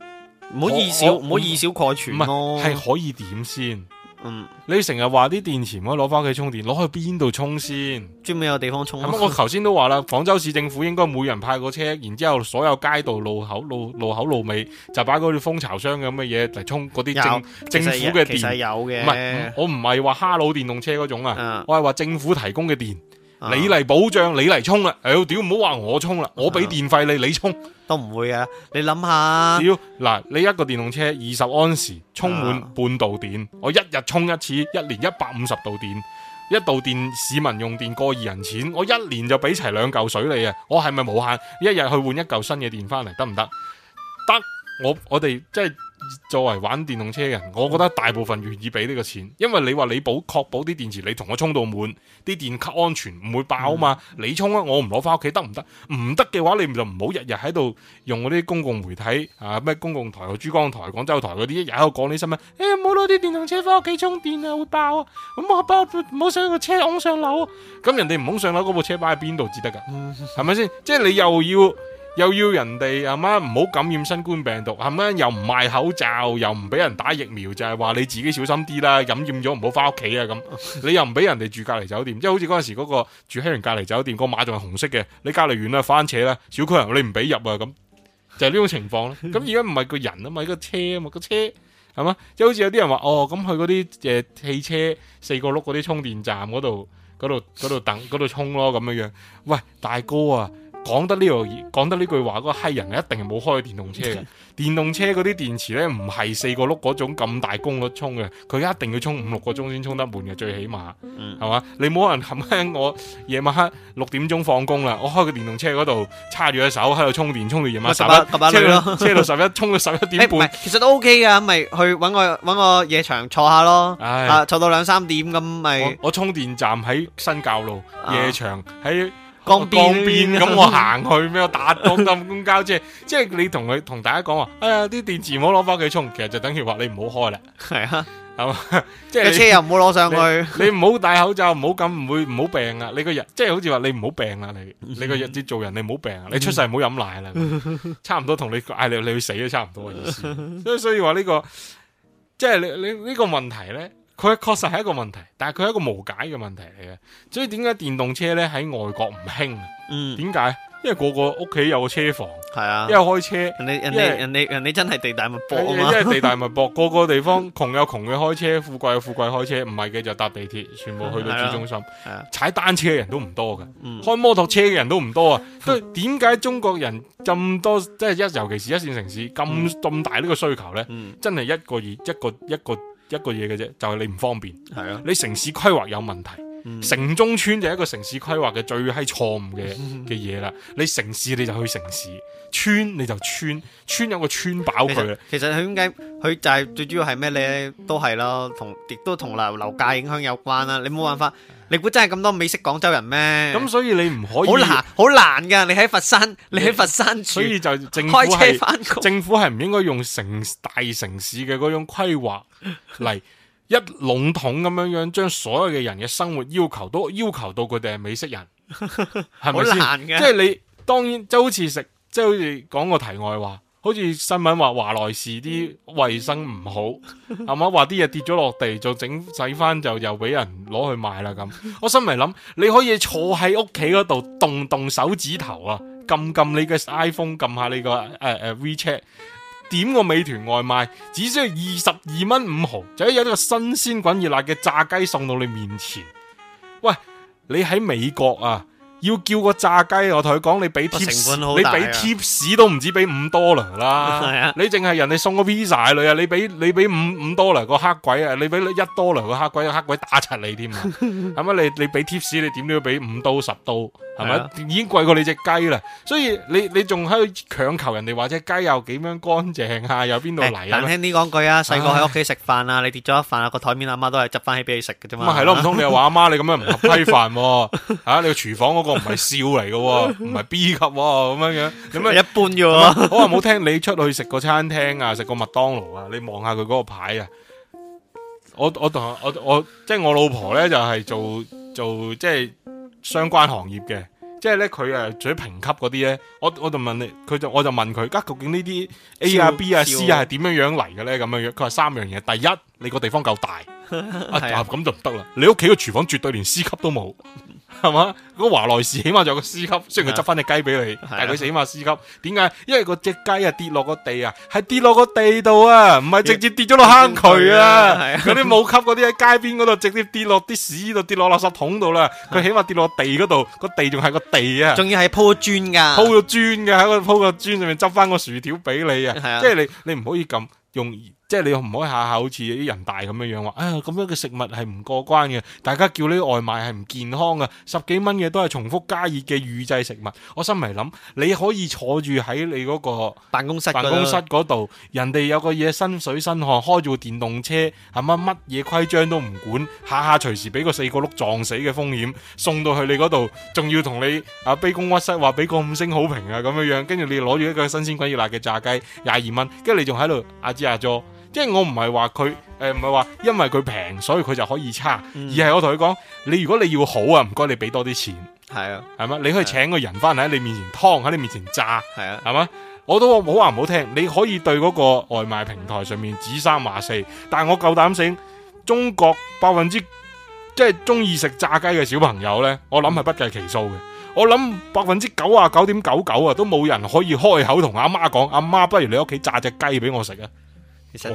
係唔好以少唔好以少概全咯，係可以點先？嗯，你成日話啲電池唔可以攞翻屋企充電，攞去邊度充先？專門有地方充。咁我頭先都話啦，廣州市政府應該每人派個車，然之後所有街道路口路路口路尾就擺嗰啲蜂巢箱咁嘅嘢嚟充嗰啲政政府嘅電。其實有嘅，唔係、嗯、我唔係話哈魯電動車嗰種啊，嗯、我係話政府提供嘅電。啊、你嚟保障，你嚟充啊！屌，唔好話我充啦、啊，啊、我俾電費你，你充都唔會啊！你諗下、啊，屌！嗱，你一個電動車二十安時充滿半度電，啊、我一日充一次，一年一百五十度電，一度電市民用電過二人錢，我一年就俾齊兩嚿水你啊！我係咪無限一日去換一嚿新嘅電翻嚟得唔得？得，我我哋即係。作為玩電動車嘅人，我覺得大部分願意俾呢個錢，因為你話你保確保啲電池你同我充到滿，啲電池安全唔會爆嘛？你充啊，我唔攞翻屋企得唔得？唔得嘅話，你咪就唔好日日喺度用嗰啲公共媒體啊，咩公共台、珠江台、廣州台嗰啲，一日喺度講呢新聞，誒、欸，唔好攞啲電動車翻屋企充電啊，會爆啊，咁我啊，唔好上個車往上樓。咁人哋唔好上樓，嗰部車擺喺邊度至得噶？係咪先？即、嗯、係、就是、你又要。又要人哋係咪唔好感染新冠病毒，係咪又唔賣口罩，又唔俾人打疫苗，就係話你自己小心啲啦，感染咗唔好翻屋企啊咁。你又唔俾人哋住隔離酒店，即係好似嗰陣時嗰個住喺人隔離酒店個碼仲係紅色嘅，你隔離遠啦，翻扯啦，小區人你唔俾入啊咁，就係呢種情況咯。咁而家唔係個人啊嘛，一個車啊嘛，個車係嘛，即係好似有啲人話哦，咁去嗰啲誒汽車四個轆嗰啲充電站嗰度嗰度嗰度等嗰度充咯咁樣樣。喂，大哥啊！講得呢個，講得呢句話嗰個黑人一定係冇開電動車嘅。 電動車嗰啲電池咧，唔係四個碌嗰種咁大功率充嘅，佢一定要充五六個鐘先充得滿嘅，最起碼，係嘛、嗯？你冇可能琴我夜晚黑六點鐘放工啦，我開個電動車嗰度叉住一手喺度充電，充電到夜晚是十一，充到十一，充到十一點半、 欸。其實都 OK 噶，咪去搵個搵個夜場坐下咯唉、啊，坐到兩三點咁咪。我充電站喺新滘路，夜場喺。啊啊江邊咁，邊我行去咩？我搭公搭公交車， 即係你同佢同大家講話，哎呀，啲電池唔好攞翻屋企充，其實就等於話你唔好開啦。係啊，係嘛 你，即係車又唔好攞上去。 你唔好戴口罩，唔好咁唔會唔好病啊！你個人，即係 好似話你唔好病啊，你你個日子做人你唔好病啊！你出世唔好飲奶啦， 差唔多同你嗌你你去死都差唔多嘅意思。所以所以話呢個即係你你呢個問題咧。佢確實係一個問題，但係佢係一個無解嘅問題嚟嘅，所以點解電動車咧喺外國唔興？嗯，點解？因為個個屋企有個車房，係啊，因為開車，你人哋人哋人哋真係地大物博啊嘛，即係地大物博，個個地方窮有窮嘅開車，富貴有富貴開車，唔係嘅就搭地鐵，全部去到市中心，係啊，踩單車嘅人都唔多㗎，開摩托車嘅人都唔多啊。都點解中國人咁多，即係一，尤其是一線城市咁咁大呢個需求咧？嗯，真係一個月一個一個。一個嘢嘅啫，就係、是、你唔方便。係啊，你城市規劃有問題，嗯、城中村就係一個城市規劃嘅最係錯誤嘅嘅嘢啦。嗯、你城市你就去城市，村你就村，村有個村飽佢啦。其實佢點解？佢就係最主要係咩咧？都係咯，同亦都同樓樓價影響有關啦，啊。你冇辦法，你估真係咁多美式廣州人咩？咁所以你唔可以好難好難噶。你喺佛山，你喺佛山住，所以就政府係政府係唔應該用城大城市嘅嗰種規劃嚟一籠統咁樣樣，將所有嘅人嘅生活要求都要求到佢哋係美式人，係咪 先？好難㗎。即係你當然，即係好似食，即係好似講個題外話。好似新聞話華萊士啲衞生唔好，係嘛？話啲嘢跌咗落地，就整洗翻就又俾人攞去賣啦咁。我心嚟諗，你可以坐喺屋企嗰度動動手指頭啊，撳撳你嘅 iPhone，撳下你個誒誒、呃、WeChat、呃、點個美團外賣，只需要二十二蚊五毫，就有一個新鮮滾熱辣嘅炸雞送到你面前。喂，你喺美國啊！要叫個炸雞，我同佢講，你俾貼，你俾貼士，士都唔止俾五多糧啦。你淨係人哋送個 pizza 嚟啊，你俾你俾五五多糧個黑鬼啊，你俾一多糧個黑鬼，黑鬼打柒你添啊。咁啊， 你你俾貼士，你點都要俾五刀十刀，係咪、啊、已經貴過你隻雞啦？所以你你仲喺度強求人哋話隻雞又點樣乾淨啊？又邊度嚟？難聽啲講句啊，細個喺屋企食飯啊，你跌咗一飯啊，個台面阿媽都係執翻起俾你食嘅啫嘛。係咯，唔通你又話阿媽你咁樣唔合規範喎？吓，你個廚房嗰個。唔係笑嚟嘅，唔係 B 級咁、啊、樣樣，咁樣一般啫、啊。 好話唔好聽，你出去食個餐廳啊，食個麥當勞啊，你望下佢嗰個牌啊。我我同我我，我即係我老婆咧，就係、是、做做，做即係相關行業嘅，即係咧佢誒，除咗評級嗰啲咧，我我就問你，佢就我就問佢，而家究竟呢啲 A 啊、B 啊、C 啊係點樣樣嚟嘅咧？咁樣樣，佢話三樣嘢，第一，你個地方夠大。啊咁、啊啊、就唔得啦！你屋企個廚房絕對連 C 級都冇，係嘛？嗰華萊士起碼仲有個 C 級，雖然佢執翻隻雞俾你，啊、但係佢起碼 C 級。點解？因為個隻雞啊跌落個地，落地啊，係跌落個地度啊，唔係直接跌咗落坑渠啊。嗰啲冇級嗰啲喺街邊嗰度直接跌落啲屎度，跌落垃圾桶度啦。佢、啊、起碼跌落地嗰度，個地仲係個地啊，仲要係鋪磚噶，鋪個磚噶喺個鋪個磚上面執翻個薯條俾你啊，即係你你唔可以咁用。即係你唔可以下下好似啲人大咁樣樣話，啊咁樣嘅食物係唔過關嘅，大家叫呢啲外賣係唔健康嘅，十幾蚊嘅都係重複加熱嘅預製食物。我心嚟諗，你可以坐住喺你嗰個辦公室，辦公室嗰度，人哋有個嘢身水身汗開住個電動車，係乜乜嘢規章都唔管，下下隨時俾個四個碌撞死嘅風險送到去你嗰度，仲要同你啊卑躬屈膝話俾個五星好評啊咁樣樣，跟住你攞住一個新鮮滾熱辣嘅炸雞廿二蚊，跟住你仲喺度壓支壓座。雞雞雞即係我唔係話佢，誒唔係話因為佢平所以佢就可以差，嗯、而係我同佢講，你如果你要好你啊，唔該你俾多啲錢。係啊，係嘛，你可以請個人翻嚟喺你面前劏，喺你面前炸。係啊，係嘛，我都好話唔好聽，你可以對嗰個外賣平台上面指三話四，但係我夠膽醒，中國百分之即係中意食炸雞嘅小朋友呢，我諗係不計其數嘅。我諗百分之九啊九點九九啊，都冇人可以開口同阿媽講，阿媽不如你屋企炸隻雞俾我食啊！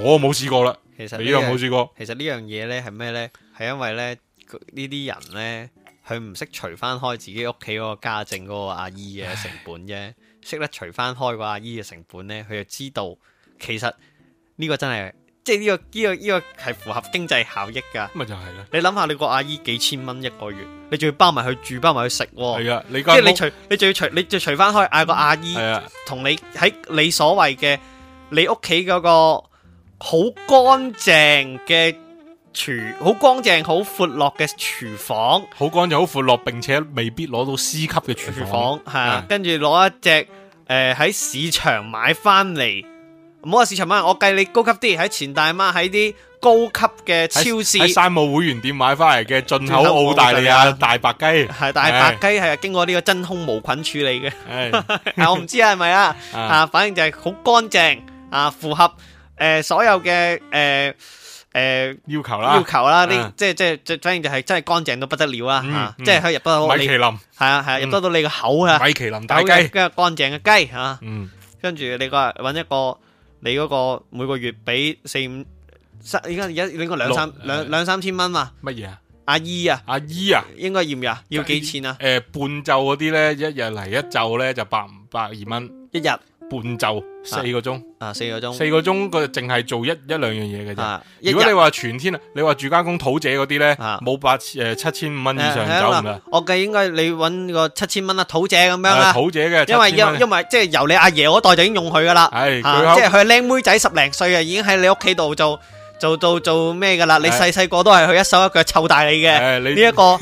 我冇試過啦，你又冇試過。其實呢樣嘢呢係咩呢？係因為咧呢啲人呢，佢唔識除翻開自己屋企嗰個家政嗰 個阿姨嘅成本啫，識得除翻開個阿姨嘅成本呢，佢就知道其實呢個真係即係、呢個、呢個呢、呢個呢、呢個係、呢個、符合經濟效益噶。咪就係你諗下，你個阿姨幾千蚊一個月，你仲要包埋去住，包埋去食。係啊，即係你除你仲要除，你仲除翻開嗌個阿姨同、嗯、你喺你所謂嘅你屋企嗰個。好乾淨嘅廚，好乾淨、好闊落嘅廚房，好乾淨、好闊落，並且未必攞到 C 級嘅廚房，係啊。啊跟住攞一隻誒喺市場買翻嚟，唔好話市場買，我計你高級啲，喺錢大媽，喺啲高級嘅超市，喺山姆會員店買翻嚟嘅進口澳大利亞大白雞，係、啊啊、大白雞係經過呢個真空無菌處理嘅，係、啊 啊、我唔知係係啊係咪啊， 啊，反正就係好乾淨，啊，符合。誒，所有嘅誒誒要求啦，要求啦，啲即係即係，反正就係真係乾淨到不得了啦，吓，即係入得到米其林，係啊係啊，入得到你個口啊，米其林大雞，跟住乾淨嘅雞吓，嗯，跟住你個搵一個，你嗰個每個月俾四五三，而家而家應該兩三兩兩三千蚊嘛，乜嘢啊？阿姨啊，阿姨啊，應該要唔要啊？要幾錢啊？誒，半晝嗰啲咧，一日嚟一晝咧就百五百二蚊，一日。半晝四個鐘，啊四個鐘，四個鐘佢淨係做一一兩樣嘢嘅啫。如果你話全天啊，你話住家工土姐嗰啲咧，冇八誒七千五蚊以上就唔得。我計應該你搵個七千蚊啦，土姐咁樣土姐嘅，因為因因為即係由你阿爺嗰代就已經用佢噶啦，係，即係佢係靚妹仔十零歲啊，已經喺你屋企度做做做做咩噶啦？你細細個都係佢一手一腳湊大你嘅，呢一個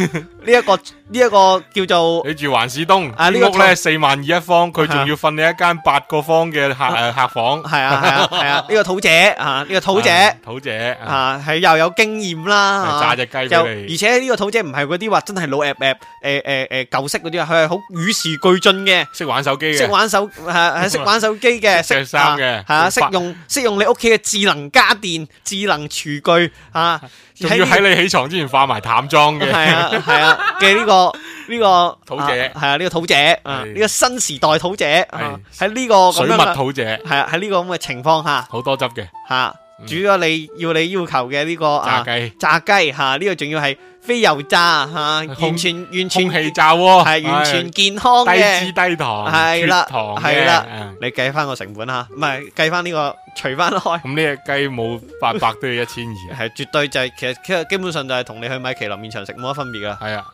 呢一個。呢一個叫做你住環市東啊，呢屋咧四萬二一方，佢仲要瞓你一間八個方嘅客客房，係啊係啊係啊，呢個土姐啊呢個土姐，土姐啊係又有經驗啦，炸隻雞出嚟，而且呢個土姐唔係嗰啲話真係老 app a p 誒誒誒舊式嗰啲啊，佢係好與時俱進嘅，識玩手機嘅，識玩手誒識玩手機嘅，識衫嘅，係啊，識用識用你屋企嘅智能家電、智能廚具啊。仲要喺你起床之前化埋淡妝嘅，係啊，係啊嘅呢、這個呢個土姐，係啊呢個土姐，呢係個新時代土姐，係喺呢個這水蜜土姐，係啊喺呢個咁嘅情況下，好多汁嘅吓。煮咗你要你要求嘅呢個炸雞，炸雞吓，呢個仲要係非油炸吓，完全完全空氣炸鍋係完全健康嘅，低脂低糖係啦，係啦，你計翻個成本吓，唔係計翻呢個除翻開，咁呢隻雞冇八百都要一千二，係絕對就係其實基本上就係同你去米其林面場食冇乜分別噶，係啊，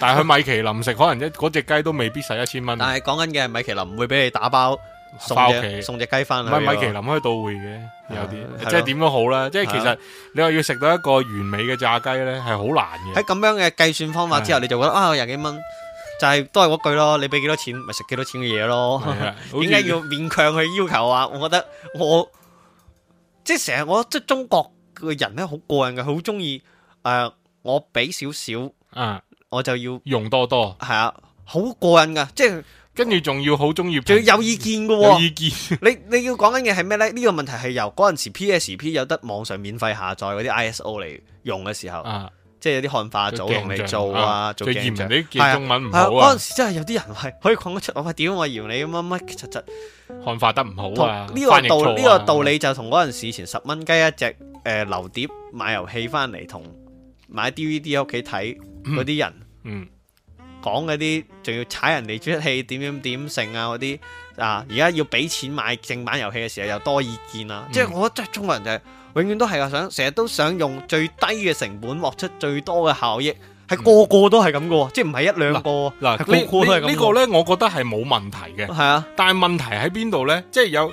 但係去米其林食可能一嗰隻雞都未必使一千蚊，但係講緊嘅米其林唔會俾你打包。送隻家送隻雞翻嚟，米、米其林可以到會嘅有啲，啊、即係點都好啦。啊、即係其實你話要食到一個完美嘅炸雞咧，係好難嘅。喺咁樣嘅計算方法之後，啊、你就覺得啊，廿幾蚊就係、是、都係嗰句咯。你俾幾多錢，咪食幾多錢嘅嘢咯？點解要勉強去要求啊？我覺得我即係成日我即係中國嘅人咧，好過癮嘅，好中意誒！我俾少少，啊、我就要用多多係啊，好過癮噶，即係。跟住仲要好中意，仲要有意見嘅。有意見，你你要講緊嘢係咩呢？呢個問題係由嗰陣時 PSP 有得網上免費下載嗰啲 ISO 嚟用嘅時候，即係有啲漢化組嚟做啊，做鏡像。你見中文唔好啊？嗰陣時真係有啲人係可以講得出，我話屌我嫌你乜乜乜，漢化得唔好。呢個道呢個道理就同嗰陣時前十蚊雞一隻誒流碟買遊戲翻嚟同買 DVD 喺屋企睇嗰啲人嗯。講嗰啲仲要踩人哋出氣點點點成啊嗰啲啊，而家要俾錢買正版遊戲嘅時候又多意見啊，即係我覺得中國人就係永遠都係想，成日都想用最低嘅成本獲出最多嘅效益，係個個都係咁噶喎，即係唔係一兩個啊，嗱個個都係咁呢，呢個呢，我覺得係冇問題嘅，係啊，但係問題喺邊度呢？即係有，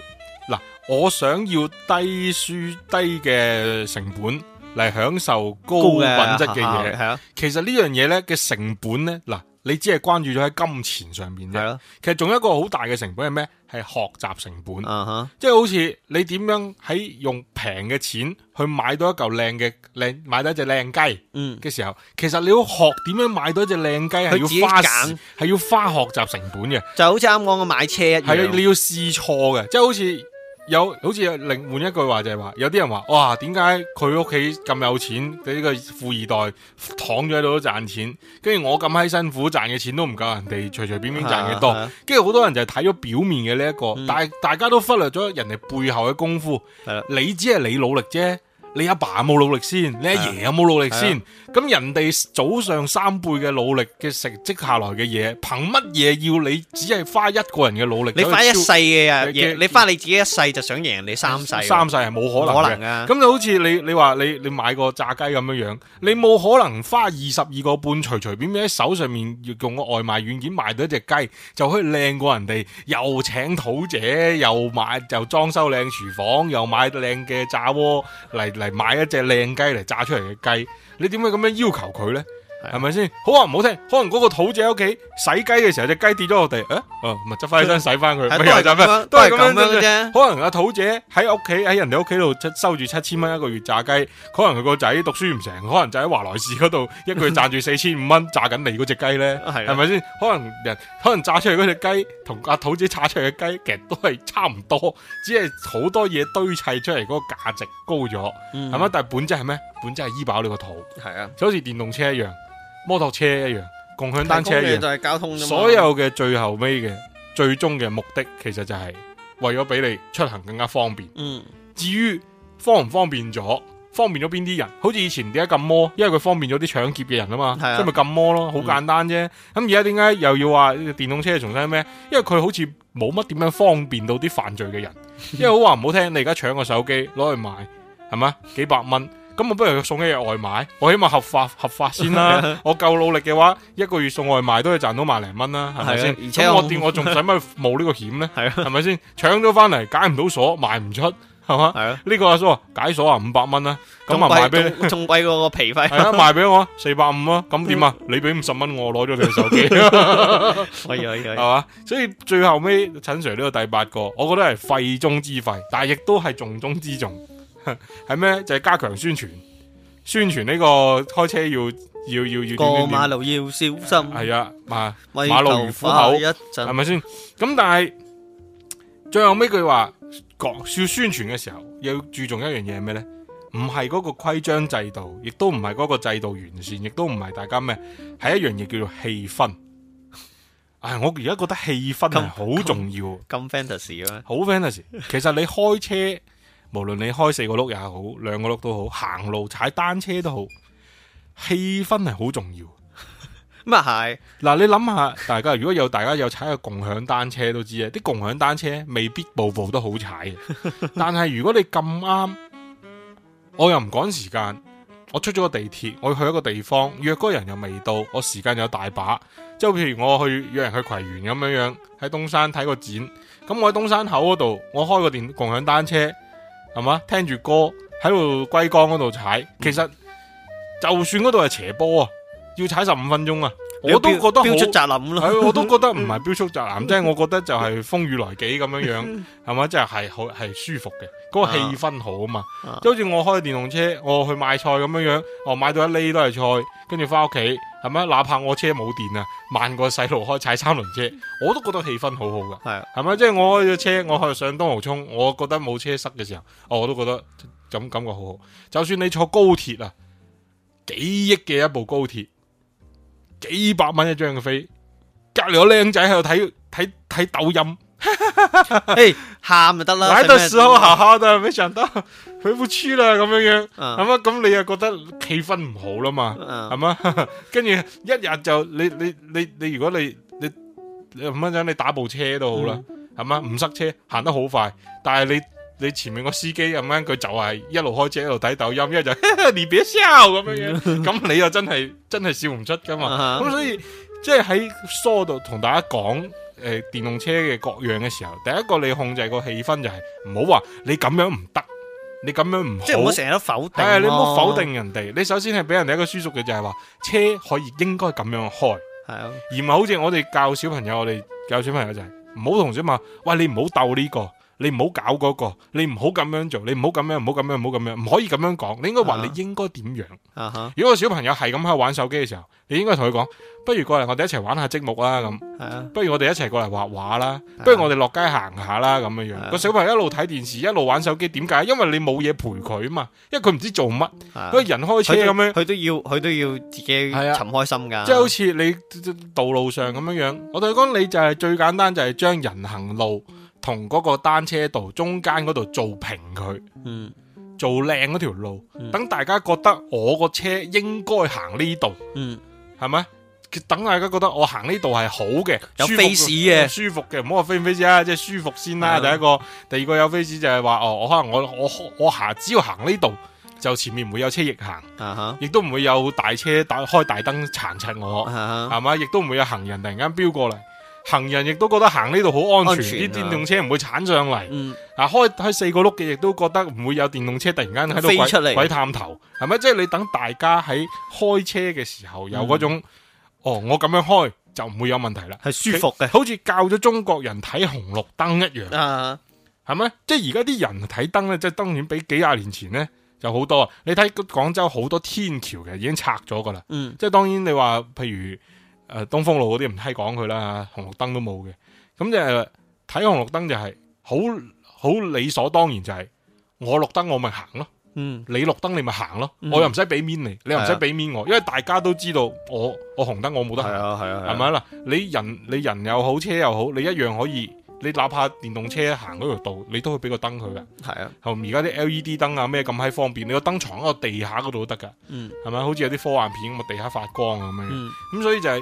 嗱，我想要低輸低嘅成本嚟享受高品質嘅嘢，係啊，其實呢樣嘢呢嘅成本呢。嗱你只係關注咗喺金錢上面啫，是的 其實仲有一個好大嘅成本係咩？係學習成本，uh huh. 即係好似你點樣喺用平嘅錢去買到一嚿靚嘅靚，買到一隻靚雞嘅時候，嗯、其實你要學點樣買到一隻靚雞係要花，係要，要花學習成本嘅，就好似啱講嘅買車一樣，係你要試錯嘅，即係好似。有好似另換一句話就係話，有啲人話：哇，點解佢屋企咁有錢？畀呢個富二代躺咗喺度都賺錢，跟住我咁閪辛苦賺嘅錢都唔夠人哋隨隨便便，便賺嘅多。跟住好多人就係睇咗表面嘅呢一個，嗯、但係大家都忽略咗人哋背後嘅功夫。啊、你只係你努力啫。你阿爸有冇努力先？你阿爺有冇努力先？咁人哋早上三倍嘅努力嘅成績下來嘅嘢，憑乜嘢要你只係花一個人嘅努力？你花一世嘅嘢，啊、呃、你花你自己一世就想贏你三世、啊？三世係冇可能啊，咁就好似你你話你你買個炸雞咁樣樣，你冇可能花二十二個半隨隨便便喺手上面用個外賣軟件買到一隻雞，就可以靚過人哋？又請土姐，又買又裝修靚廚房，又買靚嘅炸鍋嚟。嚟買一隻靚雞嚟炸出嚟嘅雞，你點解咁樣要求佢咧？係咪先？好話唔好聽，可能嗰個土姐喺屋企洗雞嘅時候，隻雞跌咗落地，誒、啊，咪執翻起身洗翻佢它麼，都係咁樣嘅啫。可能阿土姐喺屋企喺人哋屋企度收住七千蚊一個月炸雞，可能佢個仔讀書唔成，可能就喺華萊士嗰度一個月賺住四千五蚊炸緊你嗰隻雞咧，係咪先？可能人可能炸出嚟嗰隻雞同阿土姐炸出嚟嘅雞，其實都係差唔多，只係好多嘢堆砌出嚟嗰個價值高咗，係咪、嗯？但係本質係咩？本質係醫飽你個肚。係啊，就好似電動車一樣。摩托車一樣，共享單車一樣，所有嘅最後尾嘅最終嘅目的，其實就係為咗俾你出行更加方便。嗯，至於方唔方便咗，方便咗邊啲人？好似以前點解禁摩？因為佢方便咗啲搶劫嘅人啊嘛，啊所以咪禁摩咯，好簡單啫。咁而家點解又要話電動車重新咩？因為佢好似冇乜點樣方便到啲犯罪嘅人。 因為好話唔好聽，你而家搶個手機攞去賣，係嘛，幾百蚊。咁我不如送一日外賣，我起碼合法合法先啦。我夠努力嘅話，一個月送外賣都要賺到萬零蚊啦，係咪先？而且我掂，我仲使乜冒呢個險咧？係咪先？搶咗翻嚟解唔到鎖，賣唔出，係嘛？係啊。呢個阿叔啊，解鎖啊五百蚊啦，咁啊賣俾你，仲貴過個皮費。係啊，賣俾我四百五咯，咁點啊？你俾五十蚊，我攞咗你嘅手機。可以可以，係嘛，所以最後尾陳 sir 呢個第八個，我覺得係費中之費，但係亦都係重中之重。係咩？ 就係、是、加強宣傳，宣傳呢個開車要要要要過馬路要小心。係 啊，馬，投馬路如虎口，係咪先？咁但係最後尾句話講宣傳嘅時候，要注重一樣嘢係咩咧？唔係嗰個規章制度，亦都唔係嗰個制度完善，亦都唔係大家咩？係一樣嘢，叫做氣氛。唉、 哎，我而家覺得氣氛好重要。咁 fantasy 啊？好 fantasy。其實你開車。 無論你開四個碌也好，兩個碌都好，行路踩單車都好，氣氛係好重要咁啊。係 嗱， 你諗下，大家如果有大家有踩個共享單車都知啊。啲共享單車未必步步都好踩，但係如果你咁啱，我又唔趕時間，我出咗個地鐵，我要去一個地方，約嗰個人又未到，我時間有大把。即係譬如我去約人去葵園咁樣樣，喺東山睇個展，咁我喺東山口嗰度，我開個電共享單車。係嘛？聽住歌喺度龜江嗰度踩，其實就算嗰度係斜坡啊，要踩十五分鐘啊，我都覺得飆速宅男咯。我都覺得唔係飆速宅男，即係我覺得就係風雨來幾咁樣樣，係嘛，即係係好係舒服嘅，嗰個氣氛好啊嘛。即好似我開電動車，我去買菜咁樣樣，我買到一厘都係菜，跟住翻屋企。係咪？哪怕我車冇電啊，萬個細路開踩三輪車，我都覺得氣氛好好噶。係，係咪？即係我開咗車，我去上東濠涌，我覺得冇車塞嘅時候，我都覺得咁感覺好好。就算你坐高鐵啊，幾億嘅一部高鐵，幾百蚊一張嘅飛，隔籬個靚仔喺度睇睇睇抖音。哎，喊咪得啦！喺度時候好好嘅，沒想到佢副豬啦咁樣樣，係嘛、啊？咁你又覺得氣氛唔好啦嘛？係嘛、啊？跟住一日就你你你你，你，如果你你咁樣樣，你打部車都好啦，係嘛？唔塞車，行得好快。但係你你前面個司機咁樣，佢就係一路開車一路睇抖音，一就 你別笑咁樣樣。咁、嗯、你又真係 真係笑唔出噶嘛？咁所以即係喺疏度同大家講。誒、呃，電動車嘅各樣嘅時候，第一個你控制個氣氛就係唔好話你咁樣唔得，你咁樣唔即係唔好成日都否定、啊啊，係你唔好否定人哋。啊、你首先係俾人哋一個舒服嘅就係話，車可以應該咁樣開，係是啊，而唔係好似我哋教小朋友，我哋教小朋友就係唔好同小朋友話，喂，你唔好鬥呢個。你唔好搞嗰、那個，你唔好咁樣做，你唔好咁樣，唔好咁樣，唔好咁樣，唔可以咁樣講。你應該話你應該點樣？啊啊、如果個小朋友係咁喺玩手機嘅時候，你應該同佢講：不如過嚟，我哋一齊玩下積木啦咁。啊、不如我哋一齊過嚟畫畫啦。啊、不如我哋落街行下啦咁樣樣。個、啊、小朋友一路睇電視，一路玩手機，點解？因為你冇嘢陪佢啊嘛。因為佢唔知做乜。佢、啊、人開車咁樣，佢都，都要佢都要自己尋開心㗎。即係好似你道路上咁樣樣，我同佢講，你就係、是、最簡單，就係將人行路，同嗰個單車道中間嗰度做平佢，嗯，做靚嗰條路，等、嗯、大家覺得我個車應該行呢度，嗯，係咪？等大家覺得我行呢度係好嘅，有飛士嘅，舒服嘅，唔好話飛唔飛士啊，即、就、係、是、舒服先啦。啊、第一個，第二個有飛士就係話哦，我可能我我我行，我只要行呢度就前面唔會有車逆行，亦、啊、哈都唔會有大車打開大燈殘殺我，啊哈，係咪？亦都唔會有行人突然間飆過嚟。行人亦都覺得行呢度好安全，啲、啊、電動車唔會鏟上嚟。嗱、嗯，開、啊、開四個轆嘅亦都覺得唔會有電動車突然間喺度飛出嚟。鬼探頭係咪？即係你等大家喺開車嘅時候有嗰種，嗯、哦，我咁樣開就唔會有問題啦，係舒服嘅，好似教咗中國人睇紅綠燈一樣啊。係咪？即係而家啲人睇燈咧，即係當然比幾廿年前咧就好多。你睇廣州好多天橋嘅已經拆咗噶啦。嗯、即係當然你話譬如。誒東風路嗰啲唔係講佢啦嚇，紅綠燈都冇嘅，咁就睇、係、紅綠燈就係好好理所當然就係、係、我綠燈我咪行咯，嗯，你綠燈你咪行咯，嗯、我又唔使俾面你，你又唔使俾面我，啊、因為大家都知道我我紅燈我冇得行，係咪嗱，你人你人又好，車又好，你一樣可以。你哪怕電動車行嗰條道，你都會俾個燈佢噶。係是啊，啊，後而家啲 LED 燈啊，咩咁閪方便？你個燈藏喺個地下嗰度都得噶。嗯，係咪啊？好似有啲科幻片咁，地下發光啊咁樣。咁、嗯、所以就係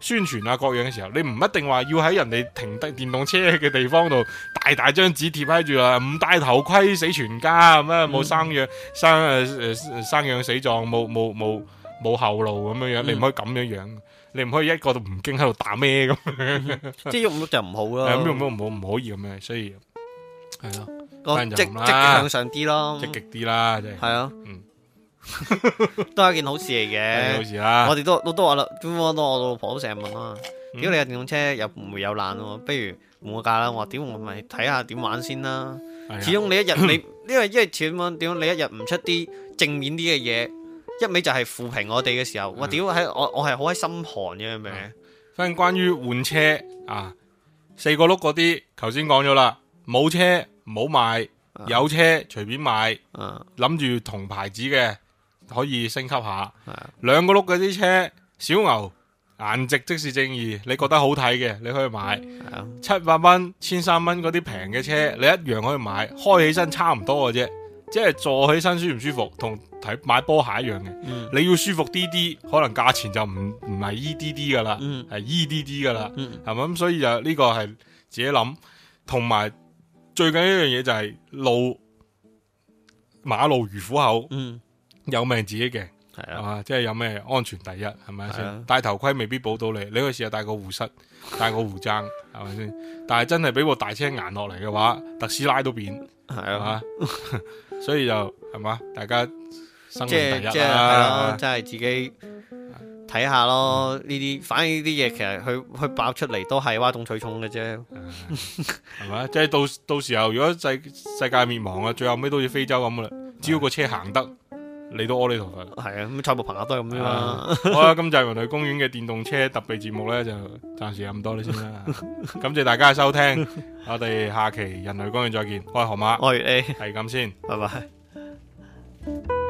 宣傳啊各樣嘅時候，你唔一定話要喺人哋停低電動車嘅地方度，大大張紙貼喺住啦，唔戴頭盔死全家咁啊，冇、嗯、生養生誒誒、呃、生養死葬，冇冇冇冇後路咁樣樣，你唔可以咁樣樣。嗯你唔可以一個都唔驚喺度打咩咁、 啊嗯，即係用唔用就唔好啦。用唔用唔好唔可以咁樣，所以係咯，積積極向上啲咯，積極啲啦，即係啊，都係一件好事嚟嘅。好事啦，我哋都都都話啦，都,都,都我老婆成日問啊嘛，屌、嗯、你架電動車又唔會有爛喎、啊，不如換個架啦。我話屌我咪睇下點玩先啦。是啊、始終你一日你 因為因為始終點樣你一日唔出啲正面啲嘅嘢。一味就係負評我哋嘅時候，嗯、我屌喺我我係好喺心寒嘅樣咩。反正、啊啊、關於換車啊，四個轆嗰啲，頭先講咗啦，冇車唔好買，買啊、有車隨便買。嗯、啊，諗住同牌子嘅可以升級下。係啊，兩個轆嗰啲車，小牛顏值即是正義，你覺得好睇嘅，你可以買。七百蚊、千三蚊嗰啲平嘅車，你一樣可以買，開起身差唔多嘅啫。即係坐起身舒唔舒服，同睇買波鞋一樣嘅。嗯、你要舒服啲啲，可能價錢就唔唔係依啲啲噶啦，係依啲啲噶啦，係咪咁？所以就呢個係自己諗，同埋最緊要一樣嘢就係路馬路如虎口，嗯、有命自己嘅係啊，即係有咩安全第一，係咪先？啊、戴頭盔未必保到你，你可以試下戴個護膝、 戴個護肘，係咪先？但係真係俾部大車岩落嚟嘅話，特斯拉都扁，係嘛吧？吧 所以就係嘛，大家生命第一啦，即係自己睇下咯。呢啲、嗯，反而呢啲嘢其實佢佢爆出嚟都係嘩眾取寵嘅啫，係嘛。 即、就、係、係、到到時候，如果世世界滅亡啊，最後尾都似非洲咁㗎啦，只要個車行得。你都屙你度啦，係 啊，咁財部朋友都係咁樣啦。好啦，今集人類公園嘅電動車特備節目咧，就暫時咁多啦先啦。 感謝大家嘅收聽， 我哋下期人類公園再見。我係河馬，我係 A，係咁先，拜拜。